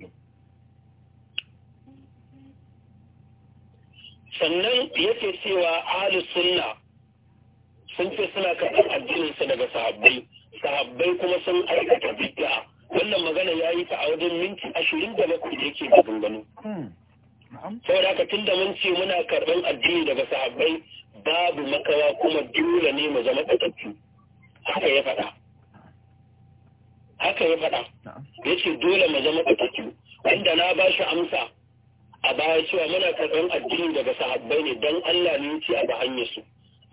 sannan yake cewa ahli sunna sun ce suna karɓar addininsa daga sahabbai sahabbai kuma sun aikata bid'a wannan magana ya yi ta a wajen minti ashirin da bakwai da yake maganganu hmm. saboda haka tun da mun ce muna karɓar addini daga sahabbai babu makawa kuma dole ne mu zama ƙasashe haka ya faɗa haka ya faɗa ya ce dole mu zama ƙasashe wanda na ba shi amsa a baya cewa muna karɓar addini daga sahabbai ne don Allah ne ya ce a ba hanyar su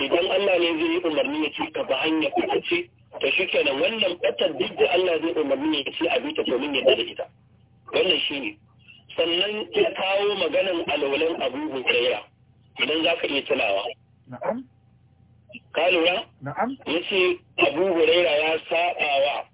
idan Allah ne zai yi umarni ya ci ka ba hanya ita ce ta shi kenan wannan ɓatar duk da Allah zai umarni ya ci a bita domin ya da ita wannan shi ne sannan ya kawo maganan alwalan abu hukaiya idan za ka iya tunawa ka lura ya ce abu hukaiya ya saɓa wa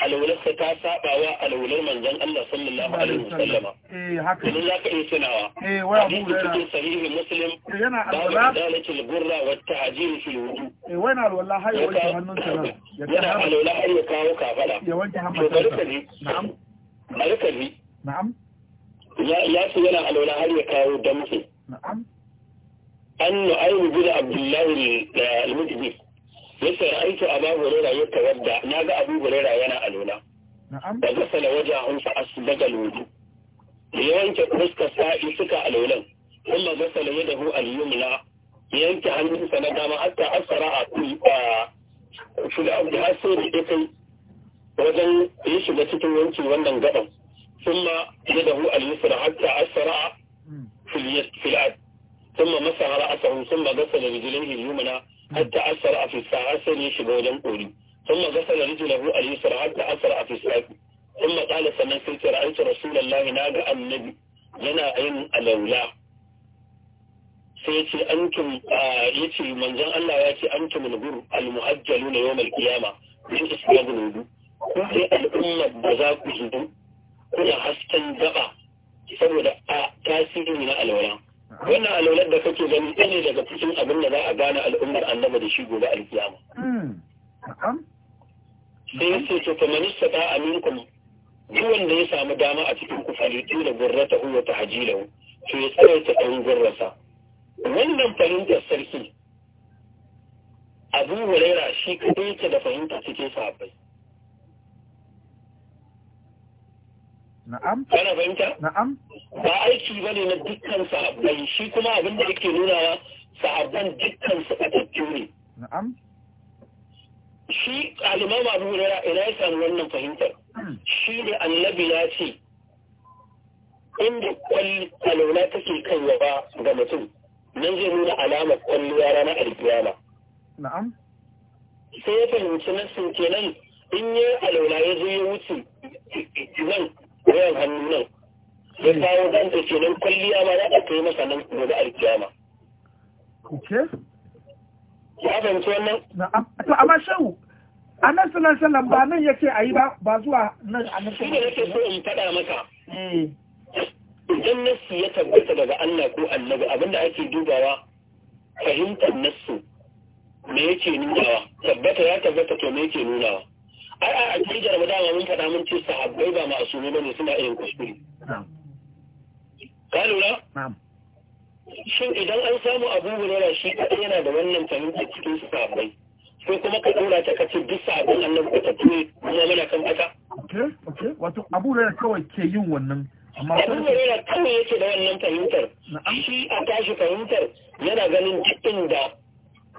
alwalarsa ta saba wa alwalar manzon Allah sallallahu alaihi wasallam eh haka idan zaka iya tunawa eh wa abu da cikin sahihi muslim eh, yana alwala gurra wa ta'jil fil wudu eh yana alwala har ya nan yana alwala ya kawo kafala ya wanke hannunsa na'am na'am ya ya ce yana alwala har ya kawo damtsi na'am an nu'ayyu bin abdullahi eh, al-mujdi yace aiki a ba hurera ya tawadda na ga abu hurera yana alona da gasala waje an fa asbaga lodu ya wanke fuskar sa'i suka alolan kuma yadda hu al-yumna ya yanke sa na dama hatta asara a shiga abu da sai da ya kai wajen ya shiga cikin yanki wannan gaban ثم يده اليسرى asara a في اليد في العد ثم مسح رأسه ثم غسل رجليه اليمنى hatta asar a fisa asar ya shiga wajen kori ثم غسل رجله اليسرى حتى أسرع في الساق ثم قال سنة سلت رأيت رسول الله ناقع النبي yana yin alaula sai ya ce antum ya ce manzon Allah ya ce antum al-gur al-muhajjalu na yawmal qiyama min islamul wudu ku dai al'umma da za ku zudu kuna hasken gaba saboda tasiri na alwala wannan alaular da kake gani ɗaya daga cikin abin da za a gane al'ummar annaba da shi gobe alkiyama hmm, sai yace to famanista ta aminkum duk wanda ya samu dama a cikin ku falitu da gurrata huwa ta hajilahu to ya tsaraita ɗan gurrasa wannan fahimtar sarki abu huraira shi kaɗai yake da fahimta cikin sahabbai na'am kana fahimta na'am ba aiki ba ne na dukkan sahabbai shi kuma abin da yake nunawa sahabban dukkan su ne. Na'am. Shi ma Abu Hurairah ina ya samu wannan fahimtar. Shi ne annabi ya ce inda kwalli take kan yaba ga mutum nan zai nuna alamar kwalliya ranar alkiyama. Na'am. Sai ya fahimci nassin kenan in yi alwala ya zo ya wuce nan wayan hannu nan sai kayan zan da ke nan kwalliya ma za a kai masa nan gobe alkiyama. Ok. Ya fahimci wannan? Na'am. To amma shehu annan sunan sallan ba nan yake a yi ba ba zuwa nan a nan sunan yake so in faɗa maka. Eh. Idan nassi ya tabbata daga Allah ko annabi abinda ake dubawa fahimtar nassu me yake nunawa tabbata ya tabbata to me yake nunawa. Ai a aƙidar mu dama mun faɗa mun ce sahabbai ba masu ne bane suna irin kuskure. ka lura shin idan an samu abu hurera shi kaɗai yana da wannan fahimtar cikin su sahabbai sai kuma ka ɗora ta kace duk sahabban annabi ka tafi kuma muna kan kasa okay okay wato abu hurera kawai ke yin wannan amma abu hurera kawai yake da wannan fahimtar shi a tashi fahimtar yana ganin cikin da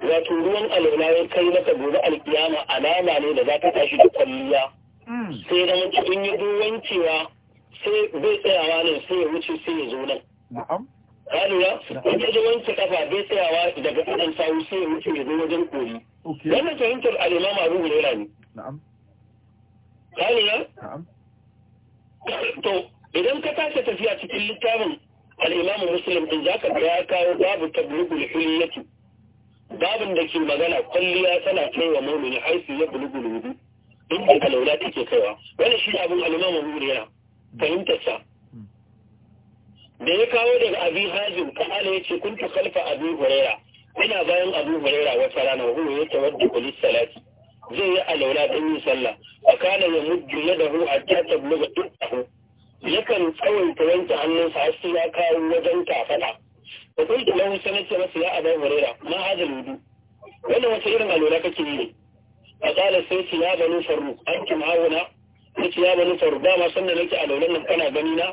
wato ruwan alwala ya kai maka gobe alkiyama alama ne da za ka tashi da kwalliya mm. sai da mutum in yi wancewa sai bai tsayawa nan sai ya wuce sai ya zo nan na'am Kaluwa, wanda ya wanke kafa bai tsayawa daga ɗan sawu sai ya wuce ya zo wajen kori. Wannan fahimtar al'imam Abu Huraira ne. Na'am. Kaluwa? Na'am. To, idan ka tashi tafiya cikin littafin al'imam Muslim din zaka ka ya kawo babu tablugul hilyati. Babin da ke magana kwalliya tana kaiwa maulini haisu ya bulugul wudu. Inda kalaula take kaiwa. wani shi abin al'imam Abu Huraira. fahimtarsa da ya kawo daga abin hajim ka'ala ya ce kun kalfa abu huraira ina bayan abu huraira wata rana wa huwa ta wadda kulis salati zai yi alaula ɗan yin sallah a kana ya muddu ya dahu a ta duk ɗin yakan tsawaita wanke hannunsa har sai ya kawo wajen kafaɗa da kun da lahu sanar ce masa ya abai hurera ma hada ludu wannan wata irin alola kake yi a tsala sai su ya bani faru an kima hauna yace ya bani saur dama sannan nake a laulan nan kana gani na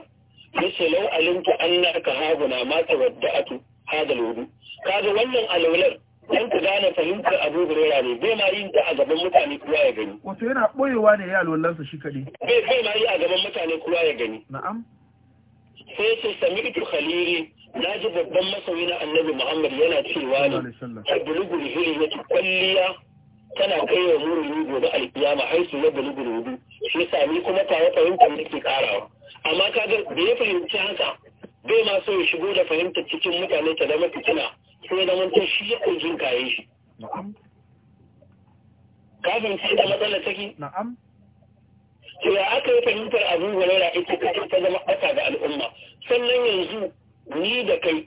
yace law alimtu annaka haguna ma tawadda'atu hada alwudu kaga wannan alaular dan ku gane fahimtar Abu Hurairah ne bai ma yin ta a gaban mutane kowa ya gani wato yana boyewa ne ya alwalan sa shi kadai bai bai ma yi a gaban mutane kowa ya gani na'am sai ce sami'tu khalili na ji babban masoyi na annabi Muhammad yana cewa ne a bulugul hiliyatu kulliya tana kai wa muruni gobe alkiyama har su yadda lugu rubu shi yasa ni kuma tare fahimtar fahimta nake karawa amma kaga da ya fahimci haka bai ma so ya shigo da fahimtar cikin mutane ta zama fitina sai da mantar shi ya jin kayan shi kafin sai da matsalar take na'am to ya aka yi fahimtar abu hulaira ita take ta zama ɓata ga al'umma sannan yanzu ni da kai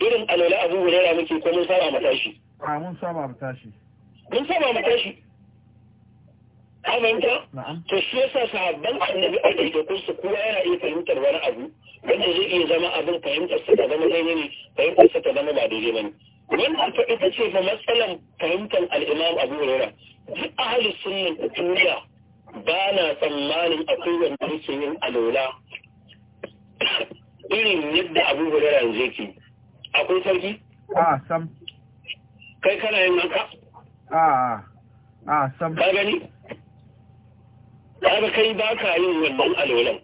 irin alwala abu hulaira muke ko mun saba matashi a mun saba matashi mun saba mata shi ka fahimta to shi yasa sabon annabi a ɗaiɗaikun su kowa yana iya fahimtar wani abu wanda zai iya zama abin fahimtar sa ta zama daidai ne fahimtar sa ta zama ba daidai bane wannan ta ita ce fa matsalan fahimtar al'imam Abu Hurairah duk ahli sunnan duniya ba na tsammanin akwai wanda yake yin alola irin yadda Abu Hurairah yanzu yake akwai sarki a ah, sam kai kana yin haka a sab ka gani kaga kai ba ka yin wannan alolan,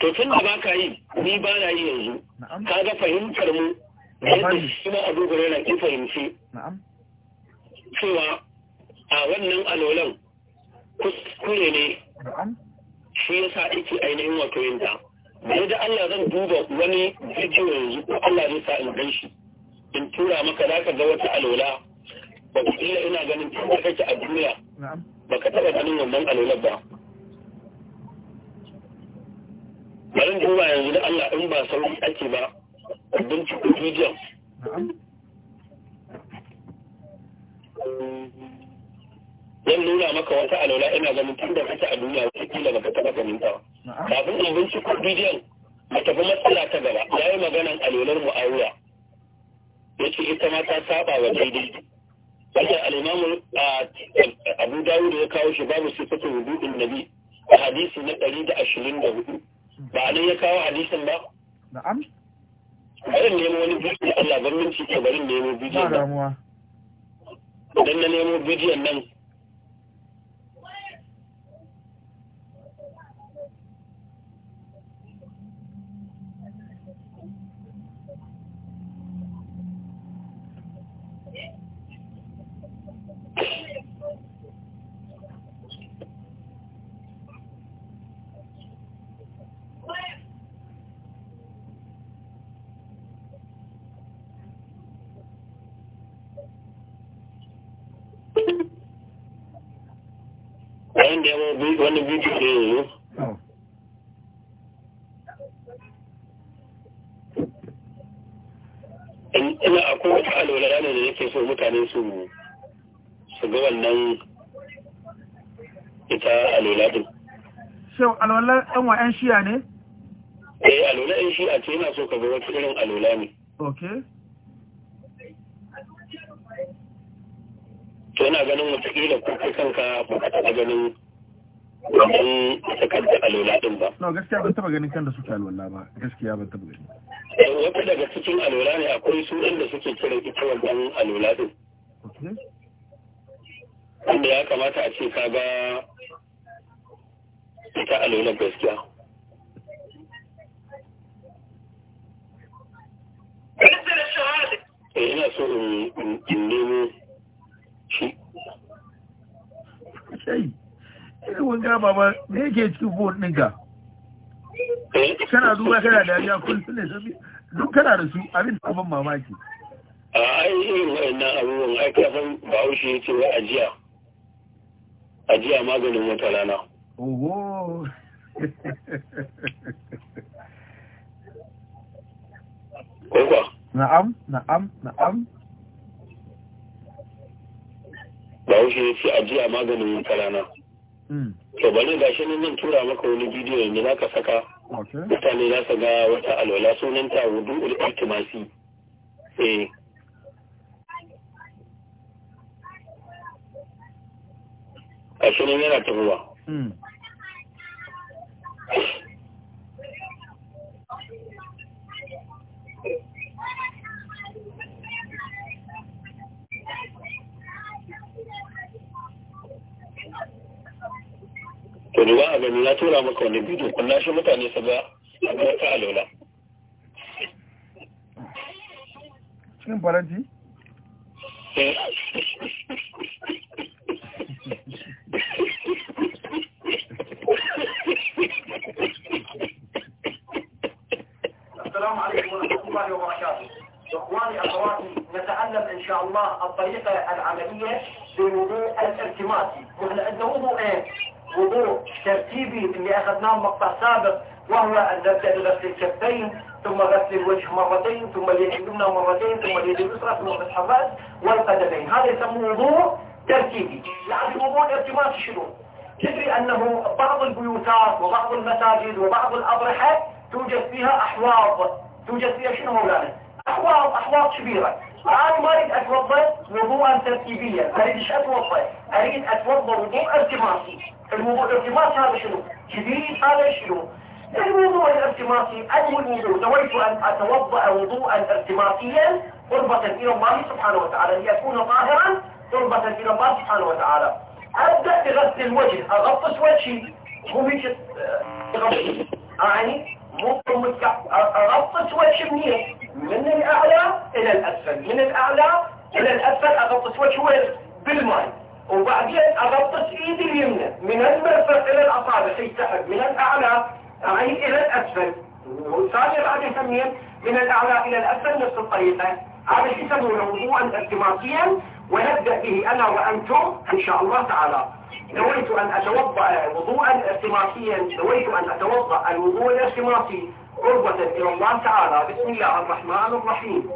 to tun da ba ka yi ni ba na yi yanzu kaga fahimtar mu yadda shi ma a dogara yana ki fahimci cewa a wannan alolan kuskure ne shi ya sa ake ainihin wato yin ta da da Allah zan duba wani bidiyo yanzu ko Allah zai sa in gan shi in tura maka za ka ga wata alola? wata kila ina ganin tun da kake a duniya ka taɓa ganin wannan alolar ba bari duba yanzu da Allah in ba sauri ake ba binciko bidiyon zan nuna maka wata alola ina ganin tun da kake a duniya wata kila ka taɓa ganin ta kafin in binciko bidiyon a tafi matsala ta gaba ya yi maganan alolar a ya ce ita ma ta saba wa daidai haka al'imamu abu dawud ya kawo shi babu sifatin wudu'in nabi a hadisi na ɗari da ashirin da hudu ba nan ya kawo hadisin ba na'am barin nemo wani bidiyo Allah ban minci ke barin nemo bidiyon ba idan na nemo bidiyon nan alwala ɗan wa ‘yan shiya ne? Eh, alwala ‘yan shiya ce yana so ka ga wata irin alwala ne. Okay. To yana ganin ko kai kanka ba ka taɓa ganin wannan sakar alwala ɗin ba. No, gaskiya ban taɓa ganin kan da suke alwala ba, gaskiya ban taɓa ganin. Eh, wata daga cikin alwala ne akwai su da suke kiran ita wajen alwala ɗin. Wanda ya kamata a ce ka ga ita nuna gaskiya eh, ina so in nemo shi shayi irin eh, wanga baba da yake cikin buwan ɗinka eh? kana duba kana da ya kullum ne sabi duk kana da su abin abin mamaki a ainihin irin wa'annan abubuwan aikafin ba'ushe ce wa ajiya ajiya maganin wata rana oho na'am na'am na'am bawushe ya ce ajiya maganin yin karana hmm. to bane ga shi nan tura maka wani bidiyo yanzu za ka saka mutane za su ga wata alwala sunanta wudu ul'ikimasi eh a nan yana tafiwa hmm. to ni ba a gani na tura maka wani bidiyo kunna shi mutane su ga abuwa ta alola cikin faranti? السلام عليكم ورحمة الله وبركاته إخواني أخواتي نتعلم إن شاء الله الطريقة العملية للوضوء الالتماسي وإحنا عندنا وضوءين إيه؟ وضوء ترتيبي اللي أخذناه مقطع سابق وهو أن نبدأ بغسل الكفين ثم غسل الوجه مرتين ثم اليد اليمنى مرتين ثم اليد اليسرى ثم مسح الرأس والقدمين هذا يسموه وضوء ترتيبي يعني وضوء الالتماسي شنو؟ تدري أنه بعض البيوتات وبعض المساجد وبعض الأضرحة توجد فيها أحواض توجد فيها شنو مولانا أحواض أحواض كبيرة انا ما أريد أتوضأ وضوءا ترتيبيا أريد أتوضأ أريد أتوضأ وضوء التماسي الوضوء الالتماس هذا شنو جديد هذا شنو الوضوء الارتماسي أي الوضوء نويت أن أتوضأ وضوءا ارتماسيا قربة إلى الله سبحانه وتعالى ليكون طاهرا قربة إلى الله سبحانه وتعالى ابدأ بغسل الوجه اغطس وجهي يعني مو هيك اغطس اعني مو اغطس وجهي منين من الاعلى الى الاسفل من الاعلى الى الاسفل اغطس وجهي وين بالماء وبعدين اغطس ايدي اليمنى من المرفق الى الاصابع يسحب من الاعلى اعني الى الاسفل وثاني بعد يسميه من الاعلى الى الاسفل نفس الطريقة هذا يسمونه وضوءا التماسيا ونبدأ به أنا وأنتم إن شاء الله تعالى نويت أن أتوضأ وضوءا سماسيا نويت أن أتوضأ الوضوء السماسي قربة إلى الله تعالى بسم الله الرحمن الرحيم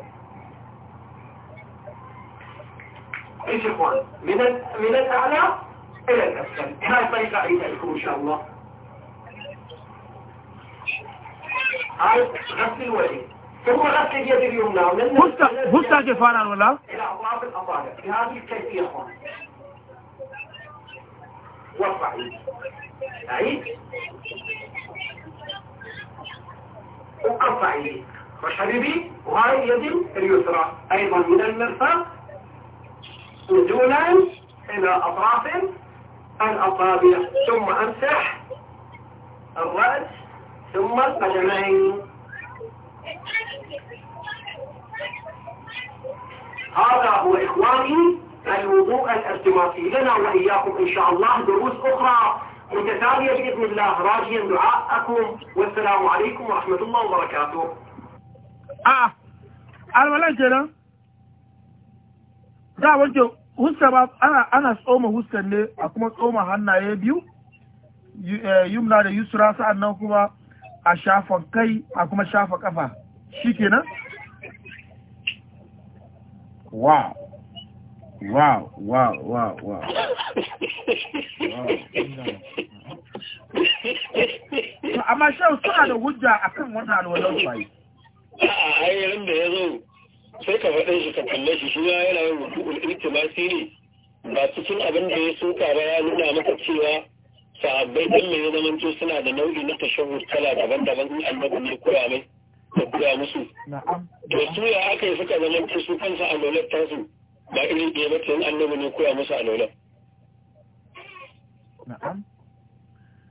ايش اخوان من من الاعلى الى الاسفل هاي طريقه عيدة لكم ان شاء الله هاي غسل الوجه ثم غسل اليد اليمنى ومن جفانا ولا الى اطراف الاصابع بهذه الكيفيه وارفع اليد اليسرى ايضا من المرفق نزولا الى اطراف الاصابع ثم امسح الراس ثم القدمين هذا هو إخواني الوضوء الارتباطي لنا وإياكم إن شاء الله دروس أخرى متتالية بإذن الله راجيا دعاءكم والسلام عليكم ورحمة الله وبركاته آه alwalan kenan za a wanke huska ba ana ana tsoma huskan ne a kuma tsoma hannaye biyu yumna da yusra sa'annan kuma a shafa kai a kuma shafa ƙafa shi kenan. wow wow wow wow wow amma shan suna da hujja akan wannan alwalar fayi a'a ayyarin da ya zo sai ka faɗin shi ka kalle shi shi ya yana yin ruku'ul iltimasi ne ba cikin abin da ya soka ba ya nuna maka cewa sahabbai ɗin mai ya zamanto suna da nau'i na tashahhud kala daban-daban in annabi ne koya mai da musu to su ya aka yi suka zama su kansa a lolar tasu ba iri ɗaya ba tun annabi ne koya musu a lolar na'am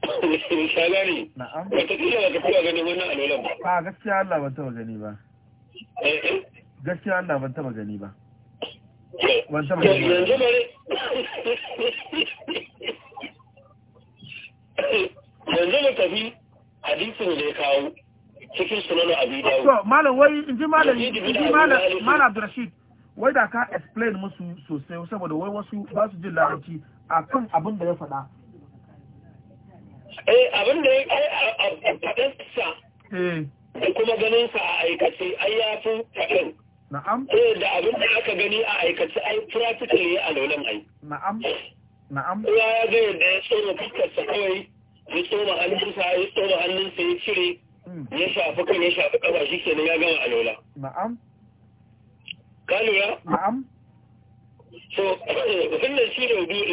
ka gane wata kila ba ta koya gani wannan a lolar ba a gaskiya Allah ban taba gani ba eh, eh? gaskiya Allah ban taba gani ba ban taba gani ba yanzu bare yanzu da tafi hadisin da ya kawo cikin sunan abi dawud So malam wai in ji malam in ji malam malam abdurrashid wai da ka explain musu sosai saboda wai wasu ba su jin larabci akan abin da ya faɗa eh abin da ya faɗa eh. da kuma ganin sa a aikace ai ya fi faɗin na'am eh da abin da aka gani a aikace ai practically a laulan ai na'am na'am ya ga yadda ya tsoro fuskar sa kawai ya tsoro hannunsa ya tsoro hannunsa ya cire ya shafi kan ya shafi kafa shi ya gama alola Ma'am? ka lura Ma'am? so wannan shi ne biyu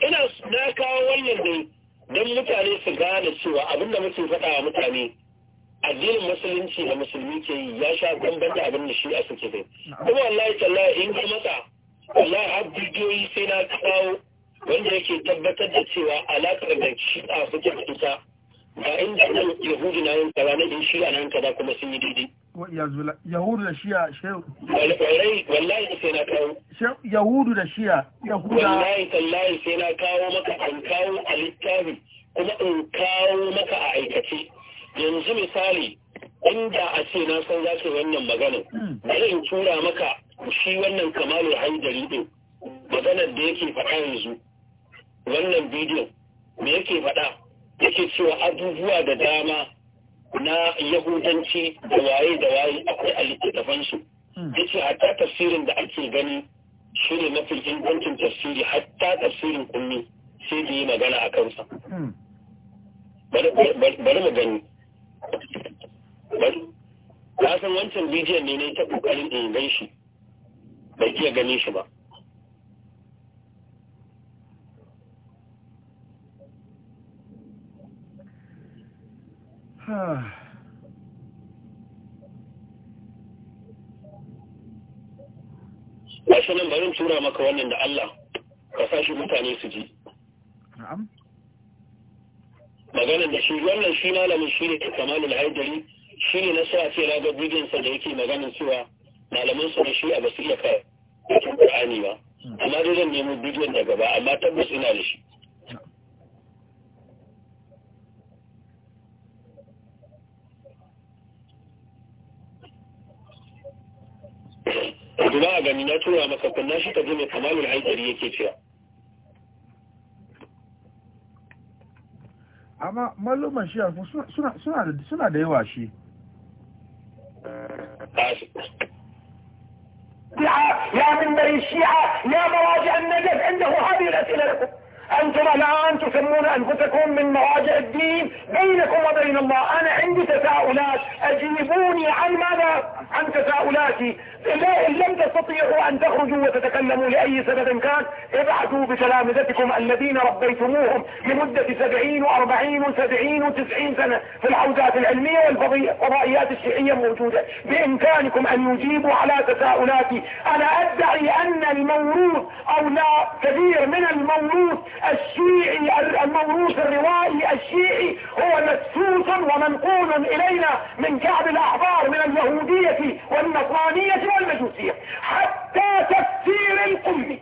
ina na kawo wannan dai don mutane su gane cewa abinda muke faɗa wa mutane addinin musulunci da musulmi ke yi ya sha bamban da abin da shi a suke kai kuma wallahi tallahi in ka masa wallahi har bidiyoyi sai na kawo wanda yake tabbatar da cewa alaƙar da shi a suke da ga inda nan yahudu na yin kaza na shi a nan kaza kuma sun yi daidai yahudu da shiya shehu wallahi sai na kawo yahudu da shiya yahuda wallahi tallahi sai na kawo maka an kawo a littafi kuma in kawo maka a aikace yanzu misali inda a ce na san za su wannan magana hmm. bari in tura maka shi wannan kamalu haidari din maganar da yake faɗa yanzu wannan bidiyon me yake faɗa yake cewa abubuwa da dama na yahudanci da waye da waye akwai a su hmm. yace hatta tafsirin da ake gani shi ne mafi ingancin tafsiri hatta tafsirin kunni sai da yi magana a kansa hmm. bari mu gani na san wancan bidiyon ne na ta kokarin in gan shi bai iya gani shi ba Gashi nan barin tura maka wannan da Allah, ka sashi mutane su ji. Maganin da shi wannan shi malamin shi ne kamalin haidari shi ne na sa ce raga bidinsa da yake maganin cewa malamansa na shi a basu iya kayan Ƙur'ani ba. Hmm. Amma dai zan nemo bidiyon daga ba, amma tabbas ina da shi. duba a gani na tura maka kunna shi ka ji mai kamalul haidari yake cewa amma malluman shi suna da yawa shi يا منبر الشيعة يا مراجع النجف عنده هذه الأسئلة لكم أنتم الآن تسمون أنفسكم من مراجع الدين بينكم وبين الله أنا عندي تساؤلات أجيبوني عن ماذا عن تساؤلاتي لا إن لم تستطيعوا أن تخرجوا وتتكلموا لأي سبب كان ابعثوا بتلامذتكم الذين ربيتموهم لمدة سبعين وأربعين وسبعين وتسعين سنة في الحوزات العلمية والفضائيات الشيعية موجودة بإمكانكم أن يجيبوا على تساؤلاتي أنا أدعي أن الموروث أو لا كثير من الموروث الشيعي الموروث الروائي الشيعي هو مدسوس ومنقول إلينا من كعب الأحبار من اليهودية والنصرانية والمجوسية حتى تفسير القمي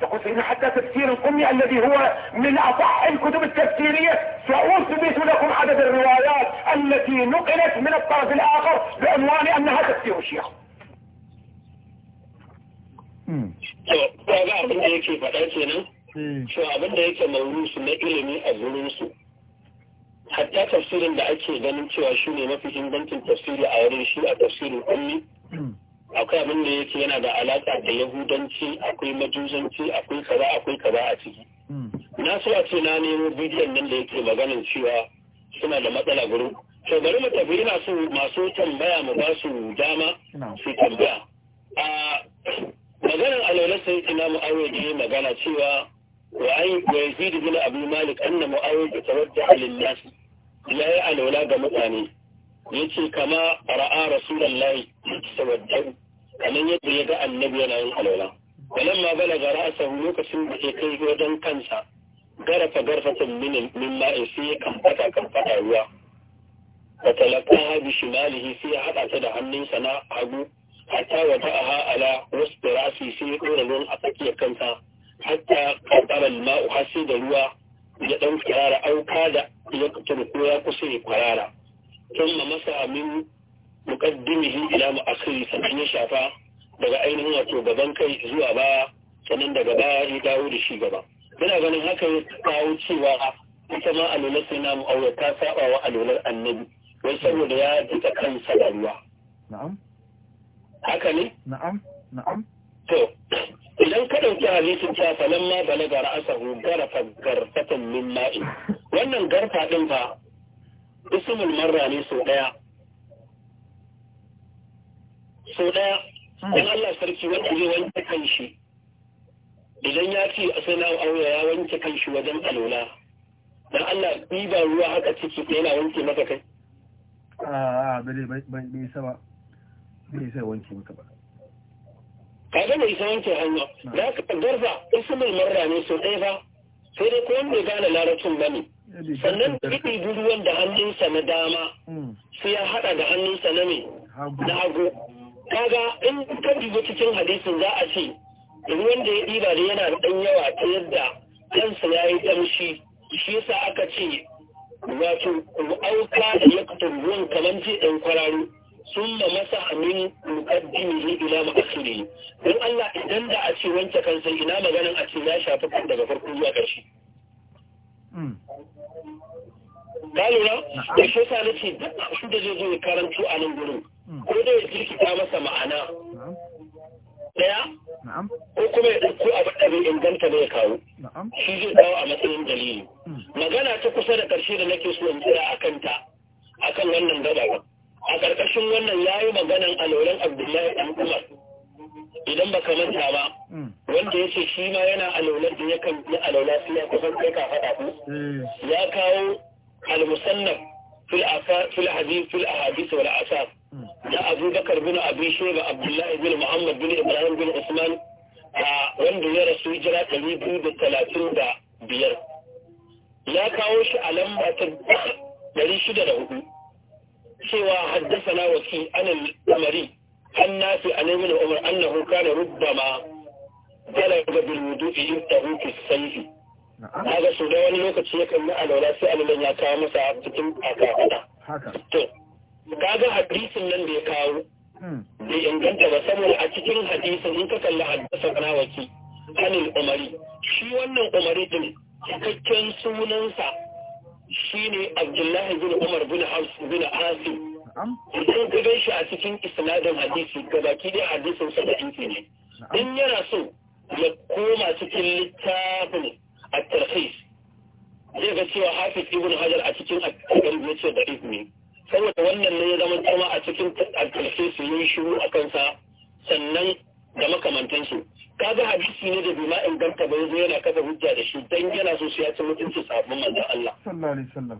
تقول فإن حتى تفسير القمي الذي هو من أصح الكتب التفسيرية سأثبت لكم عدد الروايات التي نقلت من الطرف الآخر بعنوان أنها تفسير الشيعة الشيخ ba ga abin da yake faɗa kenan cewa abin da yake mawusu na ilimi a gurinsu hatta tafsirin da ake ganin cewa shi ne mafi ingancin tafsiri a wurin shi a tafsirin ummi akwai abin da yake yana da alaƙa da yahudanci akwai majuzanci akwai kaza akwai kaza a ciki hmm. na so a ce na nemo bidiyon nan da yake maganin cewa suna da matsala gurin to bari mu tafi ina so masu tambaya mu ba su dama su tambaya a maganar alaular sai ina mu aure da magana cewa wa ai wa yazid bin abu malik anna da tawadda nasi ya yi alola ga mutane ya ce kama ra'a rasulallahi sawadau kamar yadda ya ga annabi yana yin alola walan ma balaga ra'asa lokacin da ya kai wajen kansa garafa garfatan min ma'i sai ya kamfata kamfata ruwa wa talaqaha bi shimalihi sai ya haɗa ta da hannunsa na hagu hatta wa ta'aha ala wasu rasi sai ya ɗora ruwan a tsakiyar kansa hatta ƙarƙarar ma'u har sai da ruwa ya ɗan kirara auka da ya da ko ya kusa ya kwarara tun ma masa min muqaddimihi ila asiri sannan ya shafa daga ainihin wato gaban kai zuwa baya sannan daga baya ya dawo da shi gaba yana ganin haka ya kawo cewa ita ma alolar sai namu aure ta saba wa alolar annabi wai saboda ya duka kansa da ruwa na'am haka ne na'am na'am to idan ka ɗauki hadisin cewa falan ma balaga ra'asahu garafa garfatan min ma'i wannan garfa ɗin fa ismul marra ne sau ɗaya sau ɗaya dan Allah sarki wanda zai wanke shi idan ya ce a na auya ya wanke kan shi wajen alola dan Allah ɗiba ruwa haka ciki yana wanke maka kai a a bai bai bai saba bai sai wanke maka ba kaga mai hmm. sa yanke hanya da in garba mai marra ne sun ɗaya ba sai dai kuma bai gane larabcin ba ne sannan ɗiɗi guduwan da hannunsa na dama hmm. sai ya haɗa da hannunsa na mai na hagu kaga in ka dubi cikin hadisin za a ce ruwan da ya ɗiba da yana da ɗan yawa ta yadda kansa ya yi ƙamshi shi yasa aka ce wato auka da ya ruwan kamar je ɗan kwararo sun ma masa amin mukaddimi ne ila ma'asiri don Allah idan da a ce wanke kansa ina maganin a ce ya shafi kan daga farko zuwa ƙarshe. Hmm. Ka lura? Da shi sa nace duk abin da zai zo ya karanto a nan gurin. Hmm. Ko da ya jirkita masa ma'ana. Daya? Ko kuma ya ɗauko abu da bai inganta da ya kawo. Shi zai kawo a matsayin dalili. Hmm. Magana ta kusa da ƙarshe da nake so in tsaya a kanta akan wannan gaba a ƙarƙashin wannan ya yi maganan alolan abdullahi ɗan umar idan ba manta ba hmm. wanda ya ce shi ma yana alolar da ya kan yi alola su ya kusan kai kafaɗa ku eh. ya kawo almusannaf fil hadith fil ahadith wal asar da hmm. abubakar bin abi shaiba abdullahi bin muhammad bin ibrahim bin usman a wanda ya rasu jira ɗari biyu da talatin da biyar ya kawo shi a lamba ta ɗari shida da hudu cewa haddasana waki an al-amari an nafi a neman umar annahu kana rubbama talaga bil wudu'i yutahu fi sayfi naga su da wani lokaci yakan yi alwala sai alwalan ya kawo masa cikin akakada to kaga hadisin nan da ya kawo hmm. bai inganta ba saboda a cikin hadisin in ka kalli haddasana waki an umari shi wannan umari din cikakken sunansa shine Abdullahi bin Umar bin Hafs bin Asim idan ka gan shi a cikin isnadin hadisi gabaki dai hadisin sa da inke ne in yana so ya koma cikin littafin at-tarhis zai ga cewa Hafiz Ibn Hajar a cikin al ya ce da ibni saboda wannan ne ya zama kuma a cikin al-tarhis yayin shiru akan sa sannan da shi kaga hadisi ne da bai ma inganta ba yanzu yana kafa hujja da shi dan yana so sai ya ci mutunci sabon manzon Allah sallallahu alaihi wasallam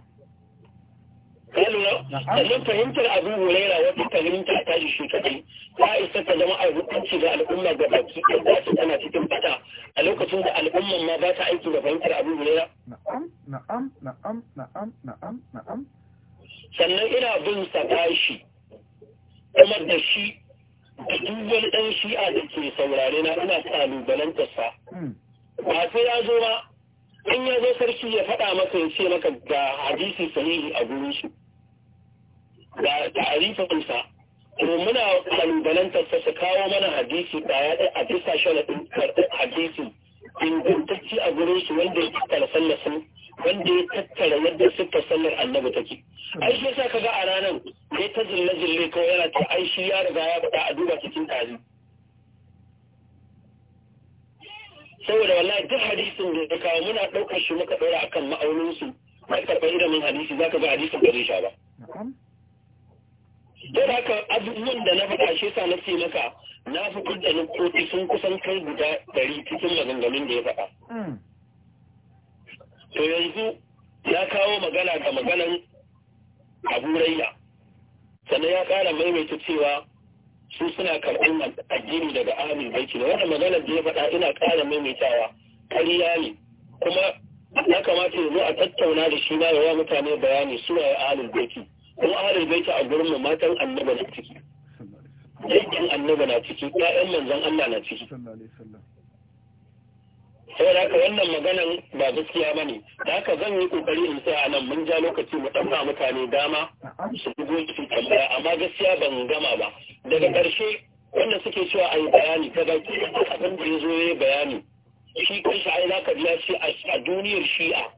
sannan fahimtar abu hulaira wata fahimta ta shi shi kadai ta isa ta zama a hukunci ga al'umma ga baki ɗin da su tana cikin fata a lokacin da al'umman ma ba ta aiki da fahimtar abu hulaira na'am na'am na'am na'am na'am na'am sannan ina bin sa bashi kuma da shi duk wani ɗan shi'a da ke saurare na ina kalubalantar sa hmm. ba sai ya zo ba in ya zo sarki ya faɗa maka ya ce maka ga hadisi sahihi a gurin su ga ta'arifinsa to muna kalubalantar sa su kawo mana hadisi ɗaya a bisa sharaɗin karɓar hadisi ingantacci a gurin su wanda ya kalsallasin wanda ya tattara yadda suka sallar annabi take ai shi yasa kaga a ranar ya ta zille zille kawai yana ta ai shi ya riga ya bada a duba cikin tari. saboda wallahi duk hadisin da ya kawo muna ɗaukar shi muka ɗora akan ma'aunin su ba karɓar ilimin hadisi za ka ga hadisin ba zai sha ba don haka abubuwan da na faɗa shi yasa na ce maka na fi kudda kotu sun kusan kai guda ɗari cikin maganganun da ya faɗa mm. to yanzu ya kawo magana ga maganan abu raina sannan ya kara maimaita cewa su suna karɓar addini daga amin baiki da wannan magana da ya faɗa ina kara maimaitawa kariya ne kuma ya kamata yanzu a tattauna da shi ba wa mutane bayani suna ya ahlul baiki kuma ahlul baiki a gurin mu matan annaba na ciki yankin annaba na ciki ƴaƴan manzon Allah na ciki saboda haka wannan maganan ba gaskiya ba ne da haka zan yi kokari in a nan mun ja lokaci mu ɗan mutane dama su dugo su tambaya amma gaskiya ban gama ba daga ƙarshe wanda suke cewa a yi bayani ta baki abin da ya zo ya yi bayani shi kanshi ai za ka biya shi a duniyar shi'a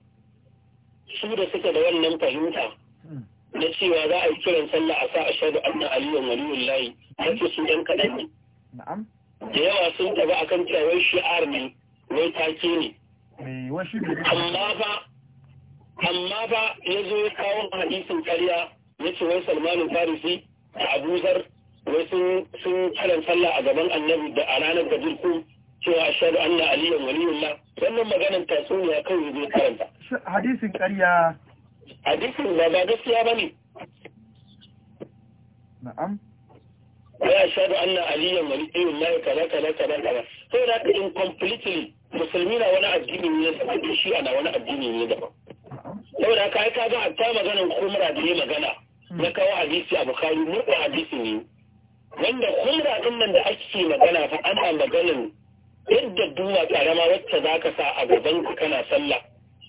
su da suka da wannan fahimta na cewa za a yi kiran sallah a sa a shaɗu anna aliyun waliyun layi na ce su ɗan kaɗan ne da yawa sun taɓa akan cewa shi'ar ne wai take ne amma ba amma ba ya zo ya kawo hadisin karya ya ce wai salmanin farisi a abuzar wai sun karan sallah a gaban annabi da a ranar da ko cewa ashadu anna aliyan waliyullah wannan maganan tatsuniya kawai zai karanta hadisin karya hadisin ba ba gaskiya ba ne na'am wai ashadu anna aliyan ya kaza kaza kaza kaza sai da in completely musulmi na wani addini ne da Shi'a na wani addini ne daban saboda haka ai kaga hatta maganan kumra da ya magana na kawo hadisi a bukari murɗa hadisi ne wanda kumra din nan da ake magana fa ana maganan yadda duwa karama wacce za ka sa a gaban ka kana sallah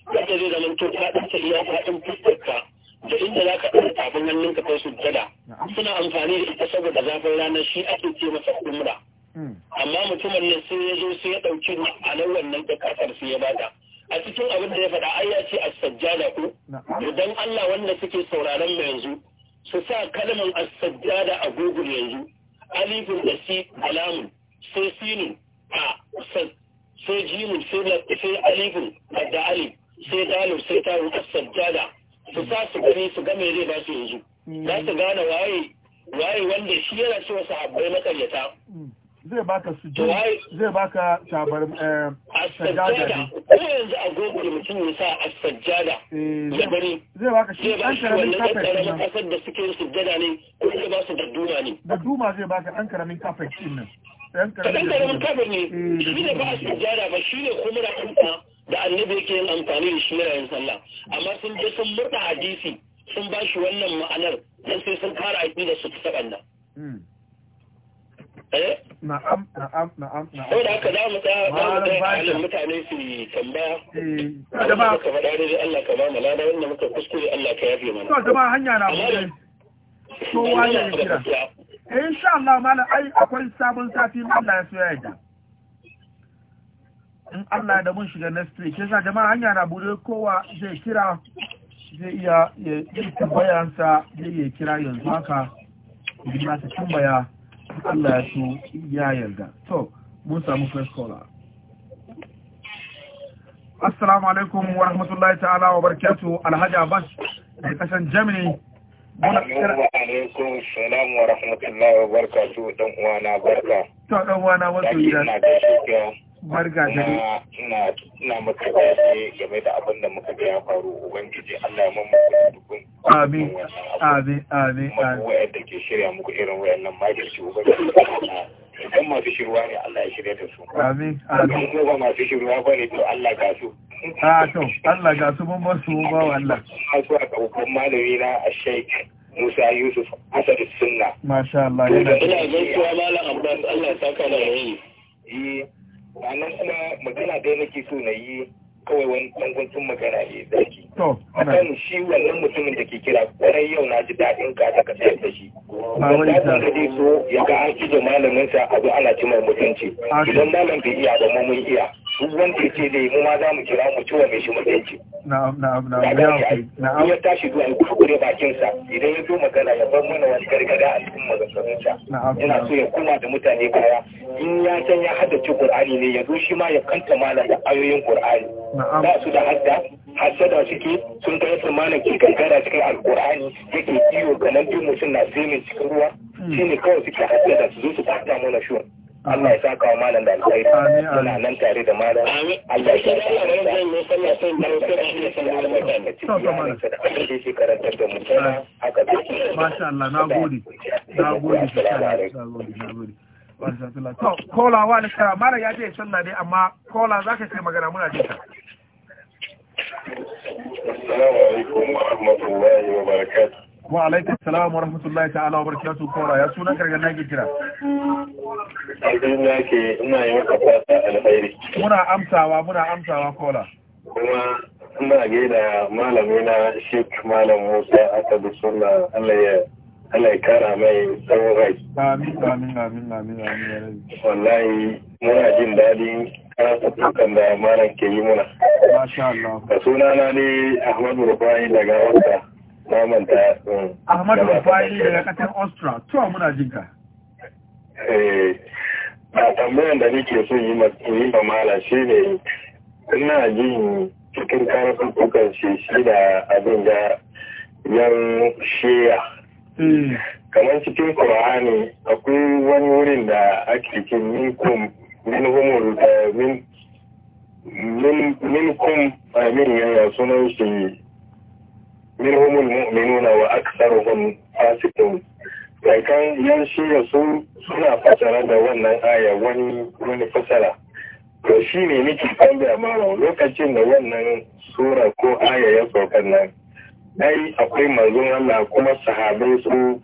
wanda zai zama to ka ɗauka iya faɗin fuskarka da inda za ka ɗauka tafin hannun ka kai sujjada suna amfani da ita saboda zafin ranar shi ake ce masa kumra Hmm. amma mutumin nan sai ya zo sai ya ɗauki ma'anar wannan ƙasar sai ya bada a cikin abin da ya faɗa ai ya ce a sajjada ko idan Allah wanda suke sauraron mu yanzu su sa kalmar as-sajjada a Google yanzu alifin da si alamun sai sinu a sai jimin sai alifin da ali sai dalu sai ta as-sajjada su sa su gani su ga me zai ba su yanzu hmm. za su gane waye waye wanda shi yana cewa sahabbai makaryata hmm. zai baka sujud zai baka tabar eh, sajada ne yanzu a da mutum ya sa a sajada eh, ya bari zai baka shi an karamin kafet ne kasar da suke yin sujada ne ko zai ba su da duma ne da duma zai baka an karamin kafet din nan dan karamin kafet ne eh, shi ne ba a sajada ba shi ne kuma da kanta da annabi yake yin amfani da shi yin sallah amma sun je sun murda hadisi sun ba shi wannan ma'anar dan sai sun fara aiki da su ta kanna eh na'am na'am na'am mutane su tambaya eh da hanya na mu kowa ya kira eh, in Allah akwai sabon safi Allah ya in Allah da mun shiga next week yasa jama'a hanya na bude kowa zai kira zai iya ya sa zai iya kira yanzu haka idan ma ta tambaya Allah ya so ya yarda to mun samu first caller assalamu alaikum wa rahmatullahi ta'ala wa barakatuh alhaji abbas da kasan germany alaikum salam wa rahmatullahi wa barakatuh dan uwana barka to dan uwana wasu ya barga ina game da abin da muka ga ya faru ubangiji Allah ya mamu dukun amin amin amin amin ke shirya muku irin wayannan magirci ubangiji idan masu shirwa ne Allah ya shirya da su amin amin ko ba masu shirwa ba ne to Allah ga su a to Allah ga su mun basu ba a kokon malami na a sheik Musa Yusuf Asad Sunna Masha Allah yana da Allah ya saka sannan kuma magana da nake so na yi kawai wani tantancin magana ne A akan shi wannan mutumin da ke kira kwarai yau na ji daɗin ka ta da shi wanda ya da so ya ga an ije malamin sa abu ana cimar mutunci idan malam bai iya ba mu mun iya duk wanda ya ce zai mu ma za mu kira mu ciwa mai shi mutunci. Na'am na ya tashi zuwa ya kuskure bakinsa idan ya zo magana ya bar mana wani gargada a cikin maganganunsa. Yana so ya kuma da mutane baya in ya san ya haddace Qur'ani ne ya zo shi ma ya kanta malam da ayoyin Qur'ani. Na'am. Ba su da hadda hasada suke sun ga yasa malam ke gangara cikin alkur'ani yake iyo kanan bi mutum na semin cikin ruwa. Hmm. Shi ne kawai suke hasada su zo su fata mana shuwa. Allah ya saka wa malam da alkhairi muna nan tare da malam Allah ya saka wa Masha Allah na gode na gode na gode To, kola wa ne kara mara ya je sallah ne amma kola za ka kai magana muna jinka. Assalamu alaikum wa rahmatullahi wa barakatuh. wa alaikun salamu wa rahmatullahi ta'ala wa barakatu kora ya suna karga na ke kira abdullahi ke ina yi maka fata alkhairi muna amsawa muna amsawa kola kuma ina gaida malami na sheik malam musa aka bi suna allah ya Allah ya kara mai tsawon rai. Amin, amin, amin, amin, amin. Wallahi, muna jin daɗin karatukan da malam ke yi muna. Masha Allah. Da sunana ne Ahmadu Rufai daga wata. Ahmadu Rufai daga ƙasar Austria, tuwa muna jinka. Eh, a tambayan da nake so yi ba mala shi ne ina jin cikin karfukan shi shi da abin da yan shiya eh. kamar cikin kur'ani akwai wani wurin da ake cikin minkum min humur eh, min min yaya sunan shi minhum almu'minuna wa aktharuhum fasiqun kai kan yan shirya suna fasara da wannan aya wani wani fasara to shi ne nake tambaya mara lokacin da wannan sura ko aya ya nan ai akwai manzon kuma sahabai su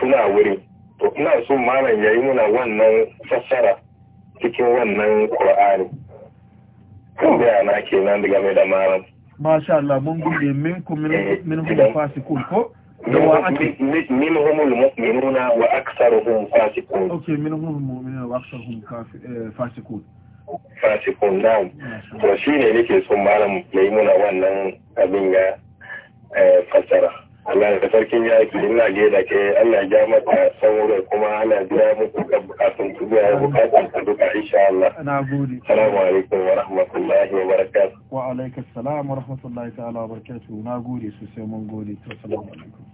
suna wuri to ina so malam yayi muna wannan fasara, cikin wannan Qur'ani tambaya na kenan daga mai da malam masha Allah mun gode minkum min eh, hum eh, fasikun ko da wa ake minhum almu'minuna wa aktharuhum fasiqun okay minhum almu'minuna wa aktharuhum eh, fasiqun fasikun na'am to shine nake son malam maimuna wannan abin ya fasara. Allah da sarkin yaki ina ge da ke Allah ya mata sauran kuma ana biya muku ga bukatun ku biya bukatun ku duka insha Allah. Na gode. Assalamu alaikum wa rahmatullahi wa barakatuh. Wa alaikum assalam wa rahmatullahi ta'ala wa barakatuh. Na gode sosai mun gode. Assalamu alaikum.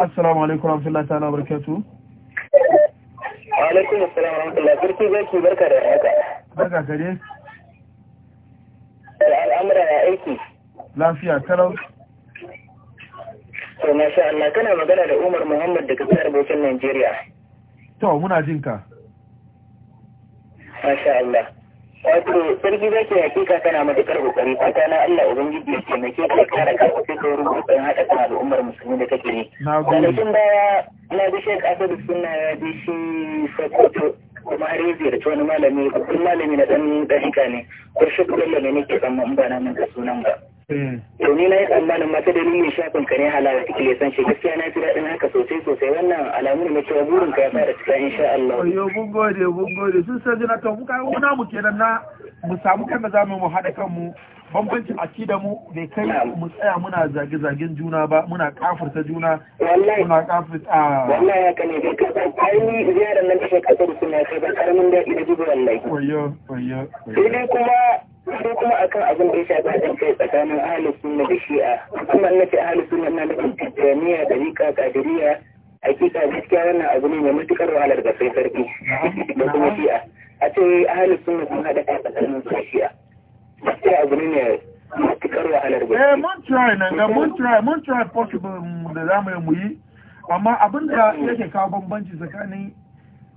assalamu alaikum rahmatullahi ta'ala barakatuh wa alaikum assalam warahmatullahi sarki zaki barka da haka barka gare da al'amura ya aiki lafiya kalau to masha Allah kana magana da Umar Muhammad daga kasar Bauchin Najeriya to muna jinka masha Allah wato sarki zaki hakika kana matukar kokari kwata na Allah ubangiji ya taimake ka kare ka wasu sauran haɗa kan al'ummar musulmi da kake yi tun baya na bi shek asadu sunna ya bi shi sokoto kuma har yi ziyarci wani malami babban malami na ɗan ɗarika ne ko shi kullum ne nake tsammanin ba na ka sunan ba Eh. to ni na yi tsammanin mata da nuna shafin ka ne halawa take le san shi gaskiya na ji daɗin haka sosai sosai wannan alamu ne cewa burin ka ya fara cika insha Allah yo mun gode mun gode sun san jina to muka mu kenan na mu samu kan da zamu mu haɗa kanmu bambancin akida mu bai kai mu tsaya muna zage-zagen juna ba muna kafirta juna muna kafirta wallahi haka ne bai kasa ai ziyarar nan take kasar suna sai ba karamin da ina jibi wallahi wayyo wayyo sai dai kuma sai kuma akan abin da ya shafi haɗin kai tsakanin ahalus sunna da shi'a kuma na ce ahalus sunna na da kirkiraniya da rika kadiriya hakika gaskiya wannan abu ne mai matukar wahalar ga sai sarki da kuma shi'a a ce ahalus sunna sun haɗa kai tsakanin shi'a gaskiya abu ne eh, ne matukar wahalar da mun try mun possible da mu yi amma abin da yake kawo bambanci tsakanin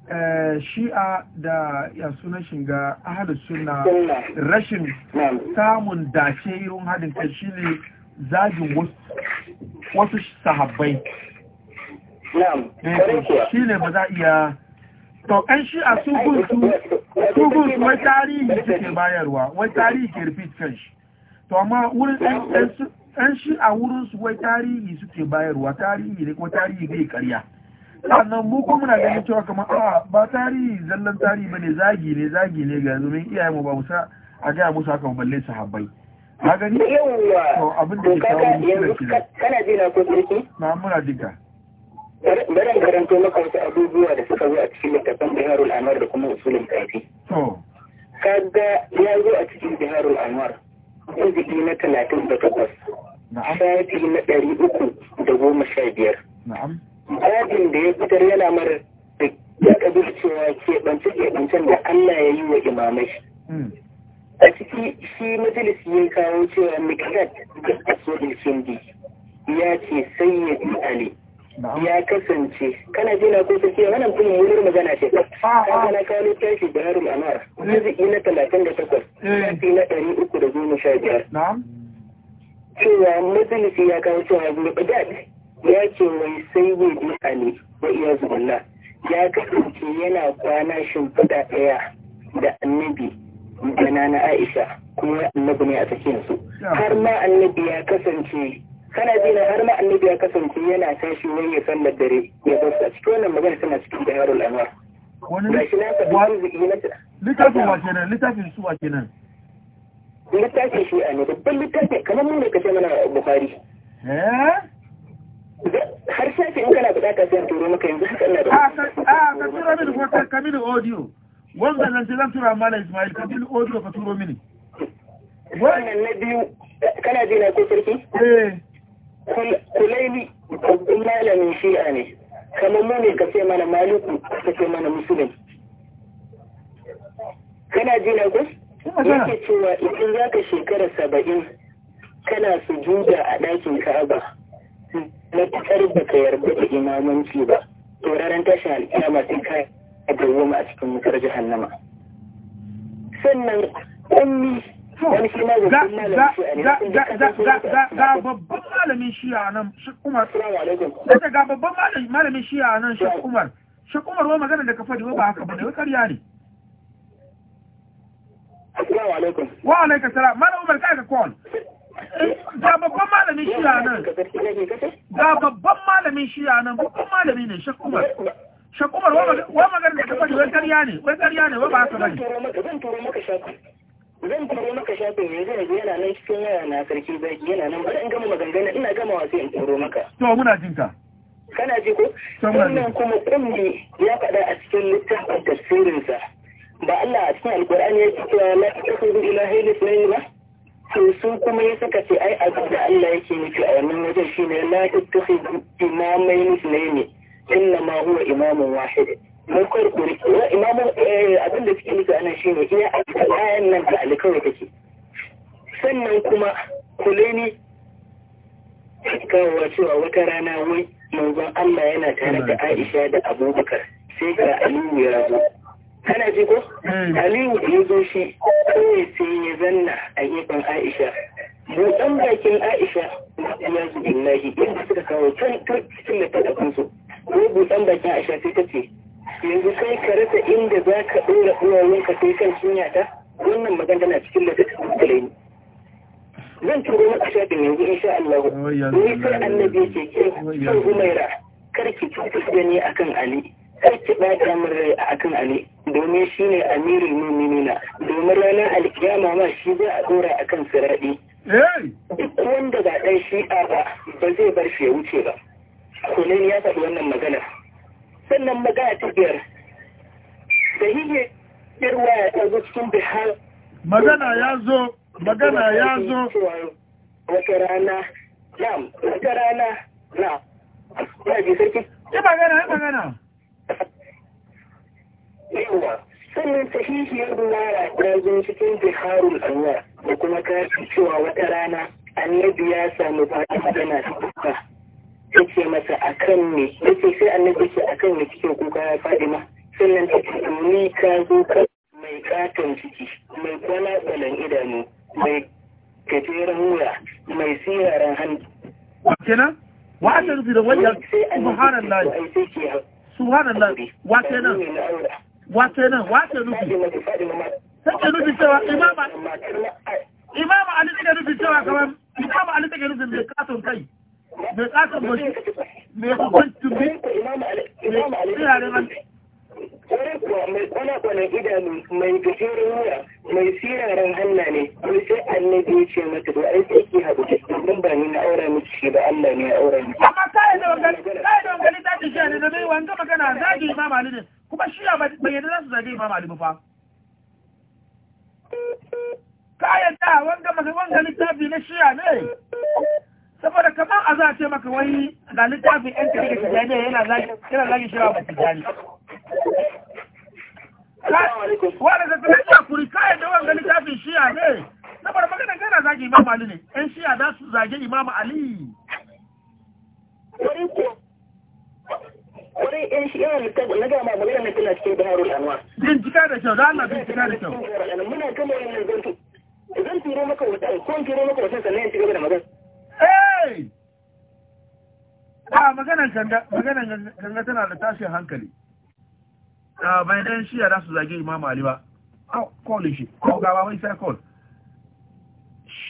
eh, shi'a da ya suna shiga ahalus suna rashin samun dace irin haɗin kai shine zagin wasu sahabbai eh, shi ne ba za iya to ɗan shi a sugun wai tarihi suke bayarwa wai tarihi ke repeat kan shi to amma wurin shi a wurin su wai tarihi suke bayarwa tarihi ne kuma tarihi zai karya sannan mu kuma muna ganin cewa kamar a ba tarihi zallan tarihi ba ne, zagi ne zagi ne ga domin iyayenmu ba musa a gaya musu haka balle sahabbai ka gani to abin da ke kawo musu da kana jina ko sarki na muna dinka Baran karanto maka wasu abubuwa da suka zo a cikin littafin Biharul Anwar da kuma usulin kafi. Kaga ya zo a cikin Biharul Anwar. Injiki na talatin da takwas. Shafi na ɗari uku da goma sha biyar. Babin da ya fitar yana mara ya ɗabi cewa keɓance-keɓancen da Allah ya yi wa imamai. Hmm. A ciki shi majalisi ya kawo cewa Mikrat da Aswadin Shindi ya ce sai ya Ali. ya kasance kana jina ko sarki wannan kuma wurin magana ce ka gana ka tashi da harum amar eh. juz'i na talatin da takwas eh. na ɗari uku da goma sha biyar cewa majalisi ya kawo cewa bagdad ya ce wai sai gobe ali wa iya zubulla ya kasance yana kwana shimfiɗa ɗaya da annabi da nana aisha kuma annabi ne a tsakiyarsu har ma annabi ya kasance kana ji na har ma annabi ya kasance yana tashi wani ya san dare ya bar a cikin wannan magana tana cikin da yarul anwar gashi na ka dubu zuki na littafin wa kenan littafin su wa kenan littafin shi a ne babban littafin kamar mu ne kace mana bukhari eh har shafi in kana bukata sai turo maka yanzu haka ina da ah, a ah, ka tura min hoto ka mini audio wanda nan zan tura mala Ismail ka mini audio ka turo mini wannan na biyu kana ji ko sarki eh kulaini babban malamin shi'a ne kamar mu ne ka ce mana maliku ka ce mana musulun kana ji na gus yake cewa idan za ka shekara saba'in kana sujuda a ɗakin ka'aba na fitar da ka yarda da imamanci ba to ranar tashin alƙiyama sai ka dawwama a cikin wutar nama. sannan ummi ga babban malamin shi a nan shi umar shi umar wa magana da ka faɗi wa ba haka bane wai ƙarya ne Wa alaikum salam. Mana Umar kai ka call. Ga babban malamin shiya nan. Ga babban malamin shiya nan, babban malami ne Sheikh Umar. Sheikh Umar wa magana da ka faɗi wai ƙarya ne, wai wa ba haka bane. Zan zan koro maka shafin yanzu yanzu yana nan cikin waya na sarki zaki yana nan bari in gama maganganu ina gama wasu in koro maka to muna jin ka kana ji ko wannan kuma kulli ya faɗa a cikin littafin sa. ba Allah a cikin alkur'ani ya ce cewa la takhudhu ilaha illa ba to su kuma ya saka ce ai abin da Allah yake nufi a wannan wajen shine la takhudhu imamain ithnaini inna ma huwa imamun wahid mun kurkuri wa imamu abin da suke nufi anan shine iya aka ayan nan ta alikawai take sannan kuma kuleni kawowa cewa wata rana wai manzon Allah yana tare da Aisha da Abubakar sai ga Aliyu ya zo kana ji ko hmm. Aliyu ya zo shi kawai sai ya zanna a gefen Aisha buɗan bakin Aisha ya zu shi, inda suka kawo can cikin da ta ɗafinsu ko bakin Aisha sai ta ce yanzu sai ka rasa inda za ka ɗora ɗorayen ka sai kan cinya ta wannan magana na cikin da ta ne zan turo maka shafin yanzu insha Allah ni sai annabi yake ke kan Umaira kar ki cutar gani akan Ali kar ki bata min rai akan Ali domin ne amirul mu'minina domin ranar alkiyama ma shi za a ɗora akan siradi duk wanda ba ɗan shi'a ba ba zai bar shi ya wuce ba Kulen ya faɗi wannan magana wannan magana ta biyar da hiye irwa ya ta zo cikin bihar magana ya zo magana ya zo wata rana na'am wata rana na ya ji sarki ya magana ya magana yawa sannan ta sahihiyar irwa ya zo cikin biharul anwar da kuma kashi cewa wata rana annabi ya samu ba a magana ta kuka yake masa kan ne yake sai annabi ce kan ne cikin kuka ya faɗi ma sannan ta ce ni ka zo ka mai katon ciki mai kwana tsalan idanu mai gajeren wuya mai siraran hannu kenan wa ta rufi da wajen subhanan subhanallah wa kenan wa kenan wa ta rufi take rufi cewa imama imama ali take rufi cewa kamar imama ali take rufi mai katon kai me tsaka mashi me hukuntu me ina da man kuwa mai kwana kwana idanu mai gajeren wuya mai siraran hanna ne ko sai annabi ya ce mata da ai sai ki haɗu don ba ni na aura miki shi ba Allah ne ya aura miki amma kayan da wangani kai da wangani ta ce shi ne da bai wanga magana zagi imam Ali ne kuma shi ya bai yadda za su zagi imam Ali ba fa kayan da wanga magana wanga littafi na shiya ne saboda kamar a za a ce maka wani ga littafin yan kirkir tijjaniya yana zagi shirya ba tijjani wadda da tunan shakuri kayan da wanga littafin shiya ne saboda maganin gana zagi imam ali ne yan shiya za su zage imam ali wani yan shi yana littafin na gama magana na tana cikin biharul bincika da kyau a na bincika da kyau muna kama wannan zantu zan turo maka wata ko turo maka wata sannan ci gaba da magana eh ah, ba maganan ganga maganan ganga tana da tashin hankali a ah, bai dan shi ya su zage imam ali ba call shi ko gaba mai sai call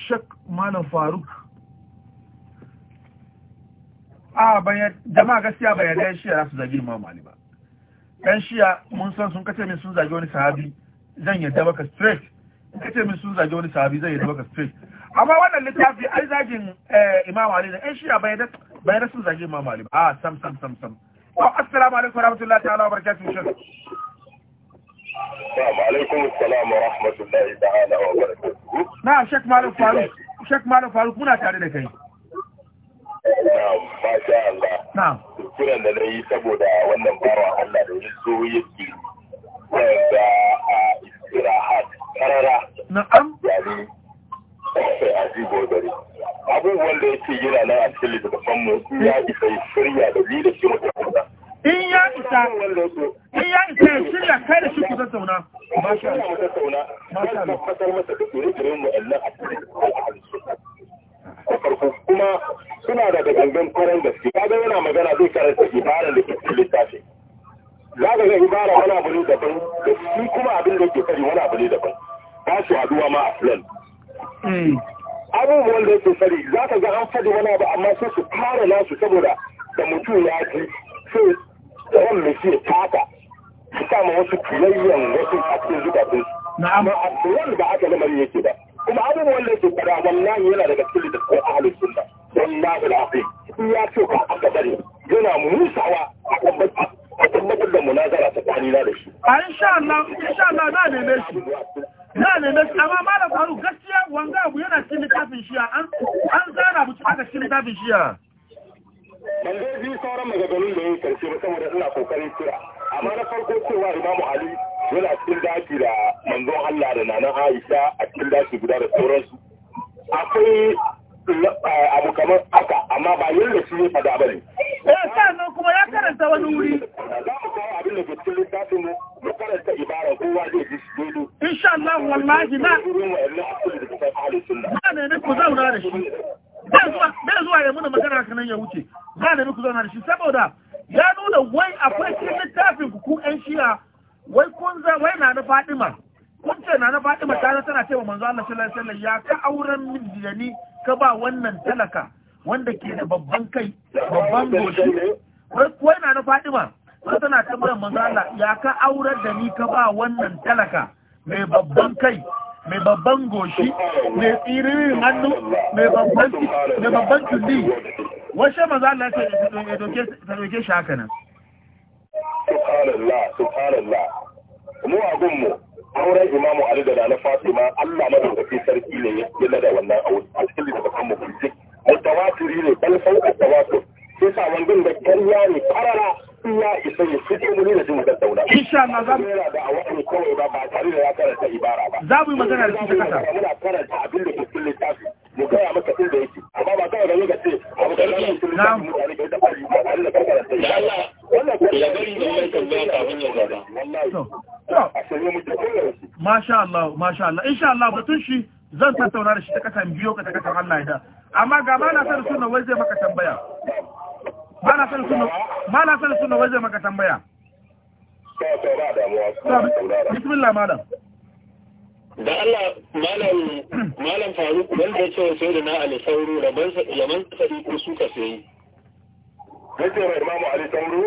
shak malam faruk a ah, bayan jama'a gaskiya bayan dan shi ya su zage imam ali ba dan shiya mun san sun kace min sun zage wani sahabi zan yadda baka straight kace min sun zage wani sahabi zan yadda baka straight amma wannan littafi ai zagin eh, imam ali ne ai shiya bai da bai da sun zagi imam ali ah sam sam sam sam to oh, assalamu alaikum warahmatullahi ta'ala wabarakatuh shin Assalamu alaikum assalam wa rahmatullahi ta'ala wa barakatuh na shek malik faruk shek malik faruk muna tare da kai na'am masha Allah na'am kiran da nayi saboda wannan bawa Allah da yazo yake wanda a istirahat karara na'am yani abubuwan da yake yana nan a cikin littattafan mu ya isa ya shirya da ni da shi wata tattauna in ya isa in ya isa ya shirya kai da shi ku tattauna masha Allah ku tattauna masha Allah ku fasar masa duk irin mu Allah a cikin kuma suna da gangan kwarai da suke kaga yana magana zai karanta ibara da ke cikin littafi za ka ga ibara wani abu ne daban da shi kuma abin da yake fari wani abu ne daban ba su haduwa ma a filan Hmm. abubuwan da yake fari za ka ga an fadi wani abu amma sai su kare nasu saboda da mutum ya ji sai tsoron mai shi tata su kama wasu kiyayyen wasu a cikin zukatun amma a tsoron da aka lamari yake ba kuma abubuwan da yake fara wallahi yana daga cikin da ko ahalin sunna wallahi afi in ya ce ka aka bari yana musawa a tabbatar da munazara tsakanina da shi insha Allah insha Allah shi na ne amma malam faru gaskiya wanga abu yana cikin littafin shiya an an zana mu aka cikin littafin shiya ban zai bi sauran maganganun da ya karshe ba saboda ina kokarin kira amma na farko cewa imamu ali yana cikin daki da manzon Allah da nanan Aisha a cikin daki guda da sauransu akwai Eh, abu kamar haka amma ba yadda shi ya faɗa ba ne. Eh sannan kuma ya karanta wani wuri. Za mu kawo abin da ke cikin littafin mu mu karanta ibara kowa zai ji shi dole. Insha Allah wallahi na. Ba ne ne ku zauna da shi. Bai zuwa ya muna magana haka nan ya wuce. Ba ne ku zauna da shi saboda ya nuna wai akwai cikin littafin ku ku 'yan shiya wai kun za wai na na Fadima. ce na na Fatima ta tana cewa manzo Allah sallallahu alaihi wasallam ya ka auren min da ni ka ba wannan talaka wanda ke da babban kai babban goshi wai na na ma sai tana tambayar manzo Allah ya ka aurar da ni ka ba wannan talaka mai babban kai mai babban goshi mai tsiririn hannu mai babban mai babban kulli washe manzo Allah ya ce ya eh, doke ta doke shi haka nan subhanallah subhanallah mu a gunmu, auren imamu ali da na fatima allah madaukaki sarki ne ya nada wannan aure a cikin littattafan mu kulli mutawatiri ne bal sauka tawatur sai sa wangan da karya ne karara iya isa ya fito mu ne da jin da dauna insha Allah za mu yana da awani kawai ba ba tare da ya karanta ibara ba za mu yi magana da shi ta kasa muna karanta abin da ke cikin littafi mu gaya maka inda yake amma ba kawai da ne ga ce abu da ne cikin littafi mutane ga da ba da karanta insha Allah Masha Allah, Masha Allah, insha Allah shi zan tattauna da shi ta kasan biyo ka ta kasan Allah ya da. Amma ga ba na san suna wai zai maka tambaya. Ba na san suna, ba na san wai zai maka tambaya. Bismillah malam. Da Allah malam malam Faruk wanda ya ce sai da na alisauru da ban yaman sari ko suka sai. na ce wa imamu ali sauro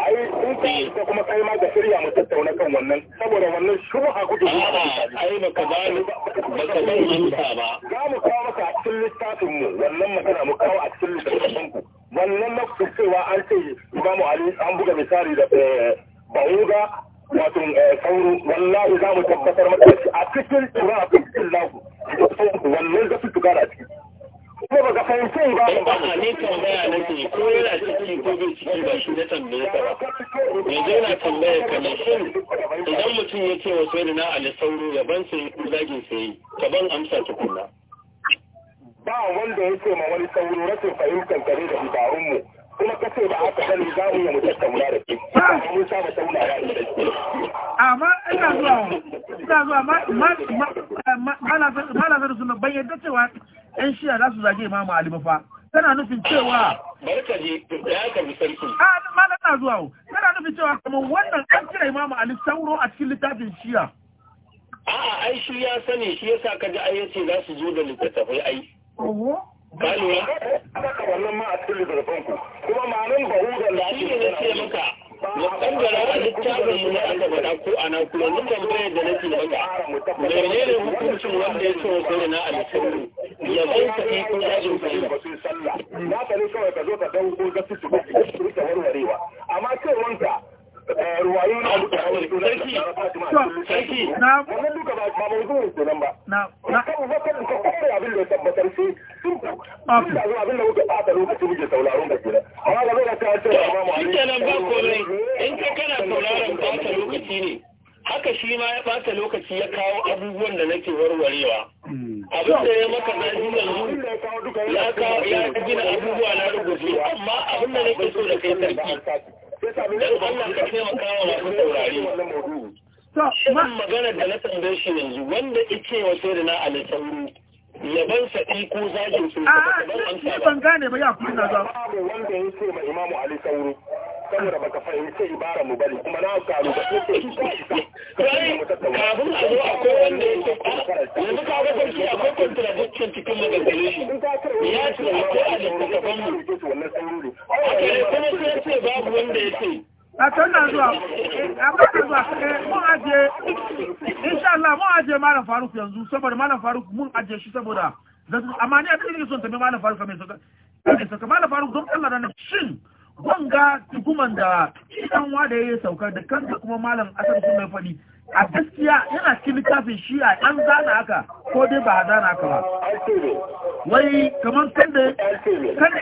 ai in ka eh. isa kuma kai ma ka shirya mu tattauna kan wannan saboda wannan shubha kuke yi ai ba ka bani ba ka bani ba za mu kawo maka a cikin littafin mu wannan magana mu kawo a cikin littafin ku wannan na cewa an ce imamu ali an buga misali da eh, bauda wato eh, sauro wallahi za mu tabbatar maka a cikin tura a cikin lagu wannan da su a ciki kuma baka fahimci ba ba ne tambaya nake ko yana ciki ko bai ciki ba shi na tambaye ka ba zai na tambaya ka ne shin idan mutum ya ce wa sai na ali sauro yaban sai ko zagin sai ka ban amsa tukunna ba wanda ya ce ma wani sauro rashin fahimtar kare da dabarun mu kuma ka ce ba haka bane za mu yi mu tattauna da ke mun saba tattaunawa da ke amma ina zuwa ina zuwa ma ma ma ma ma ma ma ma ma ma ma ma ma ma ɗan shiya za su zage ma ali fa tana nufin cewa barkaji da aka bi sarki malam na zuwa tana nufin cewa kamar wannan an kira imamu ali sauro a cikin littafin shiya a'a ai shi ya sani shi ya ka kaji ai yace za su zo da littattafai ai oho kalu ya haka wannan ma a cikin littattafan ku kuma ba bahudan da ake ce maka mutum da rana littafin mu ne aka faɗa ko ana kula ni tambayar da nake maka menene hukuncin wanda ya so sai na alƙawari ya zai ka yi kun ajin sai na ka kawai ka zo ka dauko gasu su ba su warwarewa amma kai wanka ruwayoyin alƙawar sarki sarki na wannan na ya da sauraron da lokaci ne haka shi ma ya bata lokaci ya kawo abubuwan da nake warwarewa hmm. abin ya maka na ji yanzu ya gina abubuwa na rubutu amma abin da nake so da kai sarki Shin magana da na tambaye shi yanzu wanda ike wa sai da na alisauru yaban sa'i ko zagin su ban gane ba ya kuma na za. Wanda ya ce ma Imamu Ali Sauro saboda baka fahimci ibara mu bane kuma na karu ba sai kafin a zo akwai wanda yake yanzu ka ga sarki akwai contradiction cikin maganganun shi ya ce akwai a littattafan mu a kare kuma sai ya ce babu wanda ya ce a tana zuwa a baka zuwa eh, mun aje insha Allah mun aje malam Faruk yanzu saboda malam Faruk mun aje shi saboda amma ni a cikin son tabi malam Faruk kamar sauka malam Faruk don Allah da shin ban ga tukuman da shi dan wada ya saukar da kanka kuma malam asar sun mai faɗi a gaskiya yana cikin littafin shi'a an zana haka ko dai ba a zana haka ba wai kamar kan da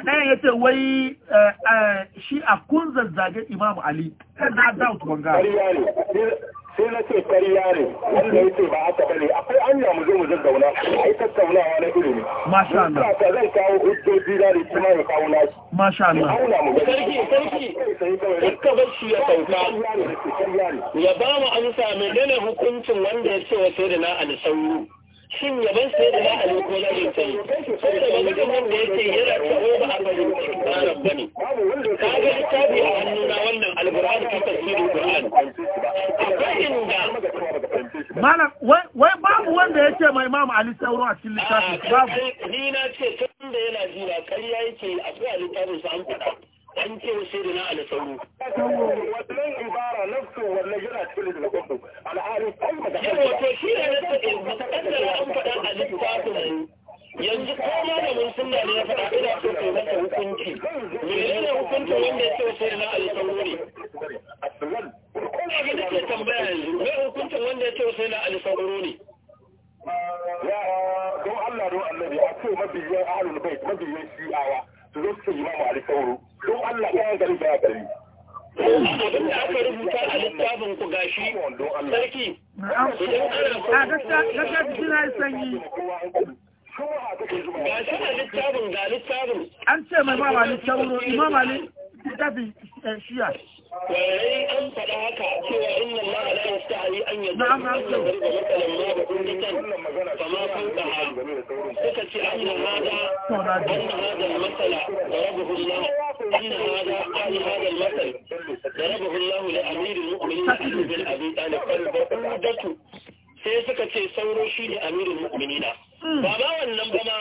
ɗayan ya ce wai eh, eh, shi a kun zazzage imam ali kan na doubt ban sai na ce ƙarya ne wanda ya ce ba haka bane akwai an mu zo mu zazzauna a yi tattaunawa na ilimi masha Allah ka zan kawo hujjoji na da kuma ya kawo nasu masha Allah sarki sarki dukkan barci ya sauka ya ba mu amsa menene hukuncin wanda ya ce wa sai da na alisauru shin ya ban sai da na ko lalin ta yi saboda maganar nan da yake yana taho ba a fahimci tsarin ba ne ka ga littafi a hannuna wannan alburhan ta tafsirin qur'an akwai inda malam wai babu wanda ya ce mai mamu ali sauro a cikin littafin babu ni na ce tun da yana jira ƙarya yake akwai a littafin sa an faɗa an ce wa sai na alisauru. Wannan ibara nafsu wannan yana cikin littafin shi ne na an faɗa a littafin yanzu ko ne ya faɗa ina so kai masa hukunci. ne hukuncin wanda ya ce wa sai na alisauru ne? ga nake tambaya yanzu me hukuncin wanda ya ce wa sai na alisauru ne? Ya don Allah don Allah ya ce mabiyan ahlul bait mabiyan shi'awa su zo su imamu ali sauro don Allah ya gari da gari abin da aka rubuta a littafin ku gashi sarki idan ana yi sanyi gashi a littafin ga littafin an ce mai mamali sauro imamali littafin eh, shiya yayin an faɗa haka cewa inna Allah la yastahi an ma fama suka ce al al sai suka ce sauro shi ne ba wannan ba ma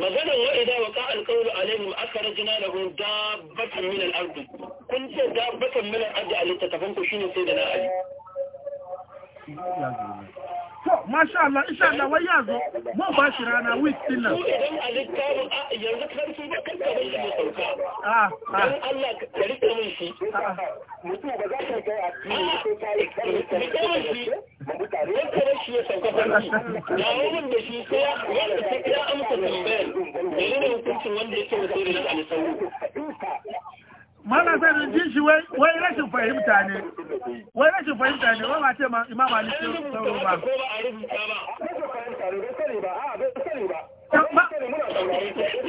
maganar wa'ida wa ka alƙawlu alaihim akhrajna lahum da min al kun ce dabbatan milan aji a littattafan ku shine sai da na aji. to masha Allah insha Allah wai ya zo mun ba shi rana week din nan idan a littafin yanzu karfi ba kanka bai shi sauka ah, ah dan Allah ka rike min shi ah, ah. mutum ba za ka kai a cikin sai ka yi karfi shi yanka da shi ya sauka fanci ya mun da shi sai wanda sai ya amsa tambayar menene hukuncin wanda yake wajen da ya alsawu mana sanin jin shi wai rashin fahimta ne wai rashin fahimta ne wai ma ce imam ali ce sauro ba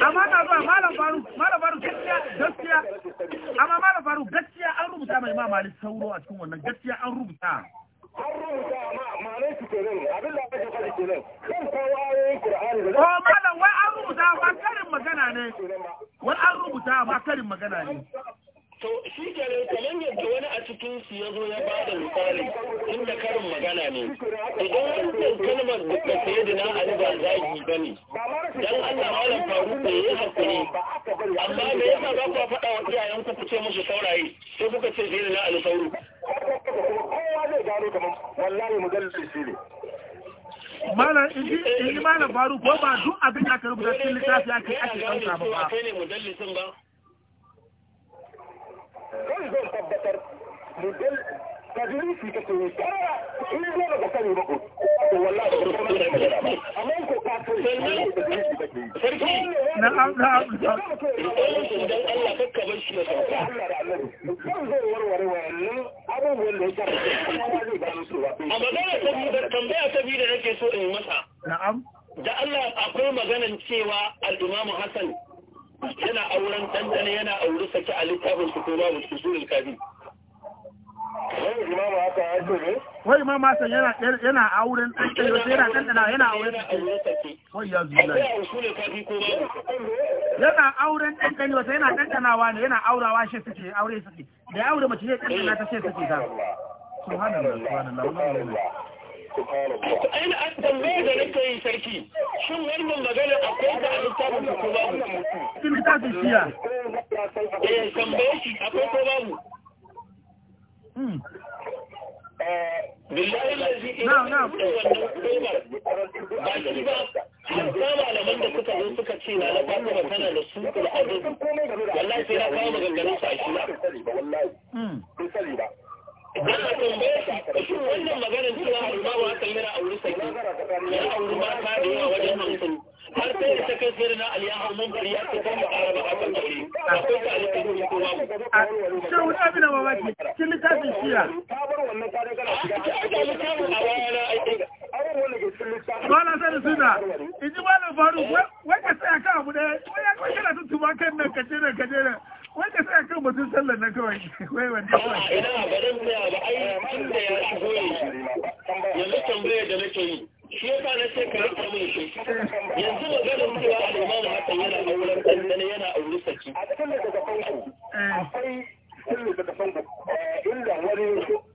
amma ka zuwa malam faru malam faru gaskiya gaskiya amma malam faru gaskiya an rubuta mai imam ali sauro a cikin wannan gaskiya an rubuta an rubuta ma ne su ke nan abin da ake faɗi ke nan kan kawo ayoyin Qur'ani da Oh malam wai an rubuta ba karin magana ne wai an rubuta ba karin magana ne to shi kenan kamar yadda wani a cikin su ya zo ya ba da misali inda karin magana ne idan wannan kalmar duka sai da na ali ba zagi ba ne dan Allah malam faru da ya hakuri amma me yasa ba ku faɗa wa iyayen ku ce musu saurayi sai kuka ce sai da na ali sauro kowa zai gano kamar ne malam in ji malam faru ko ba duk abin da aka rubuta cikin littafi ake ake ɗauka ba ba kai zan tabbatar mutum tajirisi kake yi in zo sani to wallahi da kuma da magana ba amma ko ka so sarki na dan Allah kakka shi sauka Allah da zan zo warware wannan abubuwan da zai su ba a magana da tambaya ta biyu da nake so in masa na'am da Allah akwai maganan cewa al-Imam Hassan yana auren dandana yana auri saki a littafin su ko babu usulul kafi wai imama haka ya ce ne wai imama san yana yana auren dandana yana dandana yana auren saki wai ya zuwa ya usulul kafi ko babu yana auren dandana wata yana dandanawa ne yana aurawa shi suke aure suke da aure mace ne dandana ta ce suke ta subhanallah subhanallah Ana an tambaye da nake yi sarki, shin wannan magana akwai ta a littafin ko babu? Littafin shiya. Eh, tambaye shi akwai ko babu? Hmm. Billahi lazi ina eh, wannan ba shi ba, hatta malaman da suka zo suka ce na na kama magana da su al'adu. Wallahi sai na kawo maganganun su a shi hmm. ba. dan a tambaye shi wannan maganar cewa almamu akan yana auri sai yana auri mata da yawa wajen hamsin har sai da kai sai na ali ya bari ya ce kan ƙara ba akan aure akwai ta ali da ko babu shin wani abin da mamaki kin littafin shiya ta bar wannan ta daga shiga ta littafin a waya na aiki Bala sani suna, in ji malam faru, wai ka tsaya kan abu ɗaya, wai ya kai kana tuntuma kan nan ka je nan ka je nan. wanda sai kan batun sallar na kawai wai wanda ya kawai ina ba zan tsaya ba ai tun da ya shigo ya yanzu tambayar da nake yi shi yasa na ce ka rika mai shi yanzu ba ganin cewa al'umma haka yana auren ɗanɗana yana a wurin saki a cikin da daga fanko akwai cikin da daga fanko inda wani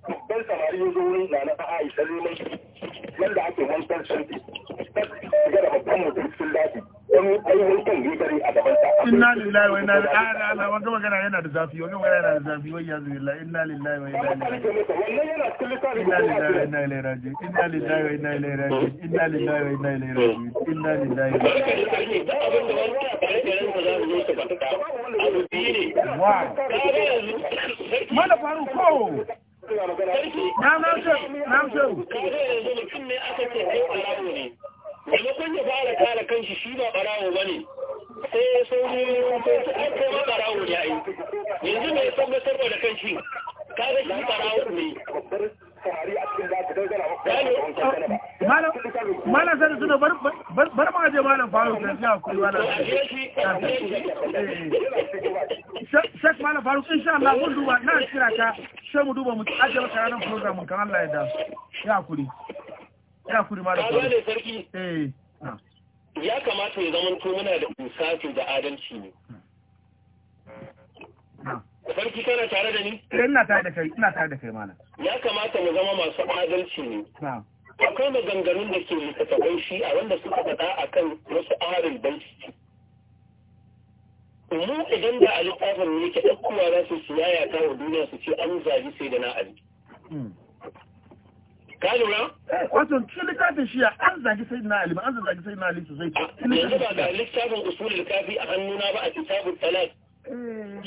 babban samari ya zo wurin nana ta aisha neman yadda ake wancan shanti ta gara babban mutum cikin daji wani Inna lillahi wa inna ilaihi raji'un. Wanda magana yana da zafi, wani magana yana da zafi, wai ya lillahi. Inna lillahi wa inna ilaihi raji'un. Inna lillahi wa inna ilaihi raji'un. Inna lillahi wa inna ilaihi raji'un. Inna lillahi wa inna ilaihi raji'un. Inna lillahi wa inna ilaihi raji'un. ko? Na na na aka ce ai ne. maimakon ya fara kare kanshi shi ba barawo ba ne sai ya sauri sai su an koma barawo ya yi yanzu mai tabbatar da kanshi ga shi barawo ne Malam sani suna bar ma je malam faru a kuri Shek malam faru in sha Allah mun duba na kira ka sai mu duba mu ranar program kan Allah ya da. Ya kuri. ya kuri ma da kwari sarki eh, ya kamata ya zama to muna da insafi da adalci ne hmm. sarki kana tare da ni eh, ina tare da kai ina tare da kai mana ya kamata mu zama masu adalci ne akwai maganganun da ke littattafai shi a wanda suka faɗa a kan wasu ahalin banki mu idan da a littafin ne ke ɗaukowa za su siya ya kawo duniya su ce an zagi sai da na ali hmm. ka lura eh, wato cikin littafin shi an zagi sai na ali an zagi sai na ali sosai ah, yanzu ba ga littafin usulul kafi a hannuna ba a kitabul talat eh.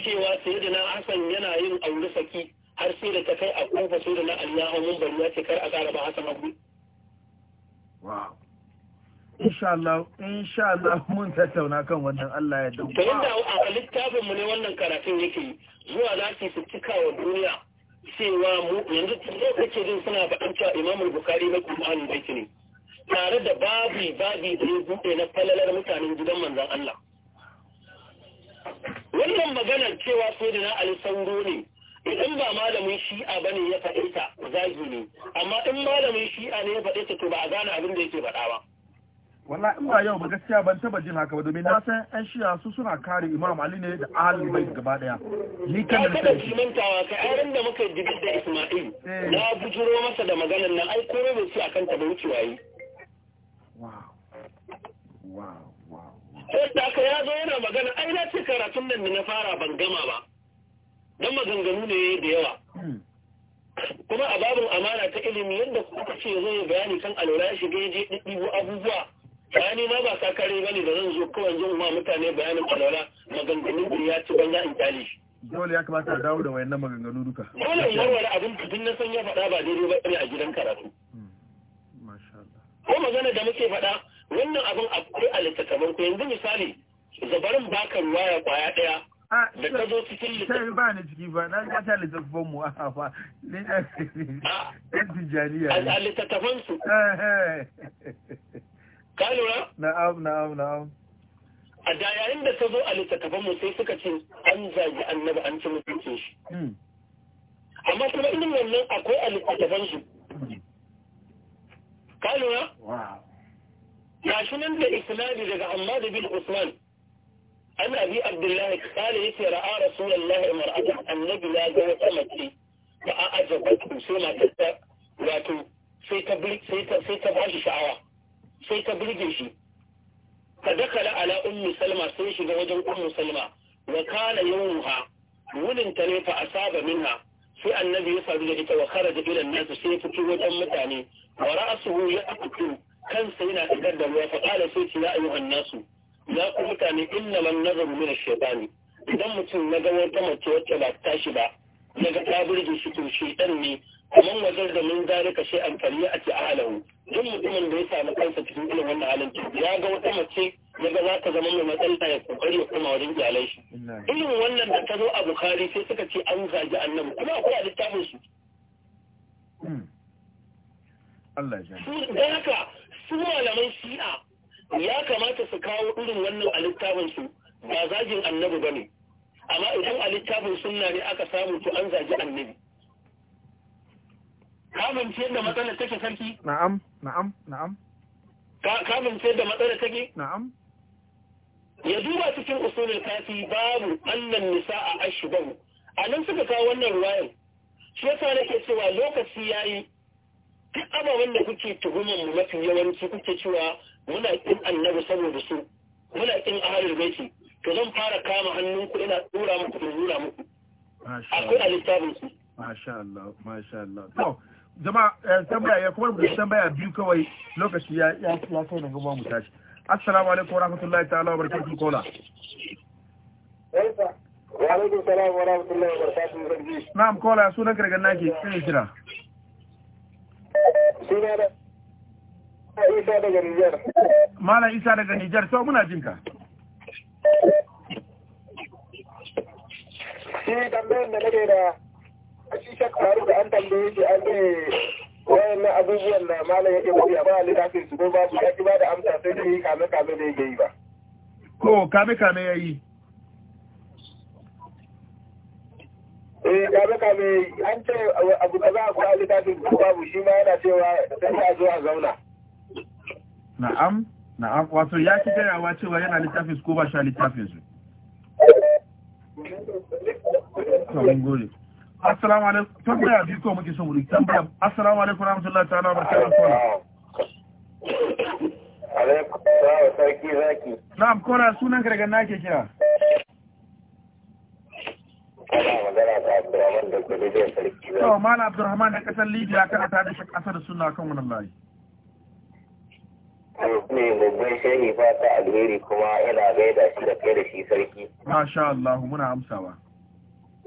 cewa sayyidina hasan yana yin aure saki har sai da ta kai a kofa sai da na Allah mun bari ya ce kar a ƙara ba hasan abu wow insha Allah insha Allah mun tattauna kan wannan Allah ya dauka to yadda a littafinmu ne wannan karatun yake zuwa za su cika wa duniya cewa mu yanzu sai kake jin suna faɗan cewa Imam Bukhari na Qur'an baiti ne tare da babi babi da ya buɗe na falalar mutanen gidan manzon Allah wannan maganar cewa sai da na Ali Sauro ne idan ba malamin shi'a bane ya faɗe ta zagi ne amma in malamin shi'a ne ya faɗe ta to ba a gane abin da yake faɗa ba wala in ba yau ba gaskiya ban taba jin haka ba domin na san yan shiya su suna kare imam ali ne da ahlul bai gaba daya ni kan da kada kimantawa ka ayarin da muka jibin da isma'il eh. na bujuro masa da maganar nan ai ko bai ci akan ta da wuce waye. wow wow wow da ka ya zo yana magana ai na ce karatun nan da na fara ban gama ba dan maganganu ne da yawa hmm. kuma a babin amana ta ilimi yadda kuka ce zai bayani kan alwala shi ga je ɗiɗɗigo abubuwa bayani ma ba sa kare bane da zan zo kawai zan ma mutane bayanin kwalwala maganganun da ya ci banza in kyale dole ya kamata a dawo da wayannan maganganu duka dole in warware abin da duk na san ya faɗa ba daidai ba ne a gidan karatu hmm. ko magana da muke faɗa wannan abin akwai a littattafan ko yanzu misali zabarin baka ya kwaya ɗaya ah, da ta zo cikin littattafan ba ni ba na ga ta littattafan mu ah, ah. a a littattafan su eh, eh. ka lura na'am na'am na'am a da yayin da ta zo a littattafan mu sai suka ce an zagi annabi an ci mutuncin shi amma kuma irin wannan akwai a littattafan su ka lura ya shi nan da isnadi daga amma da bin usman an abi abdullahi kala yace ra'a rasulullahi mar'ata annabi ya ga wata mace ba a ajaba sai matar wato sai ta sai ta sai ta bashi sha'awa sai ta birge shi ka dakala ala ummu salma sai shiga wajen ummu salma wa kana wuha wunin ta ne fa asaba minha sai annabi ya faru da ita wa kharaja ila an-nas sai fito wajen mutane wa ra'suhu ya akutu kansa yana ɗagar da ruwa fa qala sai ce ya ayyuhan nasu ya ku mutane inna man nazaru min ash-shaytani idan mutum na ga wata mace wacce ba ta shi ba daga ta burge shi shaitan ne kamar wajen da mun zalika shi an kalli a ta'alahu duk mutumin da ya samu kansa cikin irin wannan halin ya ga wata mace ya ga za zama mai matsala ya kokari ya koma wajen iyalai shi irin wannan da ta zo a bukari sai suka ce an zagi annabi kuma akwai a littafin su hmm. Allah ya Don haka su malaman shi'a ya kamata su kawo irin wannan a littafin su ba zagin annabi bane amma idan a littafin sunna ne aka samu to an zagi annabi kamun ce da matsalar take sarki na'am na'am na'am kamun ce da matsalar take na'am ya duba cikin usulul kafi babu annan nisa'a ashbahu a nan suka kawo wannan ruwayan shi yasa nake cewa lokaci yayi duk ababen da kuke tuhumar mu mafi yawanci kuke cewa muna kin annabi saboda su muna kin ahlul baiti to zan fara kama hannunku ina tsura muku da nuna muku akwai a littafin su masha Allah masha Allah to eh, tambaya ya kuma rubuta tambaya biyu kawai lokaci ya ya ya kai na gaba mu tashi assalamu alaikum warahmatullahi ta'ala kola na'am kola sunan naki sai jira Malam Isa daga Nijar. Malam Isa daga Nijar, so muna jinka. shi da nake da shi shakkaru da an tambaye shi an abubuwan da malam yake a ba littafin su ko babu ya ba da amsa sai dai kame kame da yake yi ba ko kame kame ya yi eh kame kame an ce abu kaza ko babu shi ma yana cewa sai a zo a zauna na'am na wato ya ki gayawa cewa yana littafin su ko ba shi littafin su assalamu alaikum tambaya bi ko muke son wuri tambaya assalamu alaikum warahmatullahi ta'ala wabarakatuh alaikum sarki zaki na'am kora sunan ka daga nake kira To, Mala Abdurrahman da ƙasar Libya kan ta da shi ƙasar suna kan wannan layi. ne babban shehi ta alheri kuma yana gaida shi da kai da shi sarki. Masha Allah muna amsa ba.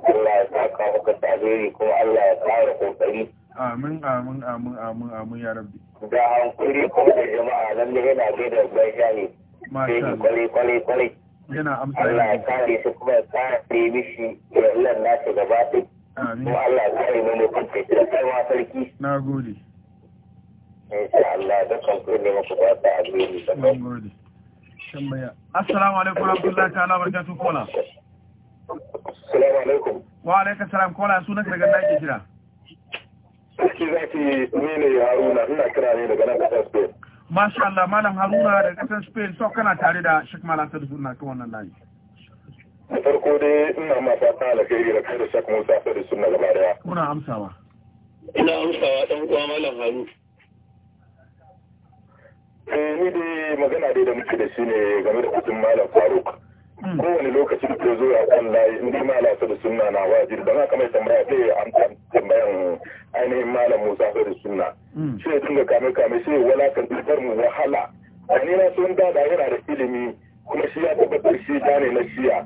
Allah ya sa saka maka ta alheri kuma Allah ya kara kokari. Amin amin amin amin amin ya rabbi. Da hankuri kuma da jama'a nan da yana gaida babban shehi. Masha Allah. Kwale kwale kwale. Yana amsa Allah ya kare shi kuma ya kare mishi ya Allah nashi gaba Amin. Kuma Allah ya kare mu mutunta shi da kaiwa sarki. Na gode. insha Allah dukkan ku ne muku ba ta alheri da kai assalamu alaikum warahmatullahi ta'ala barakatuh kola assalamu alaikum wa alaikum salam kola sunan ka daga nake kira sarki zaki ni ne haruna ina kira ne daga nan kasar spain masha Allah malam haruna daga kasar spain so kana tare da shek malam sadu na kan wannan layi da farko dai ina ma fata alkhairi da kai da shek musa sadu sunna gaba daya kuna amsawa ina amsawa dan uwa malam haruna Eh, ni da magana dai da muke da shi ne game da kudin malam faruk hmm. kowane lokacin da zo ya kwallaye ni in malam sa da sunna na wajib dan haka mai tambaya dai an tambayan ainihin malam musa sa da sunna hmm. shi ne dinga kame kame shi wala kan tar mu wahala a ni na sun dada yana da ilimi kuma shi ya tabbatar shi ne na shiya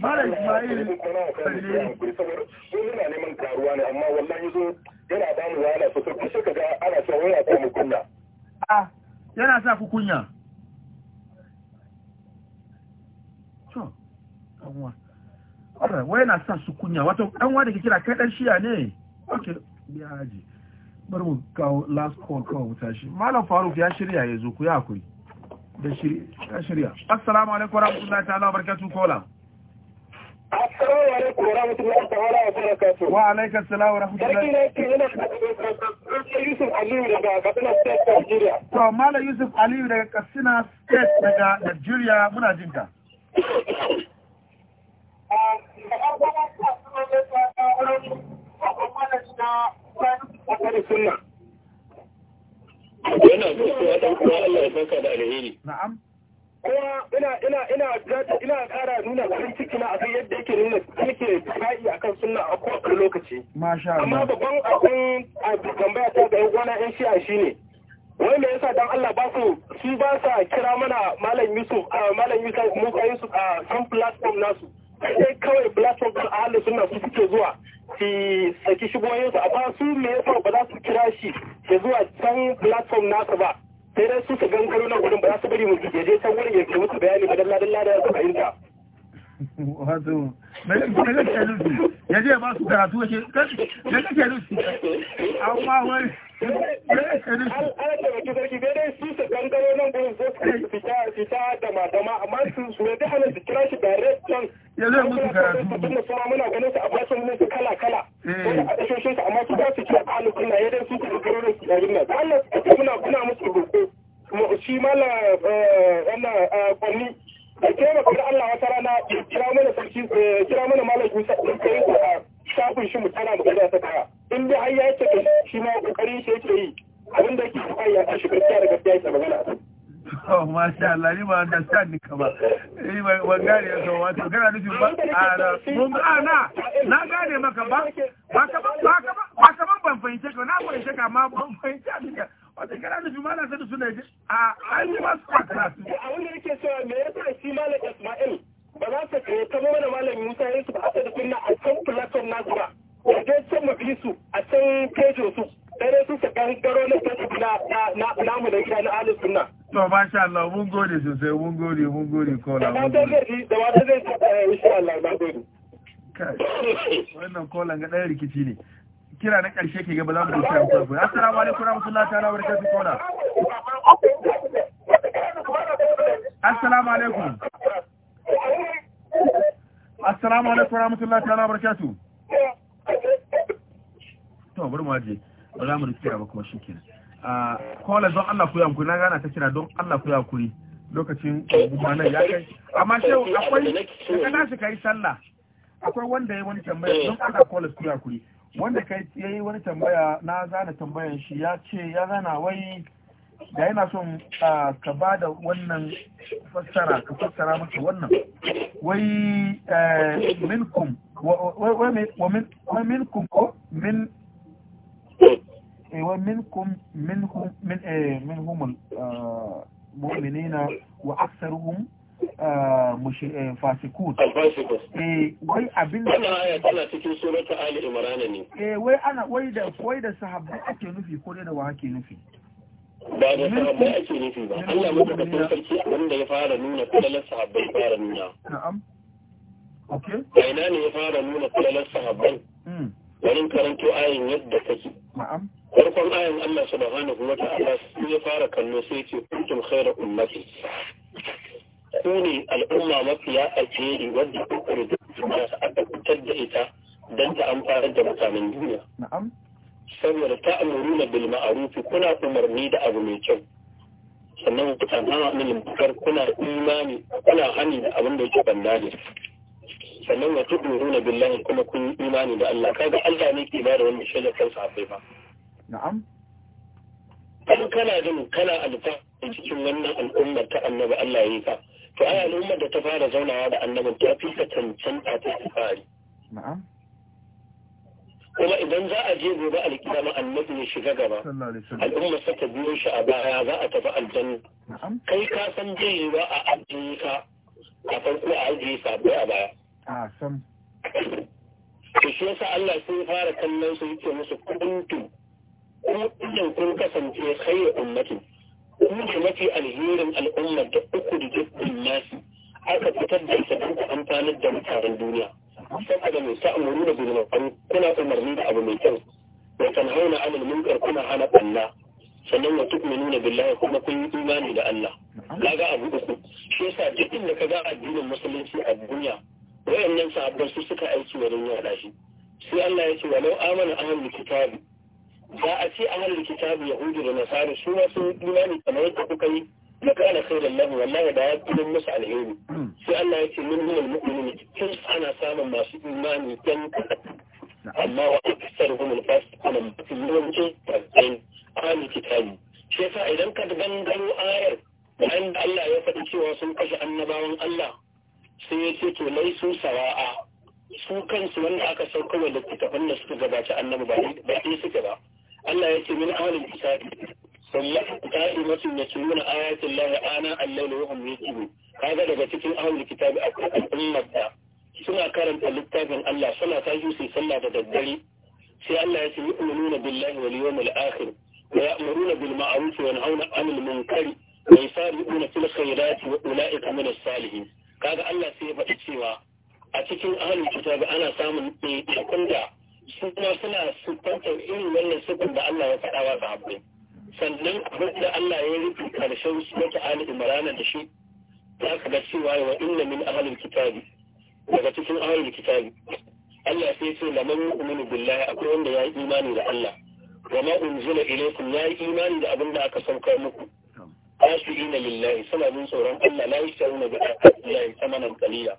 mara ismail balle akwai saboda ko yana neman karuwa ne amma wallahi yazo yana ba mu wahala sosai ko sai kaga ana cewa waya ko mu kunya a yana sa ku kunya to kanwa Allah wai yana sa su kunya wato dan wa da ke kira kai dan shiya ne okay biya haji bari mu kawo last call kawo wuta shi malam faruk ya shirya ya zo ku ya hakuri da shirya assalamu alaikum warahmatullahi ta'ala barakatuh kola Assalamu alaikum wa rahmatullahi ta'ala wa barakatuh. Wa alaikum assalam wa rahmatullahi. Sarki ne Yusuf daga State Nigeria. To Malam Yusuf Aliyu daga Katsina State daga Nigeria muna jin ka. Na'am. kuma ina ina ina ina kara nuna farin ciki na akan yadda yake nuna yake kai akan sunna a kowane lokaci masha Allah amma babban abin tambaya ta ga gona yan shi'a shine wai me yasa dan Allah ba su su ba sa kira mana malam Yusuf malam Yusuf mu kai su a san platform nasu sai kawai platform din ahli sunna su suke zuwa su saki shigoyin su ba su me yasa ba za su kira shi ya zuwa can platform nasu ba sai dai su ka karo nan wurin ba za su bari mu je je can wurin ya ke musu bayani ba dalla dalla da su fahimta wato me kake nufi ya je ba su karatu ya ce me kake nufi amma wani ana taimaki sarki zai dai su su gangaro nan fita da amma su su kira shi direct can ya zai musu karatu muna a bashin musu kala kala a amma su za su kira alu ya su da Allah da Allah wata rana kira mana sarki kira mana malam Musa kai shafin shi mu tana magana ta kaya in dai har ya ce ka shi ma kokari shi yake yi abin da yake kai ya tashi gaskiya da gaskiya yake magana Oh, masha Allah, ni ba understand ka ba. Eh, ni ba ba gane ka ba. To kana nufin ba ara mun a na na gane maka ba. Ba ka ba ba ka ba ka ban fahimce ka na fahimce ka ma ban fahimce ka. Wata kana nufin ma na sani suna ji. A ai ba su ba su. Abin da nake so me yasa shi Malam Ismail ba za ta kan mana malami musa ya su ba a da kunna a can platform zuba ba waje can mafi su a can kejo su dare su ta gangaro na facebook na mu da gida na alu sunna to sha Allah mun gode sosai mun gode mun gode kola mun gode da wata zai eh, insha Allah na gode wannan kolan ga ɗaya rikici ne kira na ƙarshe ke gaba za mu dauki amsar ku assalamu alaikum rahmatullahi ta'ala wa barakatuh kola assalamu alaikum assalamu alaikum rahmatullahi ta'ala barakatu to bari mu aje ba za mu rikira ba kuma shikenan a ah, kola don Allah ku yankuri na gana ta kira don Allah ku yankuri lokacin gumana ya kai amma shehu akwai ka tashi kai sallah akwai wanda ya wani tambaya don Allah kola ku yankuri wanda kai yayi wani tambaya na zana tambayan shi ya ce ya zana wai da yana son ka ba da wannan fassara ka fassara maka wannan wai eh, minkum wa minkum ko min eh, wa minkum minhum min eh, minhum mu'minina wa aktsaruhum fasikun wai abin da tana cikin surata ali imran ne eh wai ana wai da wai da sahabbai ake nufi ko da wa ake nufi ba da sahabbai ake nufi ba Allah mutu da kun sarki wanda ya fara nuna kulalar sahabbai fara nuna a ina ne ya fara nuna kulalar sahabbai wani hmm. karanto ayin yadda kake farkon ayin Allah subhanahu wa ta'ala su ya fara kallo sai ce kuntum khairu ummati ku ne al'umma mafiya alheri wadda kuka rubuta aka fitar da ita don ta amfana da mutanen duniya na'am saboda ta amuruna bil ma'arufi kuna umarni da abu mai kyau sannan kuna hana min limbukar kuna imani kuna hani da abin da yake banda ne sannan wa tu'minuna billahi kuma kun imani da Allah kaga Allah ne ke bada wannan shaidar kansa abai ba na'am kan kana jin kana alfa cikin wannan al'ummar ta annabi Allah ya yi ka to ai al'ummar da ta fara zaunawa da annabin ta fi ka cancanta ta fari na'am kuma idan za a je gobe alkiyama annabi ya shiga gaba al'umma saka biyan shi a baya za a tafi aljanna kai ka san zai ba a ajiye a farko a ajiye sabai a baya to shi yasa Allah sun fara kallon su yake musu kuntu kuma idan kun kasance khayru ummati ku ne mafi alherin al'ummar da uku da dukkan nasu aka fitar da ita don amfanar da mutanen duniya saboda mai sa'amuru da bilmafan kuna umarni da abu mai kyau wa tanhauna anil munkar kuna hana banna sannan wa tu'minuna billahi kuma kun yi imani da Allah kaga abu uku shi yasa duk inda ga addinin musulunci a duniya wayannan sahabban su suka aiki wurin yada shi sai Allah ya ce walau amana ahlul kitabi za a ce ahlul ya yahudu da nasara su ma sun imani kamar yadda kuka yi ya kana sai da Allah wallahi da ya kuma musu alheri hmm. sai Allah ya ce min minal mu'minin kin ana samun masu imani dan amma wa aksar hum al fasiqun yawanci fasin ahli kitabi shi yasa idan ka gangaro ayar wanda Allah ya faɗi cewa sun kashe annabawan Allah sai ya ce to laisu sawa'a su kansu wanda aka sauka wa littattafan da suka gabata annabi ba ɗaya suke ba Allah ya ce min ahlul kitabi sannan qa'imatun yatluna ayati llahi ana al-layli wa hum yaqilun kaga daga cikin ahlul kitabi akwai al'ummar da suna karanta littafin Allah suna tashi su sallah da daddare sai Allah ya ce yu'minuna billahi wal yawmil akhir wa ya'muruna bil ma'ruf wa yanhauna 'anil munkar wa yusari'una fil khayrati wa ulaika min as-salihin kaga Allah sai ya faɗi cewa a cikin ahlul kitabi ana samun ɗaiɗaikun da suna suna sukantar irin wannan sukun da Allah ya faɗawa wa sahabbai sannan abin da Allah ya rufe karshen wata Ali Imran da shi za ka ga cewa wa inna min ahlil kitabi daga cikin ahlil kitabi Allah sai ce la man yu'minu billahi akwai wanda ya yi imani da Allah wa ma unzila ilaykum ya yi imani da abin da aka saukar muku khashi'ina lillahi suna jin tsoron Allah la yashtaruna bi ayati llahi thamanan qalila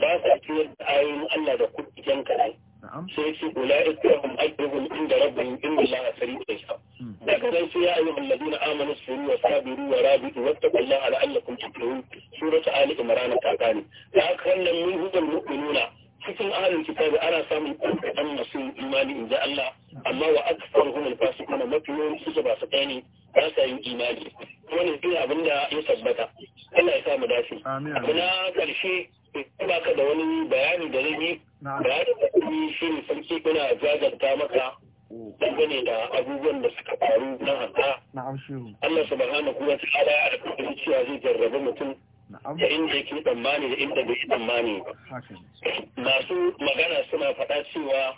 ba sa kiyar da ayoyin Allah da kuɗi kadai sai ce ula'ika hum ajruhum inda rabbihim inna allaha sari'ul hisab hmm. daga nan sai ya ayyuhal ladina amanu suru wa sabiru wa rabitu wattaqullaha la'allakum tuflihun suratu ali imran ta gane da aka wannan mun hudal mu'minuna cikin ahlul kitabi ana samun ɗan masu imani inda Allah amma wa aktsaruhum al-fasiquna mafiyon su ba su ne ba sa yin imani wannan shine abinda ya tabbata Allah ya sa mu dace abu na karshe ba ka da wani bayani da zai yi bayanin da kuma shi ne sarki kuna jajanta maka dangane da abubuwan da suka faru na haka Allah subhanahu wa ta'ala ya alƙawari cewa zai jarrabe mutum da inda yake tsammani da inda bai tsammani masu magana suna faɗa cewa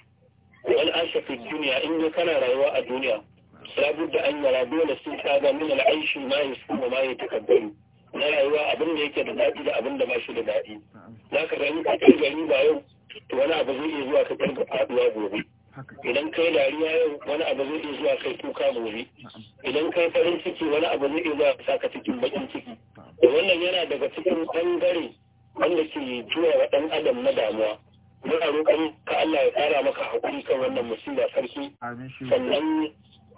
wal ashafi duniya in ya kana rayuwa a duniya labudda an yara dole sun kaga min al'aishi ma suma ma ya takabbaru na rayuwa abin da yake da daɗi da abin da ba shi da daɗi za ka gani ka kai gari ba yau to wani abu zai iya zuwa ka karka faduwa gobe idan kai dariya yau wani abu zai iya zuwa kai kuka gobe idan kai farin ciki wani abu zai iya zuwa saka cikin bakin ciki da wannan yana daga cikin bangare wanda ke juya wa ɗan adam na damuwa muna roƙon ka Allah ya ƙara maka haƙuri kan wannan musiba sarki sannan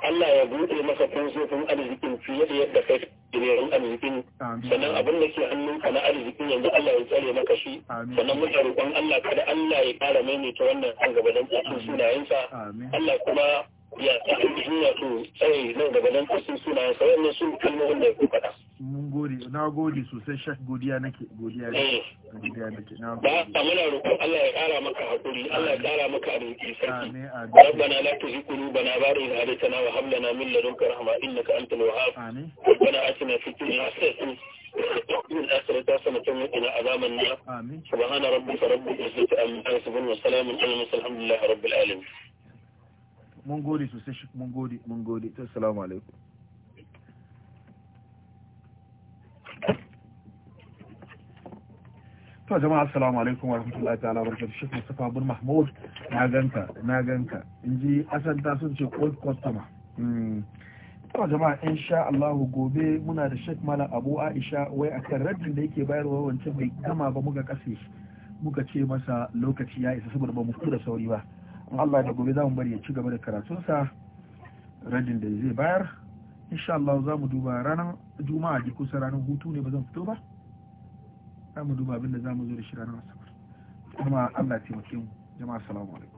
Allah ya buɗe masa fansofin arzikin fiye da yadda kai jinirin arzikin sannan abin da ke hannunka na arzikin yanzu Allah ya tsare maka shi sannan muna roƙon Allah kada Allah ya ƙara maimaita wannan an gaba don tsakin sunayensa Allah kuma ya ta ainihin wato tsaye eh, nan daga nan suna, sunayen sa wannan sun kalmomin da ku faɗa. Mun gode, na gode sosai shak godiya nake, godiya nake. Eh. Godiya nake, na gode. Ba a muna roƙon Allah ya ƙara maka haƙuri, Allah ya ƙara maka arziki sarki. Rabbana la tuzigh qulubana na idh hadaytana wa hab lana min ladunka rahma innaka antal wahhab. Rabbana atina fid dunya hasanatan من الآخرة حسنة وقنا عذاب النار سبحان ربك رب العزة عما يصفون وسلام على المرسلين الحمد لله رب العالمين mun gode sosai shi mun gode mun gode ta salamu alaikum to jama'a assalamu alaikum wa rahmatullahi ta'ala wa barakatuh shi Mustafa bin Mahmud na ganka na ganka inji ta sun ce old customer hmm. to jama'a insha Allah gobe muna da Sheikh Malam Abu Aisha wai akan raddin da yake bayarwa wancan bai gama ba muka kasi muka ce masa lokaci ya isa saboda ba mu da sauri ba Allah da gobe za mu bari ya ci gaba da karatunsa rajin da zai bayar insha Allah za mu duba ranar juma'a da kusa ranar hutu ne ba zan fito ba za mu duba abin za mu zo da shi ranar asabar kuma Allah taimake mu jama'a salamu alaikum